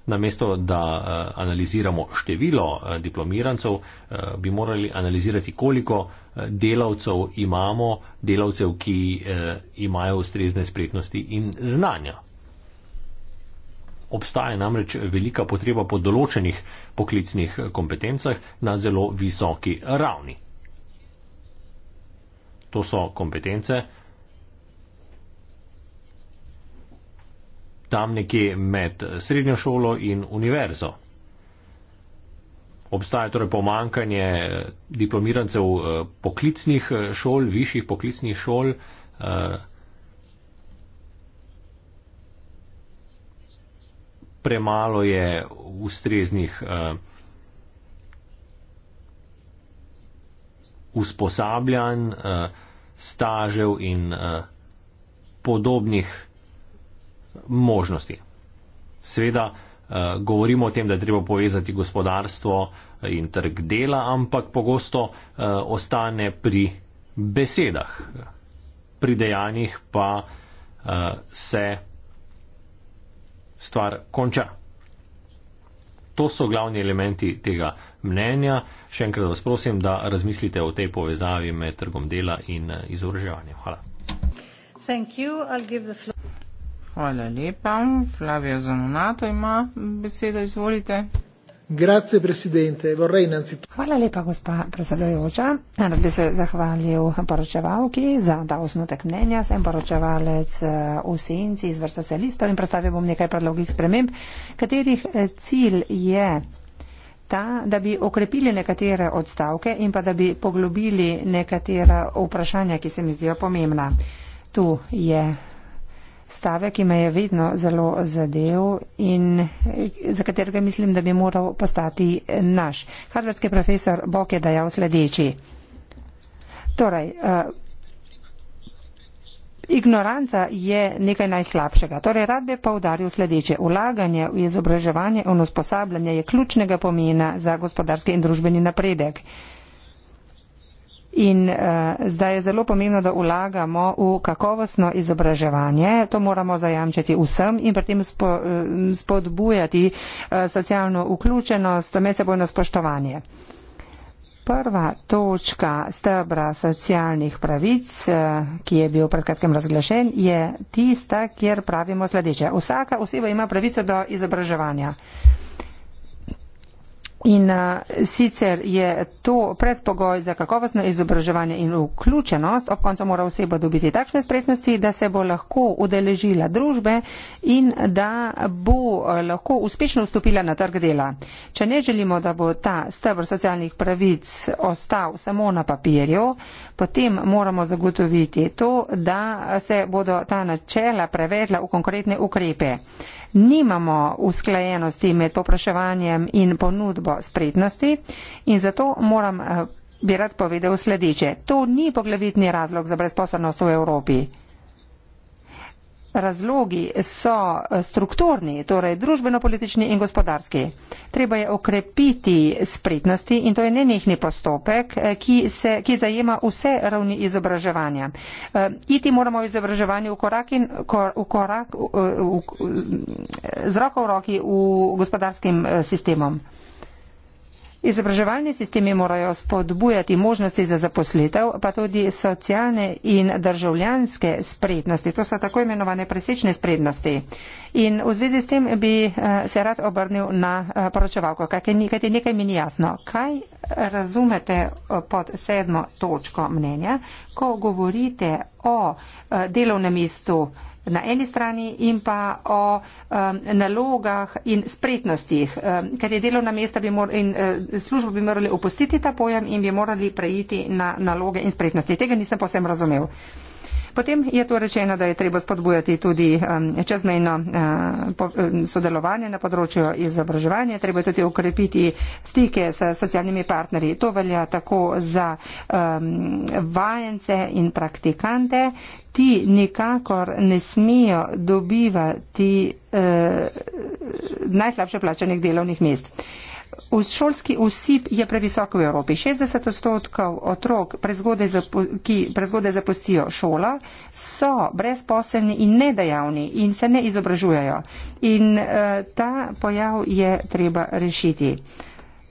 namesto da eh, analiziramo število eh, diplomirancev, eh, bi morali analizirati, koliko delavcev imamo, delavcev, ki imajo ustrezne spretnosti in znanja. Obstaja namreč velika potreba po določenih poklicnih kompetencah na zelo visoki ravni. To so kompetence, tam nekje med srednjo šolo in univerzo. Obstaja torej pomankanje eh, diplomirancev eh, poklicnih eh, šol, višjih poklicnih šol. Premalo je ustreznih usposabljanj, stažev in podobnih možnosti. Sveda eh, govorimo o tem, da je treba povezati gospodarstvo eh, in trg dela, ampak pogosto eh, ostane pri besedah. Pri dejanjih pa se stvar konča. To so glavni elementi tega mnenja. Še enkrat vas prosim, da razmislite o tej povezavi med trgom dela in izobraževanjem. Hvala. Thank you. I'll give the floor. Hvala lepa. Flavio Zanonato ima besedo, izvolite. Grazie, presidente. Vorrei innanzitutto. Hvala lepa, gospa predsedajoča. Rad bi se zahvalil poročevalki za ta osnutek mnenja. Sem poročevalec eh, v Senci iz vrsta socialistov in predstavil bom nekaj predlogih sprememb, katerih eh, cilj je ta, da bi okrepili nekatere odstavke in pa da bi poglobili nekatera vprašanja, ki se mi zdijo pomembna. Tu je stavek, ki me je vedno zelo zadev in za katerega mislim, da bi moral postati naš. Harvardski profesor Bok je dajal sledeči. Torej, eh, Ignoranca je nekaj najslabšega. Torej, rad bi poudaril sledeče. Ulaganje v izobraževanje in usposabljanje je ključnega pomena za gospodarski in družbeni napredek. In uh, zdaj je zelo pomembno, da ulagamo v kakovostno izobraževanje. To moramo zajamčiti vsem in pri tem spo, uh, spodbujati uh, socialno vključenost, medsebojno spoštovanje. Prva točka stebra socialnih pravic, ki je bil pred kratkem razglašen, je tista, kjer pravimo sledeče. Vsaka oseba ima pravico do izobraževanja. In uh, sicer je to predpogoj za kakovostno izobraževanje in vključenost, ob koncu mora oseba dobiti takšne spretnosti, da se bo lahko udeležila družbe in da bo uh, lahko uspešno vstopila na trg dela. Če ne želimo, da bo ta stebr socialnih pravic ostal samo na papirju, uh, potem moramo zagotoviti to, da se bodo ta načela prevedla v konkretne ukrepe. Nimamo usklajenosti med popraševanjem in ponudbo spretnosti in zato moram eh, bi rad povedal sledeče. To ni poglavitni razlog za brezposobnost v Evropi. Razlogi so eh, strukturni, torej družbeno-politični in gospodarski. Treba je okrepiti spretnosti in to je nenehni postopek, eh, ki, se, ki zajema vse ravni izobraževanja. E, iti moramo v izobraževanje v korak in, kor, v korak, v, v, v, z roko v roki v gospodarskim sistemom. Izobraževalni sistemi morajo spodbujati možnosti za zaposlitev, pa tudi socialne in državljanske spretnosti. To so tako imenovane presečne spretnosti. In v zvezi s tem bi eh, se rad obrnil na eh, poročevalko, kajti nekaj mi ni jasno. Kaj razumete eh, pod sedmo točko mnenja, ko govorite o delovnem mestu na eni strani in pa o nalogah in spretnostih, kajti delovna mesta bi morali in službo bi morali opustiti ta pojem in bi morali preiti na naloge in spretnosti. Tega nisem posebno razumel. Potem je tu rečeno, da je treba spodbujati tudi um, čezmejno uh, uh, sodelovanje na področju izobraževanja, treba je tudi ukrepiti stike s socialnimi partnerji. To velja tako za um, vajence in praktikante. Ti nikakor ne smijo dobivati uh, najslabše plačenih delovnih mest. Uh, Šolski usip je previsok v Evropi. 60 odstotkov otrok, ki prezgode zapustijo šola, so brezposelni in nedajavni in se ne izobražujejo. In uh, ta pojav je treba rešiti.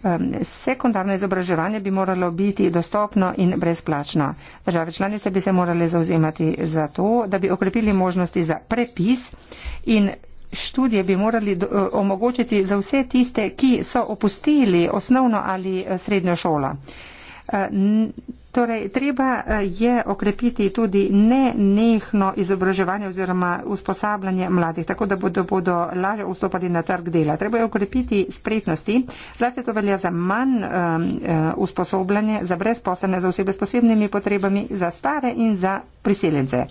Um, sekundarno izobraževanje bi moralo biti dostopno in brezplačno. Države članice bi se morale zauzemati za to, da bi okrepili možnosti za prepis in študije bi morali eh, omogočiti za vse tiste, ki so opustili osnovno ali eh, srednjo šolo. Eh, torej, treba je okrepiti tudi nenehno izobraževanje oziroma usposabljanje mladih, tako da bodo, bodo lažje vstopali na trg dela. Treba je okrepiti spretnosti, zlasti to velja za manj um, usposobljanje, za brezposobne, za osebe s posebnimi potrebami, za stare in za priseljence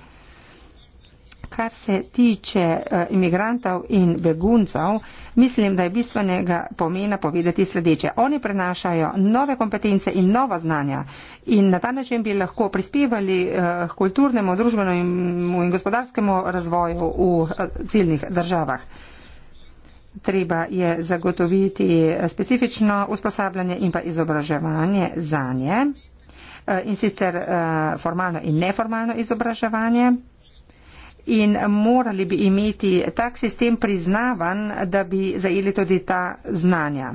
kar se tiče eh, imigrantov in beguncov, mislim, da je bistvenega pomena povedati sledeče. Oni prenašajo nove kompetence in nova znanja in na ta način bi lahko prispevali eh, k kulturnemu, družbenemu in gospodarskemu razvoju v eh, ciljnih državah. Treba je zagotoviti specifično usposabljanje in pa izobraževanje za nje in sicer formalno in neformalno izobraževanje in morali bi imeti tak sistem priznavan, da bi zajeli tudi ta znanja.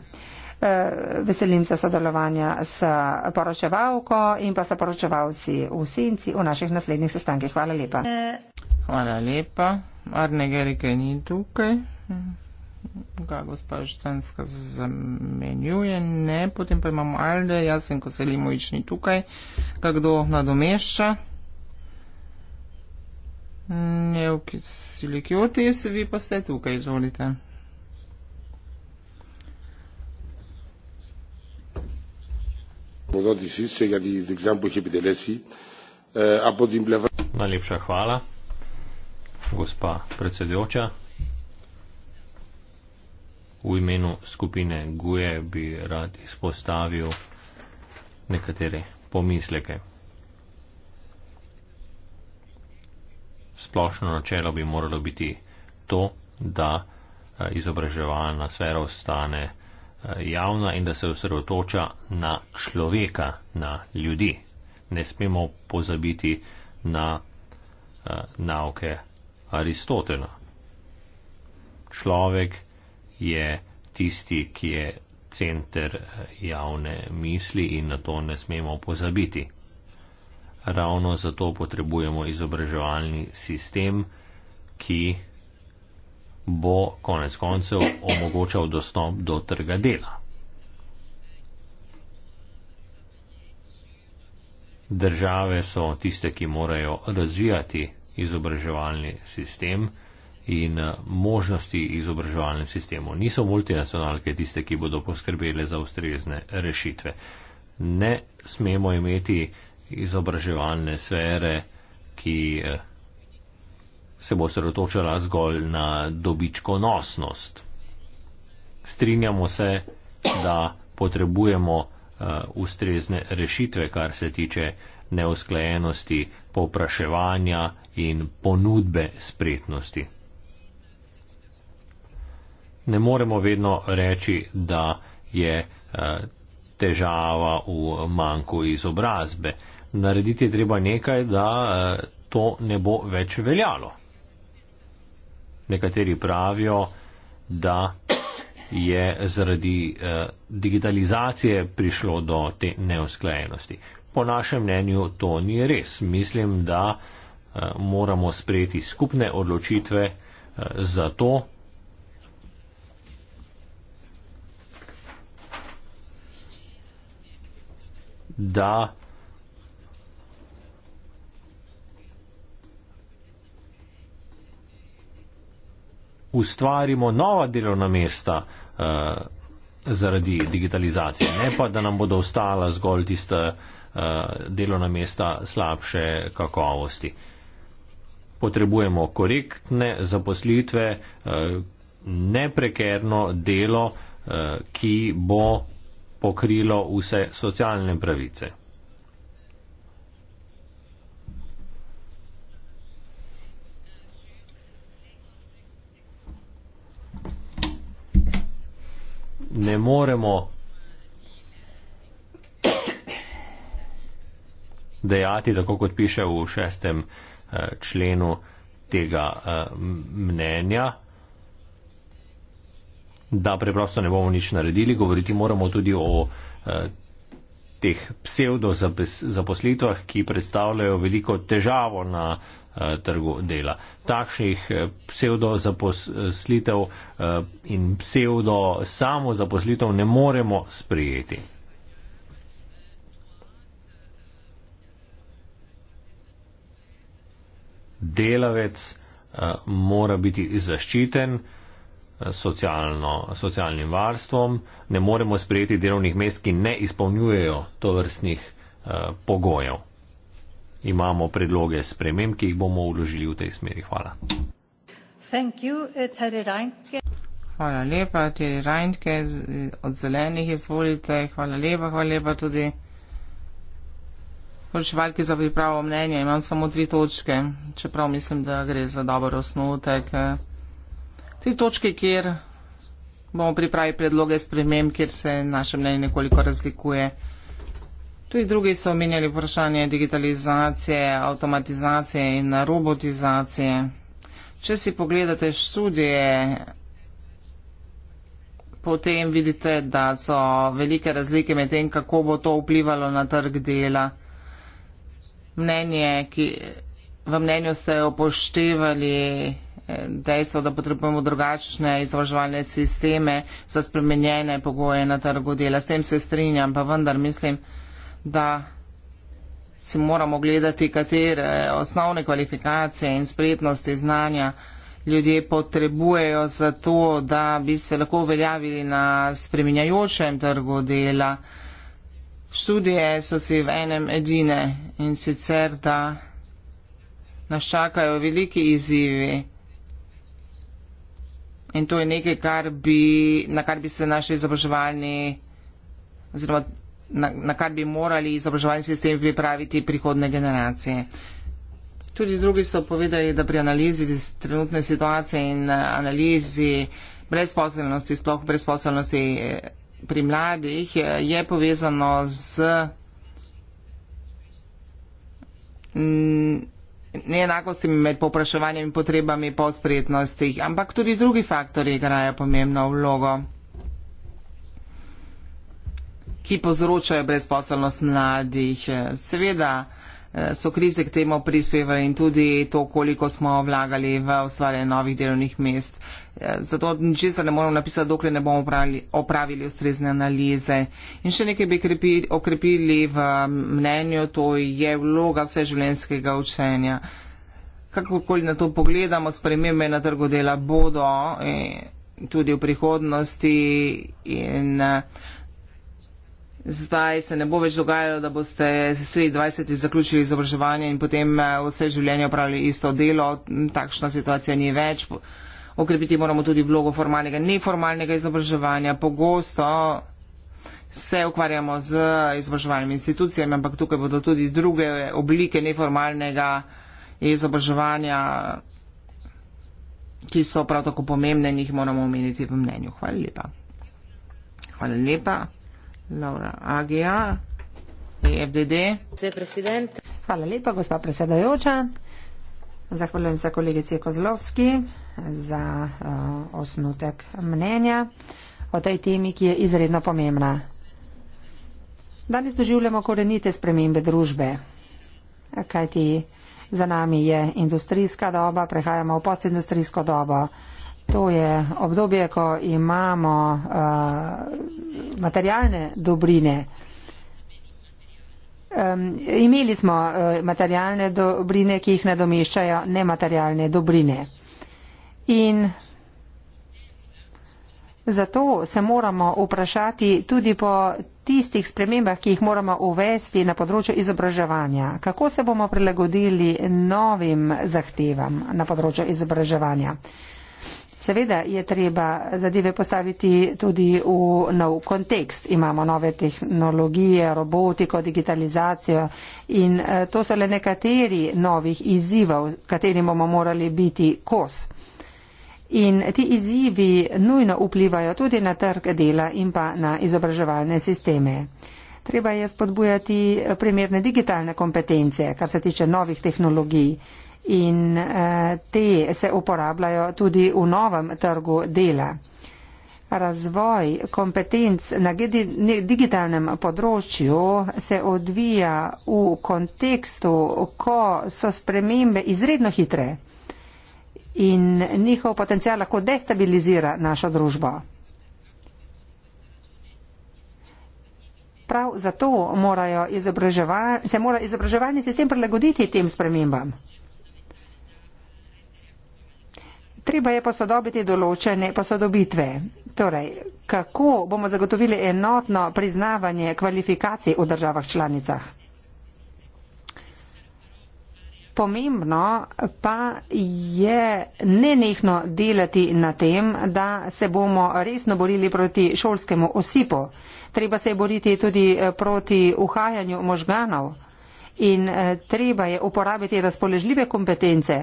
Eh, veselim se sodelovanja s poročevalko in pa s poročevalci v senci v naših naslednjih sestankih. Hvala lepa. Hvala lepa. Arne Gerike ni tukaj. Ga gospa Štenska zamenjuje. Ne, potem pa imamo Alde, jaz in Koselimovič ni tukaj. Ga kdo nadomešča? Mev, ki si likioti, se vi pa ste tukaj, izvolite. Ja, eh, Najlepša hvala, gospa predsedujoča. V imenu skupine GUE bi rad izpostavil nekatere pomisleke. splošno načelo bi moralo biti to, da eh, izobraževalna sfera ostane eh, javna in da se osredotoča na človeka, na ljudi. Ne smemo pozabiti na eh, nauke Aristotela. Človek je tisti, ki je center javne misli in na to ne smemo pozabiti ravno zato potrebujemo izobraževalni sistem, ki bo konec koncev omogočal dostop do trga dela. Države so tiste, ki morajo razvijati izobraževalni sistem in eh, možnosti izobraževalnem sistemu. Niso multinacionalke tiste, ki bodo poskrbele za ustrezne rešitve. Ne smemo imeti izobraževalne sfere, ki eh, se bo sredotočala zgolj na dobičko nosnost. Strinjamo se, da potrebujemo uh, ustrezne rešitve, kar se tiče neusklajenosti popraševanja in ponudbe spretnosti. Ne moremo vedno reči, da je uh, težava v manjku izobrazbe narediti je treba nekaj, da eh, to ne bo več veljalo. Nekateri pravijo, da je zaradi eh, digitalizacije prišlo do te neusklajenosti. Po našem mnenju to ni res. Mislim, da eh, moramo sprejeti skupne odločitve za to, da ustvarimo nova delovna mesta eh, zaradi digitalizacije, ne pa, da nam bodo ostala zgolj tiste eh, delovna mesta slabše kakovosti. Potrebujemo korektne zaposlitve, eh, neprekerno delo, eh, ki bo pokrilo vse socialne pravice. ne moremo dejati, tako kot piše v šestem eh, členu tega eh, mnenja, da preprosto ne bomo nič naredili, govoriti moramo tudi o eh, teh pseudo zaposlitvah, ki predstavljajo veliko težavo na Eh, trgu dela. Takšnih eh, pseudo zaposlitev eh, in pseudo samo zaposlitev ne moremo sprijeti. Delavec mora biti zaščiten socialno, socialnim varstvom, ne moremo sprejeti delovnih mest, ki ne izpolnjujejo to vrstnih uh, pogojev imamo predloge sprememb, ki jih bomo uložili v tej smeri. Hvala. You, eh, hvala lepa, Tiri Rajnke, eh, od zelenih izvolite. Hvala lepa, hvala lepa tudi. Poročevalki za pripravo mnenja imam samo tri točke, čeprav mislim, da gre za dober osnutek. Eh. Tri točke, kjer bomo pripravili predloge sprememb, kjer se naše mnenje nekoliko razlikuje. Tudi drugi so omenjali vprašanje digitalizacije, avtomatizacije in robotizacije. Če si pogledate študije, potem vidite, da so velike razlike med tem, kako bo to vplivalo na trg dela. Mnenje, ki, v mnenju ste upoštevali eh, dejstvo, da potrebujemo drugačne izvrževalne sisteme za spremenjene pogoje na trgu dela. S tem se strinjam, pa vendar mislim, da si moramo gledati, katere osnovne kvalifikacije in spretnosti znanja ljudje potrebujejo za to, da bi se lahko uveljavili na spreminjajočem trgu dela. Študije so si v enem edine in sicer, da nas čakajo veliki izzivi. In to je nekaj, kar bi, na kar bi se naši izobraževalni oziroma na, na kar bi morali izobraževalni sistem pripraviti prihodne generacije. Tudi drugi so povedali, da pri analizi trenutne situacije in eh, analizi brezposelnosti, sploh brezposelnosti eh, pri mladih, eh, je povezano z neenakostimi med popraševanjem in potrebami po spretnostih, ampak tudi drugi faktori igrajo pomembno vlogo ki povzročajo brezposelnost mladih. Seveda eh, so krize k temu prispevali in tudi to, koliko smo vlagali v ustvarjanje novih delovnih mest. Eh, zato ničesar ne moramo napisati, dokler ne bomo opravili, opravili ustrezne analize. In še nekaj bi krepili, okrepili v mnenju, to je vloga vseživljenjskega učenja. Kakorkoli na to pogledamo, spremembe na trgu dela bodo eh, tudi v prihodnosti in Zdaj se ne bo več dogajalo, da boste sredi 20. zaključili izobraževanje in potem eh, vse življenje opravili isto delo. Takšna situacija ni več. Okrepiti moramo tudi vlogo formalnega in neformalnega izobraževanja. Pogosto se ukvarjamo z izobraževalnimi institucijami, ampak tukaj bodo tudi druge oblike neformalnega izobraževanja, ki so prav tako pomembne in jih moramo omeniti v mnenju. Hvala lepa. Hvala lepa. Laura Agia, EFDD. Hvala lepa, gospa predsedajoča. Zahvaljujem se kolegici Kozlovski za uh, osnutek mnenja o tej temi, ki je izredno pomembna. Danes doživljamo korenite spremembe družbe, kajti za nami je industrijska doba, prehajamo v postindustrijsko dobo. To je obdobje, ko imamo uh, materialne dobrine. Um, imeli smo uh, materialne dobrine, ki jih nadomeščajo nematerialne dobrine. In zato se moramo vprašati tudi po tistih spremembah, ki jih moramo uvesti na področju izobraževanja. Kako se bomo prilagodili novim zahtevam na področju izobraževanja? Uh, Seveda je treba zadeve postaviti tudi v nov kontekst. Imamo nove tehnologije, robotiko, digitalizacijo in eh, to so le nekateri novih izzivov, katerim bomo morali biti kos. In ti izzivi nujno vplivajo tudi na trg dela in pa na izobraževalne sisteme. Treba je spodbujati primerne digitalne kompetence, kar se tiče novih tehnologij in eh, te se uporabljajo tudi v novem trgu dela. Razvoj kompetenc na digitalnem področju se odvija v kontekstu, ko so spremembe izredno hitre in njihov potencial lahko destabilizira našo družbo. Prav zato se mora izobraževalni sistem prilagoditi tem spremembam. treba je posodobiti določene posodobitve. Torej, kako bomo zagotovili enotno priznavanje kvalifikacij v državah članicah? Pomembno pa je nenehno delati na tem, da se bomo resno borili proti šolskemu osipu. Treba se je boriti tudi eh, proti uhajanju možganov in eh, treba je uporabiti razpoležljive kompetence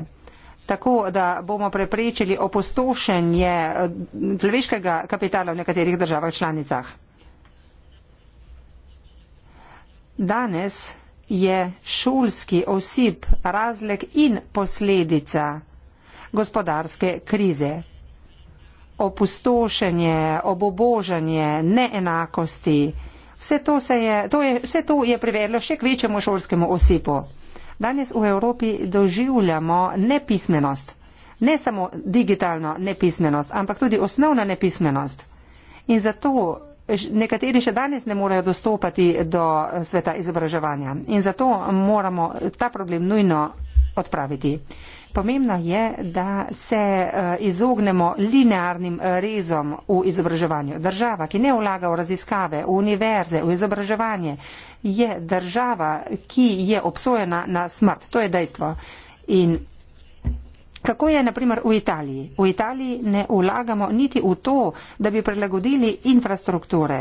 tako da bomo preprečili opustošenje eh, človeškega kapitala v nekaterih državah članicah. Danes je šolski osip razlog in posledica gospodarske krize. Opustošenje, obobožanje, neenakosti, vse to, je, to je, vse to je privedlo še k večjemu šolskemu osipu danes v Evropi doživljamo nepismenost. Ne samo digitalno nepismenost, ampak tudi osnovna nepismenost. In zato nekateri še danes ne morejo dostopati do eh, sveta izobraževanja. In zato moramo ta problem nujno odpraviti pomembno je, da se eh, izognemo linearnim eh, rezom v izobraževanju. Država, ki ne vlaga v raziskave, v univerze, v izobraževanje, je država, ki je obsojena na smrt. To je dejstvo. In Kako je naprimer v Italiji? V Italiji ne vlagamo niti v to, da bi prilagodili infrastrukture.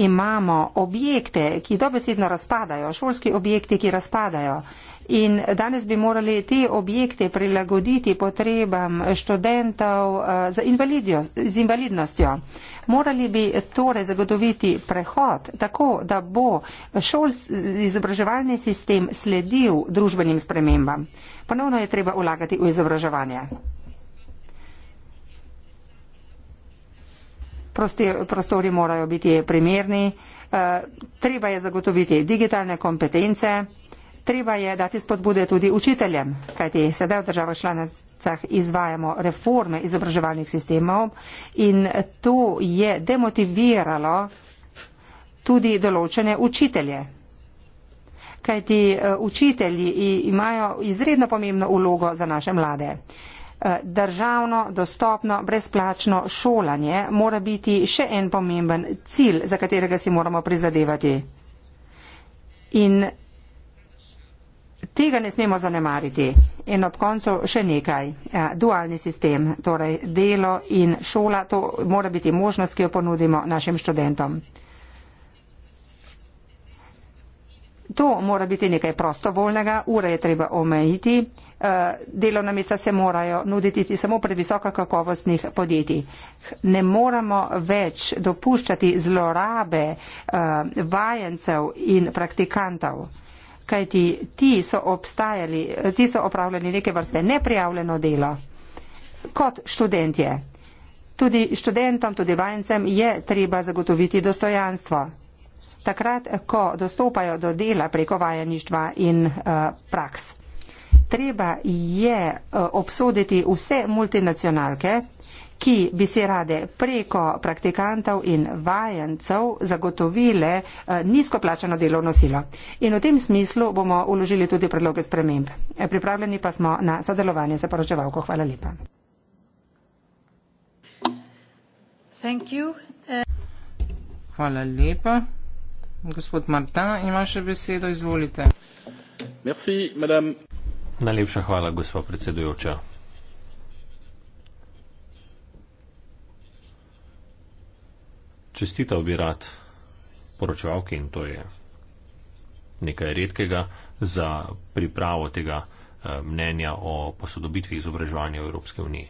Imamo objekte, ki dobesedno razpadajo, šolski objekti, ki razpadajo. In danes bi morali te objekte prilagoditi potrebam študentov eh, z, z invalidnostjo. Morali bi torej zagotoviti prehod tako, da bo šols izobraževalni sistem sledil družbenim spremembam. Ponovno je treba ulagati v izobraževanje. Prostori morajo biti primerni, eh, treba je zagotoviti digitalne kompetence, Treba je dati spodbude tudi učiteljem, kajti sedaj v državah članicah izvajamo reforme izobraževalnih sistemov in to je demotiviralo tudi določene učitelje. Kajti eh, učitelji imajo izredno pomembno ulogo za naše mlade. Eh, državno, dostopno, brezplačno šolanje mora biti še en pomemben cilj, za katerega si moramo prizadevati. In Tega ne smemo zanemariti. In ob koncu še nekaj. Eh, dualni sistem, torej delo in šola, to mora biti možnost, ki jo ponudimo našim študentom. To mora biti nekaj prostovoljnega, ure je treba omejiti, eh, delovna mesta se morajo nuditi samo pri visokakakovostnih podjetij. Ne moramo več dopuščati zlorabe eh, vajencev in praktikantov kajti ti so obstajali, ti so opravljali neke vrste neprijavljeno delo. Kot študent je. Tudi študentom, tudi vajencem je treba zagotoviti dostojanstvo. Takrat, ko dostopajo do dela preko vajeništva in uh, praks. Treba je uh, obsoditi vse multinacionalke, ki bi si rade preko praktikantov in vajencev zagotovile eh, nizko plačano delovno silo. In v tem smislu bomo uložili tudi predloge sprememb. Eh, pripravljeni pa smo na sodelovanje za poročevalko. Hvala lepa. Eh. Hvala lepa. Gospod Martin ima še besedo, izvolite. Merci, Najlepša hvala, gospod predsedujoča. čestital bi rad poročevalki in to je nekaj redkega za pripravo tega eh, mnenja o posodobitvi izobraževanja v Evropski uniji.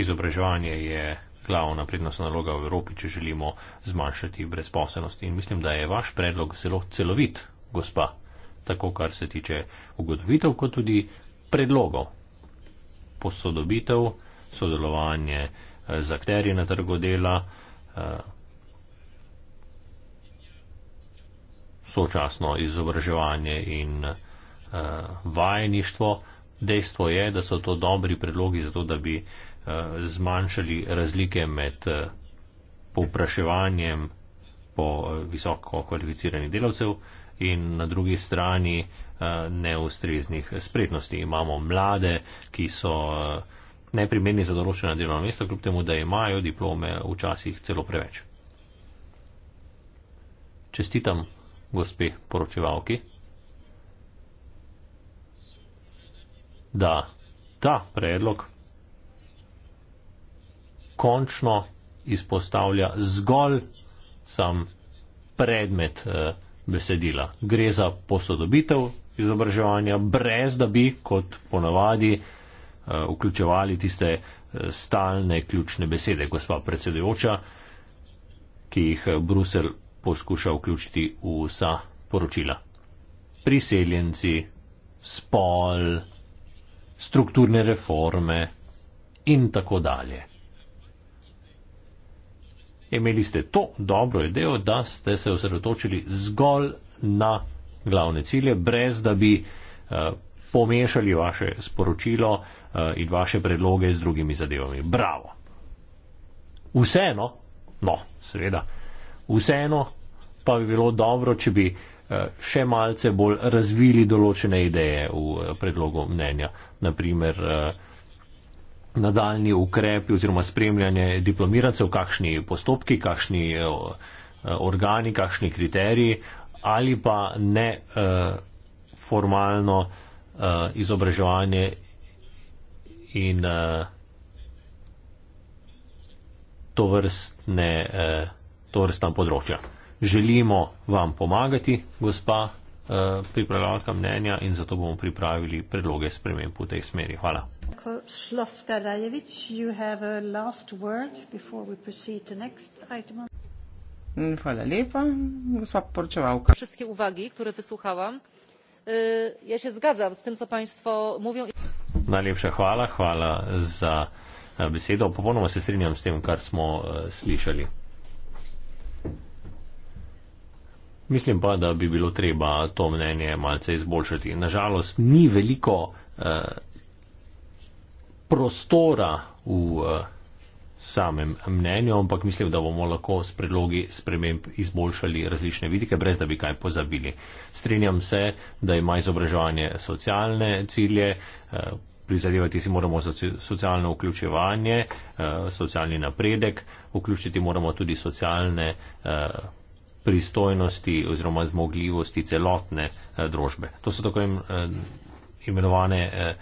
Izobraževanje je glavna prednostna naloga v Evropi, če želimo zmanjšati brezposelnost in mislim, da je vaš predlog zelo celovit, gospa, tako kar se tiče ugotovitev, kot tudi predlogov. Posodobitev, sodelovanje, Eh, z akterji na trgu dela, eh, sočasno izobraževanje in eh, vajeništvo. Dejstvo je, da so to dobri predlogi za to, da bi zmanjšali razlike med povpraševanjem po visoko kvalificiranih delavcev in na drugi strani neustreznih spretnosti. Imamo mlade, ki so neprimerni za določena delovna mesta, kljub temu, da imajo diplome včasih celo preveč. Čestitam, gospe poročevalki, da ta predlog končno izpostavlja zgolj sam predmet eh, besedila. Gre za posodobitev izobraževanja, brez da bi, kot ponavadi, Eh, vključevali tiste eh, stalne ključne besede, gospa predsedujoča, ki jih eh, Brusel poskuša vključiti v vsa poročila. Priseljenci, spol, strukturne reforme in tako dalje. Imeli ste to dobro idejo, da ste se osredotočili zgolj na glavne cilje, brez da bi pomešali vaše sporočilo eh, in vaše predloge z drugimi zadevami. Bravo. Vseeno, no, seveda, vseeno pa bi bilo dobro, če bi eh, še malce bolj razvili določene ideje v eh, predlogu mnenja. Naprimer, nadaljni ukrepi oziroma spremljanje diplomiracev, kakšni postopki, kakšni organi, kakšni kriteriji ali pa ne formalno uh, uh, izobraževanje in uh, eh, to, vrstne, uh, eh, to vrstna področja. Želimo vam pomagati, gospa uh, pripravljalka mnenja, in zato bomo pripravili predloge sprememb v tej smeri. Hvala. Mm, hvala lepa, gospa poročevalka. Vse uvagi, ki jih poslušala ja się zgadzam z tym, co Państwo mówią. Najlepsza chwała, chwała za e, besedo. Popolnoma się strzynam z tym, kar smo e, słyszeli. Mislim pa, da bi bilo treba to mnenje malce izboljšati. Nažalost, ni veliko eh, prostora v eh, samem mnenju, ampak mislim, da bomo lahko s predlogi sprememb izboljšali različne vidike, brez da bi kaj pozabili. Strenjam se, da ima izobraževanje socialne cilje, eh, prizadevati si moramo za socialno vključevanje, eh, socialni napredek, vključiti moramo tudi socialne eh, pristojnosti oziroma zmogljivosti celotne družbe. To so tako imenovane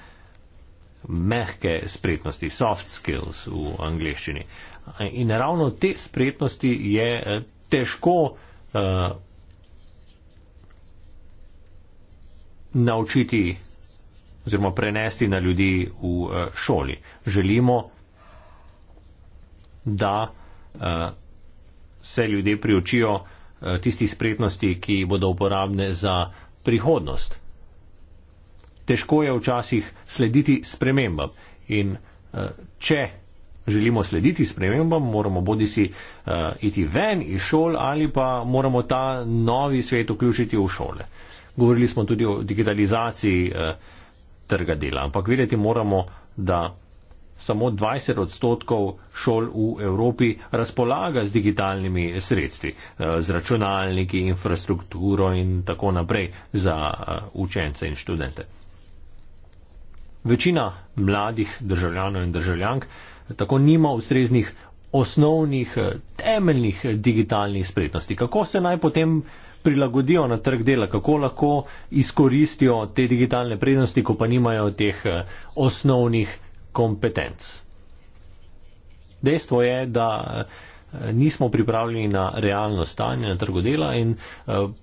mehke spretnosti, soft skills v angliščini. In ravno te spretnosti je eh, težko uh, naučiti oziroma prenesti na ljudi v uh, šoli. Želimo, da uh, se ljudje priučijo uh, tistih spretnosti, ki bodo uporabne za prihodnost težko je včasih slediti spremembam. In uh, če želimo slediti spremembam, moramo bodi si uh, eh, iti ven iz šol ali pa moramo ta novi svet vključiti v šole. Govorili smo tudi o digitalizaciji uh, trga dela, ampak vedeti moramo, da samo 20 odstotkov šol v Evropi razpolaga z digitalnimi sredstvi, z računalniki, infrastrukturo in tako naprej za učence in študente. Večina mladih državljanov in državljank tako nima ustreznih osnovnih eh, temeljnih eh, digitalnih spretnosti. Kako se naj potem prilagodijo na trg dela, kako lahko izkoristijo te digitalne prednosti, ko pa nimajo teh eh, osnovnih kompetenc. Dejstvo je, da nismo pripravljeni na realno stanje na trgu dela in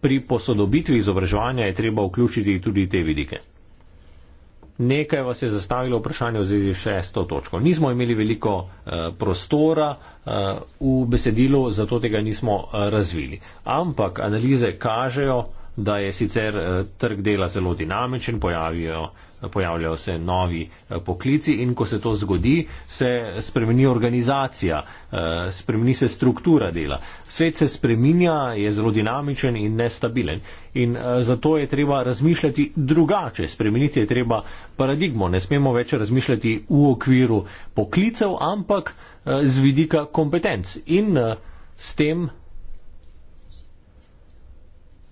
pri posodobitvi izobraževanja je treba vključiti tudi te vidike. Nekaj vas je zastavilo vprašanje v zvezi s šesto točko. Nismo imeli veliko eh, prostora eh, v besedilu, zato tega nismo eh, razvili. Ampak analize kažejo, da je sicer eh, trg dela zelo dinamičen, pojavijo pojavljajo se novi eh, poklici in ko se to zgodi, se spremeni organizacija, eh, spremeni se struktura dela. Svet se spreminja, je zelo dinamičen in nestabilen. In eh, zato je treba razmišljati drugače, spremeniti je treba paradigmo. Ne smemo več razmišljati v okviru poklicev, ampak z vidika kompetenc. In s tem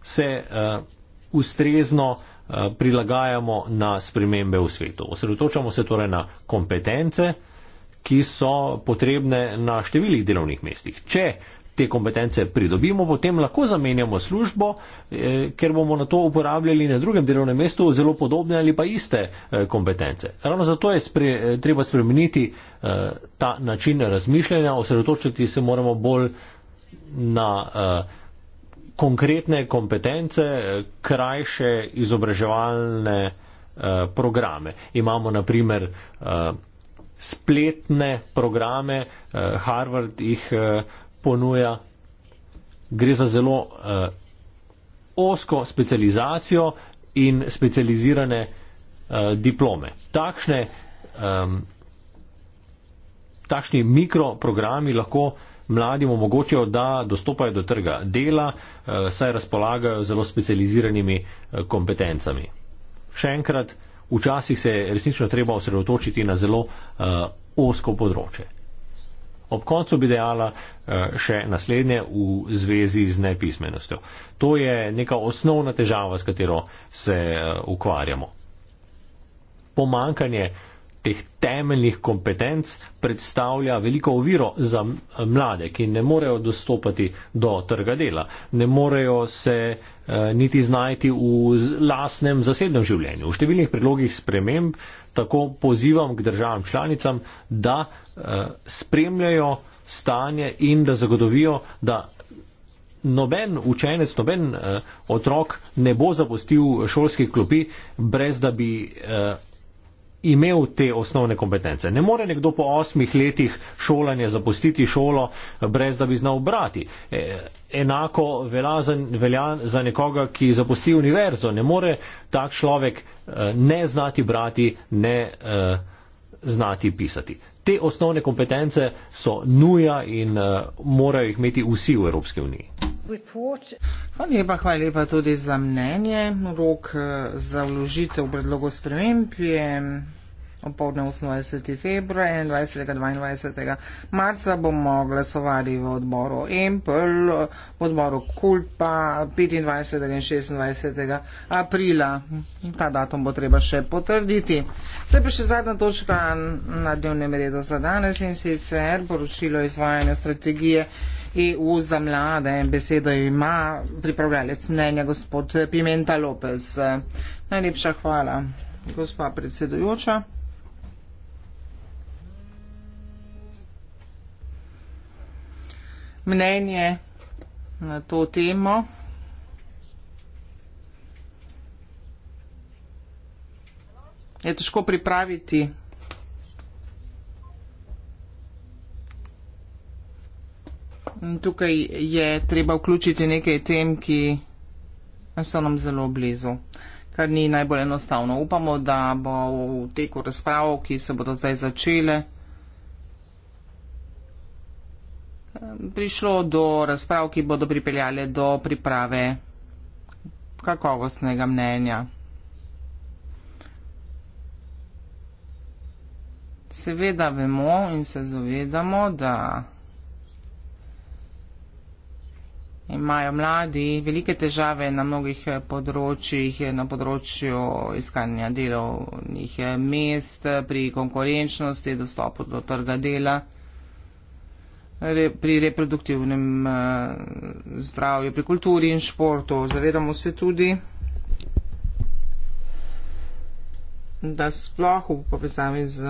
se ustrezno uh, Eh, prilagajamo na spremembe v svetu. Osredotočamo se torej na kompetence, ki so potrebne na številnih delovnih mestih. Če te kompetence pridobimo, potem lahko zamenjamo službo, eh, ker bomo na to uporabljali na drugem delovnem mestu zelo podobne ali pa iste eh, kompetence. Ravno zato je spre, eh, treba spremeniti eh, ta način razmišljanja, osredotočiti se moramo bolj na eh, konkretne kompetence, krajše izobraževalne eh, programe. Imamo naprimer eh, spletne programe, eh, Harvard jih ponuja. Gre za zelo osko specializacijo in specializirane diplome. Takšne, takšni mikroprogrami lahko mladim omogočajo, da dostopajo do trga dela, eh, saj razpolagajo zelo specializiranimi eh, kompetencami. Še enkrat, včasih se je resnično treba osredotočiti na zelo eh, osko področje. Ob koncu bi dejala še naslednje v zvezi z nepismenostjo. To je neka osnovna težava, s katero se ukvarjamo. Pomankanje teh temeljnih kompetenc predstavlja veliko oviro za mlade, ki ne morejo dostopati do trga dela, ne morejo se eh, niti znajti v lasnem zasebnem življenju. V številnih predlogih sprememb tako pozivam k državam članicam, da eh, spremljajo stanje in da zagotovijo, da noben učenec, noben eh, otrok ne bo zapustil šolskih klopi, brez da bi imel te osnovne kompetence. Ne more nekdo po osmih letih šolanja zapustiti šolo, eh, brez da bi znal brati. E, enako velja za, velja za nekoga, ki zapusti univerzo. Ne more tak človek e, ne znati brati, ne e, znati pisati te osnovne kompetence so nuja in uh, morajo jih imeti vsi v Evropski uniji. Hvala lepa, hvala lepa tudi za mnenje. Rok eh, za vložitev predlogov sprememb je opoldne 28. februar, 21. 22. marca bomo glasovali v odboru Empel, v odboru Kult pa 25. in 26. aprila. Ta datum bo treba še potrditi. Zdaj pa še zadnja točka na dnevnem redu za danes in sicer poročilo izvajanja strategije EU za mlade. Besedo ima pripravljalec mnenja gospod Pimenta Lopez. Najlepša hvala. Gospa predsedujoča. mnenje na to temo. Je težko pripraviti in tukaj je treba vključiti nekaj tem, ki so nam zelo blizu, kar ni najbolj enostavno. Upamo, da bo v teku razprav, ki se bodo zdaj začele, prišlo do razprav, ki bodo pripeljale do priprave kakovostnega mnenja. Seveda vemo in se zavedamo, da imajo mladi velike težave na mnogih področjih, na področju iskanja delovnih mest, pri konkurenčnosti, dostopu do trga dela re, pri reproduktivnem uh, zdravju, pri kulturi in športu. Zavedamo se tudi, da sploh v povezavi z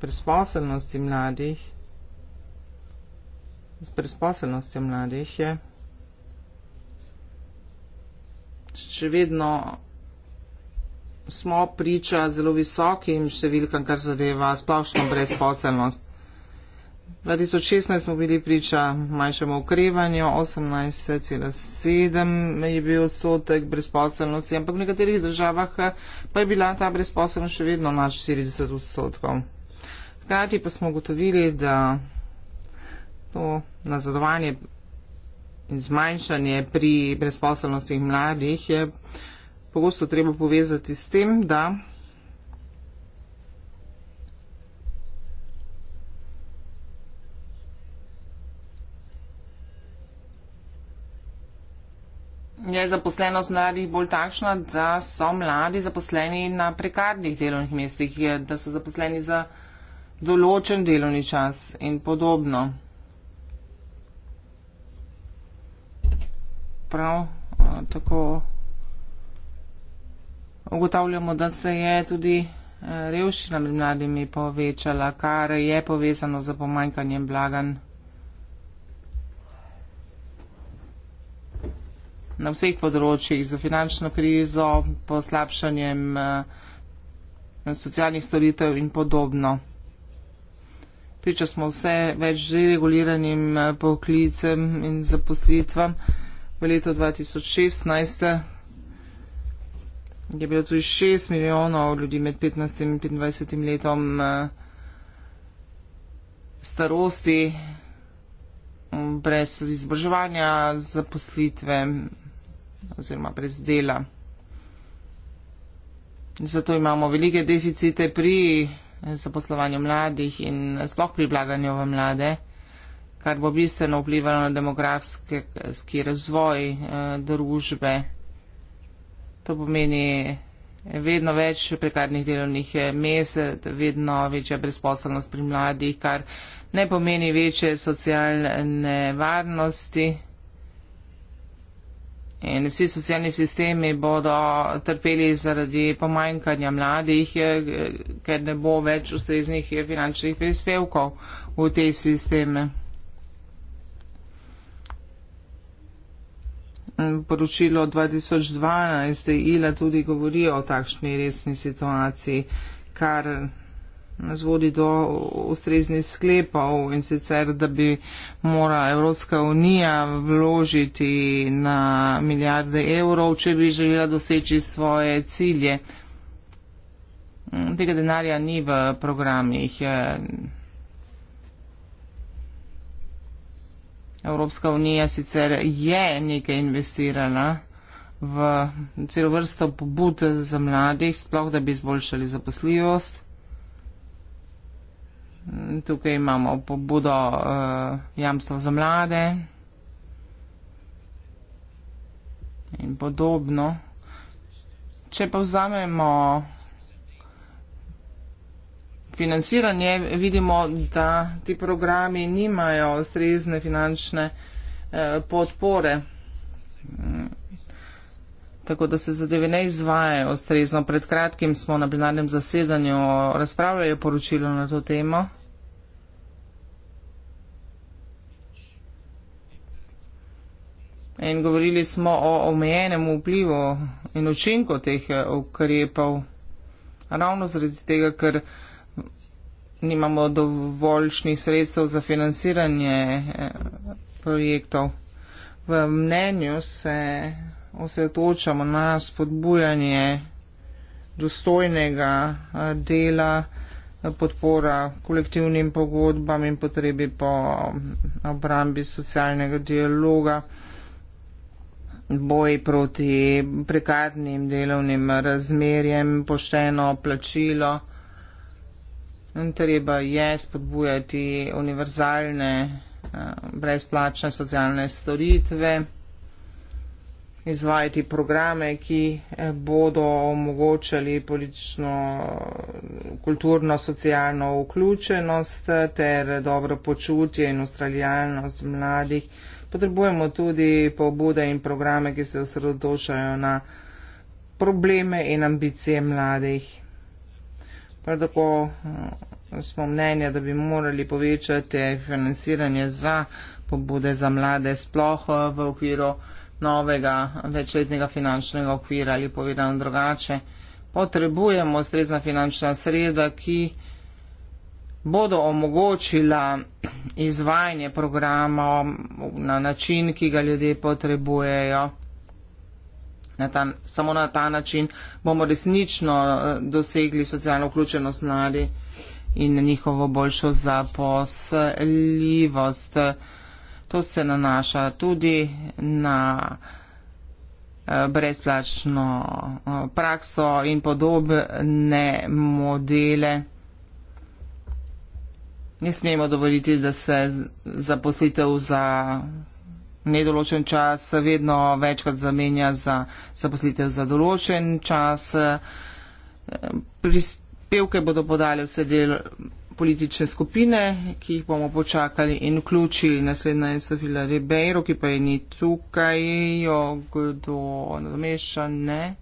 brezposelnostjo mladih, z brezposelnostjo mladih je še vedno smo priča zelo visokim številkam, kar zadeva splošno brezposelnost. 2016 smo bili priča manjšemu okrevanju, 18,7 je bil sotek brezposelnosti, ampak v nekaterih državah eh, pa je bila ta brezposelnost še vedno na 40 odstotkov. Hkrati pa smo ugotovili, da to nazadovanje in zmanjšanje pri brezposelnosti mladih je pogosto treba povezati s tem, da je zaposlenost mladih bolj takšna, da so mladi zaposleni na prekarnih delovnih mestih, da so zaposleni za določen delovni čas in podobno. Prav tako ugotavljamo, da se je tudi revščina med mladimi povečala, kar je povezano z pomanjkanjem blaganj. na vseh področjih, za finančno krizo, poslabšanjem eh, socialnih storitev in podobno. Priča smo vse več že reguliranim eh, poklicem in zaposlitvam. V letu 2016 eh, je bilo tudi 6 milijonov ljudi med 15 in 25 letom starosti mm, brez izobraževanja, zaposlitve oziroma brez dela. Zato imamo velike deficite pri eh, zaposlovanju mladih in eh, sploh pri vlaganju v mlade, kar bo bistveno vplivalo na demografski razvoj eh, družbe. To pomeni vedno več prekarnih delovnih mest, vedno večja brezposobnost pri mladih, kar ne pomeni večje socialne varnosti In vsi socialni sistemi bodo trpeli zaradi pomanjkanja mladih, eh, ker ne bo več ustreznih eh, finančnih prispevkov v te sisteme. Mm, poročilo 2012 eh, ILA tudi govori o takšni resni situaciji, kar nas vodi do ustreznih sklepov in sicer, da bi mora Evropska unija vložiti na milijarde evrov, če bi želela doseči svoje cilje. Tega denarja ni v programih. Evropska unija sicer je nekaj investirala v celo vrsto pobud za mladih, sploh da bi izboljšali zaposljivost. Tukaj imamo pobudo uh, eh, jamstvo za mlade in podobno. Če pa vzamemo financiranje, vidimo, da ti programi nimajo ustrezne finančne uh, podpore. Tako da se zadeve ne izvajajo ustrezno. Pred kratkim smo na plenarnem zasedanju razpravljali poročilo na to temo. In govorili smo o omejenem vplivu in učinku teh eh, ukrepov, ravno zaradi tega, ker nimamo dovoljšnih sredstev za financiranje eh, projektov. V mnenju se osredotočamo na spodbujanje dostojnega eh, dela, podpora kolektivnim pogodbam in potrebi po mm, obrambi socialnega dialoga boj proti prekarnim delovnim razmerjem, pošteno plačilo. Treba je spodbujati univerzalne eh, brezplačne socialne storitve, izvajati programe, ki eh, bodo omogočali politično, kulturno, socialno vključenost eh, ter dobro počutje in ustraljalnost mladih. Potrebujemo tudi pobude in programe, ki se osredotočajo na probleme in ambicije mladih. Prav tako mm, smo mnenja, da bi morali povečati financiranje za pobude za mlade, sploh eh, v okviru novega večletnega finančnega okvira ali povedano drugače. Potrebujemo strezna finančna sredstva, ki bodo omogočila izvajanje programa na način, ki ga ljudje potrebujejo. Na ta, samo na ta način bomo resnično eh, dosegli socialno vključenost mladi in njihovo boljšo zaposljivost. To se nanaša tudi na eh, brezplačno eh, prakso in podobne modele ne smemo dovoliti, da se zaposlitev za nedoločen čas vedno večkrat zamenja za zaposlitev za določen čas. Prispevke bodo podali vse del politične skupine, ki jih bomo počakali in vključili. Naslednja je Sofila Ribeiro, ki pa je ni tukaj, jo kdo nadomešča, ne.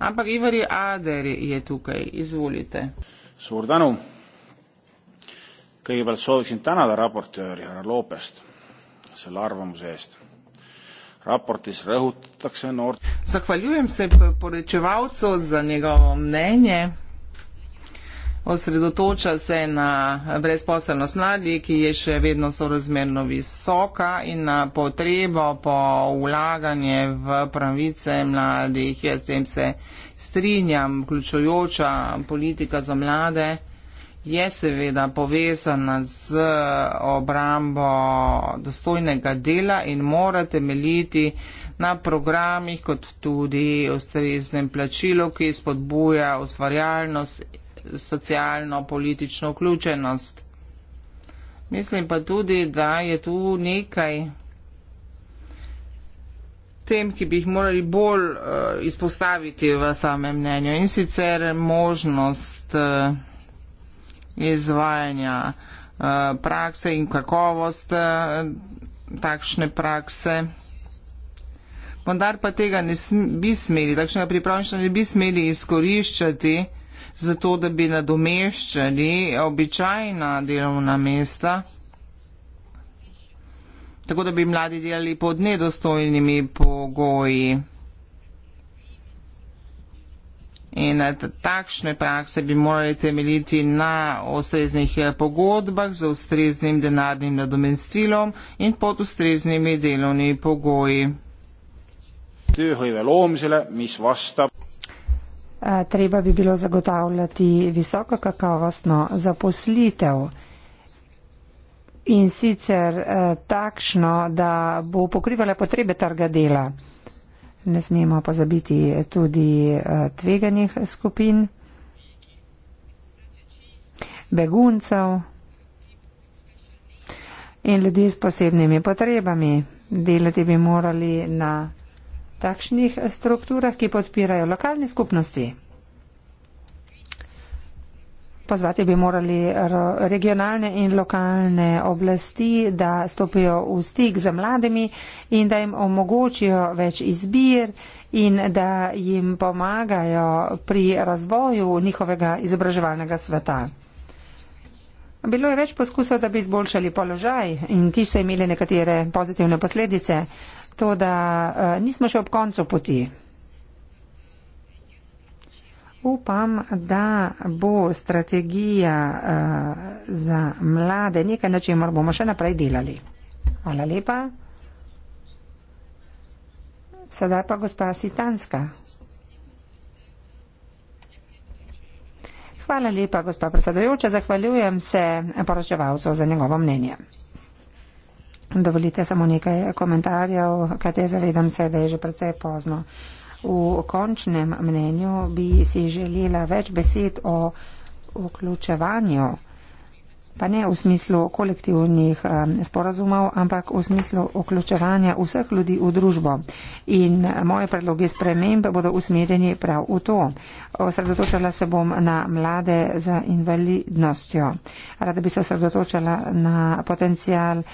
Ampak Ivar Ader je tukaj, izvolite. Svordanov kõigepealt sooviksin tänada raportööri härra Loopest selle arvamuse eest. raportis rõhutatakse noort. osredotoča se na brezposelnost mladih, ki je še vedno sorazmerno visoka in na potrebo po ulaganje v pravice mladih. Jaz s tem se strinjam, vključujoča politika za mlade je seveda povezana z obrambo dostojnega dela in mora temeljiti na programih, kot tudi ustreznem plačilu, ki spodbuja ustvarjalnost, socialno, politično vključenost. Mislim pa tudi, da je tu nekaj tem, ki bi jih morali bolj uh, izpostaviti v samem mnenju in sicer možnost uh, izvajanja eh, prakse in kakovost eh, takšne prakse. Vendar pa tega ne bi smeli, takšnega pripravništva ne bi smeli izkoriščati za to, da bi nadomeščali običajna delovna mesta, tako da bi mladi delali pod nedostojnimi pogoji. In eh, takšne prakse bi morali temeljiti na ustreznih eh, pogodbah z ustreznim denarnim nadomestilom in pod ustreznimi delovnimi pogoji. Eh, treba bi bilo zagotavljati visoko kakovostno zaposlitev in sicer takšno, da bo pokrivala potrebe trga dela. Ne smemo pozabiti tudi eh, tveganih skupin, beguncev in ljudi s posebnimi potrebami. Delati bi morali na takšnih strukturah, ki podpirajo lokalne skupnosti. Pozvati bi morali regionalne in lokalne oblasti, da stopijo v stik z mladimi in da jim omogočijo več izbir in da jim pomagajo pri razvoju njihovega izobraževalnega sveta. Bilo je več poskusov, da bi izboljšali položaj in ti so imeli nekatere pozitivne posledice, to da eh, nismo še ob koncu poti. Upam, da bo strategija uh, za mlade nekaj, na čemer bomo še naprej delali. Hvala lepa. Sedaj pa gospa Sitanska. Hvala lepa, gospa predsedojoča. Zahvaljujem se poročevalcu za njegovo mnenje. Dovolite samo nekaj komentarjev, kajte zavedam se, da je že precej pozno. Uh, V končnem mnenju bi si želela več besed o vključevanju pa ne v smislu kolektivnih sporazumov, ampak v smislu vključevanja vseh ljudi v družbo. In moje predloge spremembe bodo usmerjeni prav v to. Osredotočala se bom na mlade z invalidnostjo. Rada bi se osredotočala na potencijal um,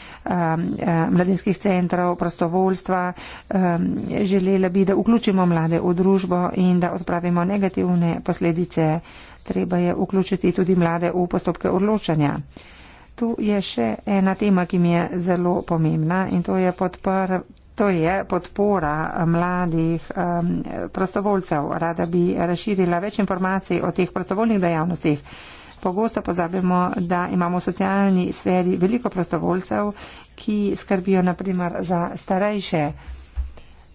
mladinskih centrov, prostovoljstva. Um, želela bi, da vključimo mlade v družbo in da odpravimo negativne posledice. Treba je vključiti tudi mlade v postopke odločanja. Tu je še ena tema, ki mi je zelo pomembna in to je, podpr, to je podpora mladih um, prostovoljcev. Rada bi razširila več informacij o teh prostovoljnih dejavnostih. Pogosto pozabimo, da imamo v socialni sferi veliko prostovoljcev, ki skrbijo naprimer za starejše.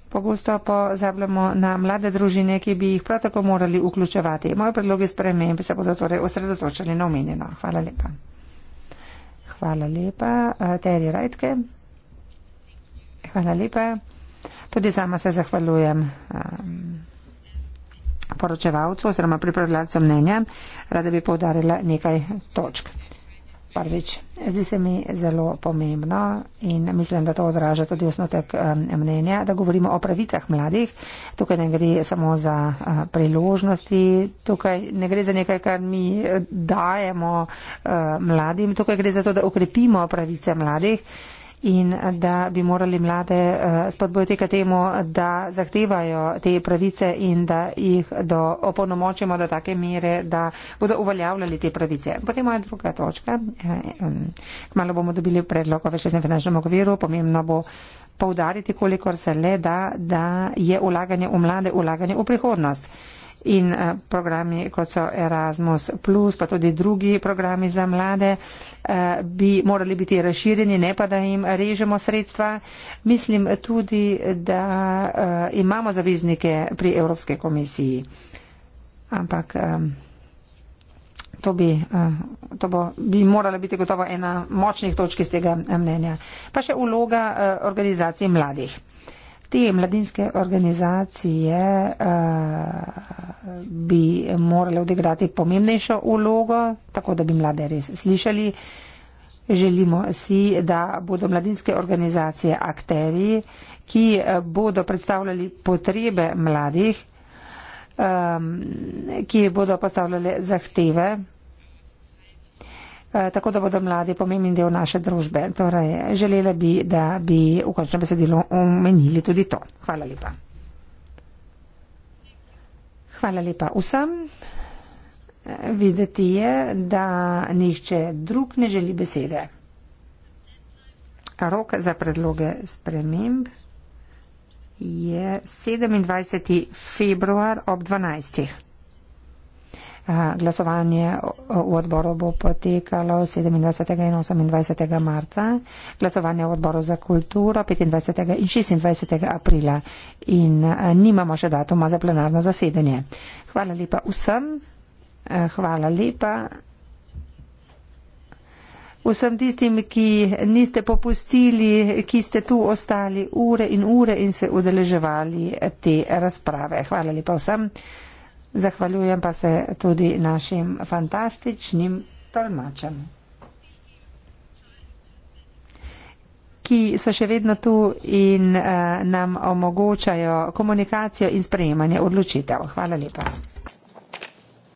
Pogosto pozabljamo na mlade družine, ki bi jih prav tako morali vključevati. Moje predloge sprememb se bodo torej osredotočali na omenjeno. Hvala lepa. Hvala lepa, eh, Terje Rajtke. Hvala lepa. Tudi sama se zahvaljujem eh, poročevalcu oziroma pripravljalcu mnenja. Rada bi povdarila nekaj točk prvič. Zdi se mi zelo pomembno in mislim, da to odraža tudi osnotek mnenja, da govorimo o pravicah mladih. Tukaj ne gre samo za priložnosti, tukaj ne gre za nekaj, kar mi eh, dajemo eh, mladim, tukaj gre za to, da ukrepimo pravice mladih in da bi morali mlade eh, spodbojiti k temu, da zahtevajo te pravice in da jih opolnomočimo do take mere, da bodo uveljavljali te pravice. Potem moja druga točka. Eh, Malo bomo dobili predlog o večletnem finančnem okviru. Pomembno bo poudariti, kolikor se le da, da je ulaganje v mlade ulaganje v prihodnost in eh, programi, kot so Erasmus, pa tudi drugi programi za mlade, eh, bi morali biti razširjeni, ne pa da jim režemo sredstva. Mislim tudi, da eh, imamo zaveznike pri Evropske komisiji. Ampak to bi, to bo, bi morala biti gotovo ena močnih točk iz tega mnenja. Pa še uloga organizacije mladih te mladinske organizacije eh, bi morale odigrati pomembnejšo vlogo, tako da bi mlade res slišali. Želimo si, da bodo mladinske organizacije akteri, ki eh, bodo predstavljali potrebe mladih, eh, ki bodo postavljali zahteve Eh, tako da bodo mladi pomemben del naše družbe. Torej, želela bi, da bi v končnem besedilu omenili tudi to. Hvala lepa. Hvala lepa vsem. Videti je, da nišče drug ne želi besede. Rok za predloge sprememb je 27. februar ob 12. Glasovanje v odboru bo potekalo 27. in 28. marca, glasovanje v odboru za kulturo 25. in 26. aprila in nimamo še datuma za plenarno zasedanje. Hvala lepa vsem. Hvala lepa. Vsem tistim, ki niste popustili, ki ste tu ostali ure in ure in se udeleževali te razprave. Hvala lepa vsem. Zahvaljujem pa se tudi našim fantastičnim tolmačem, ki so še vedno tu in eh, nam omogočajo komunikacijo in sprejemanje odločitev. Hvala lepa.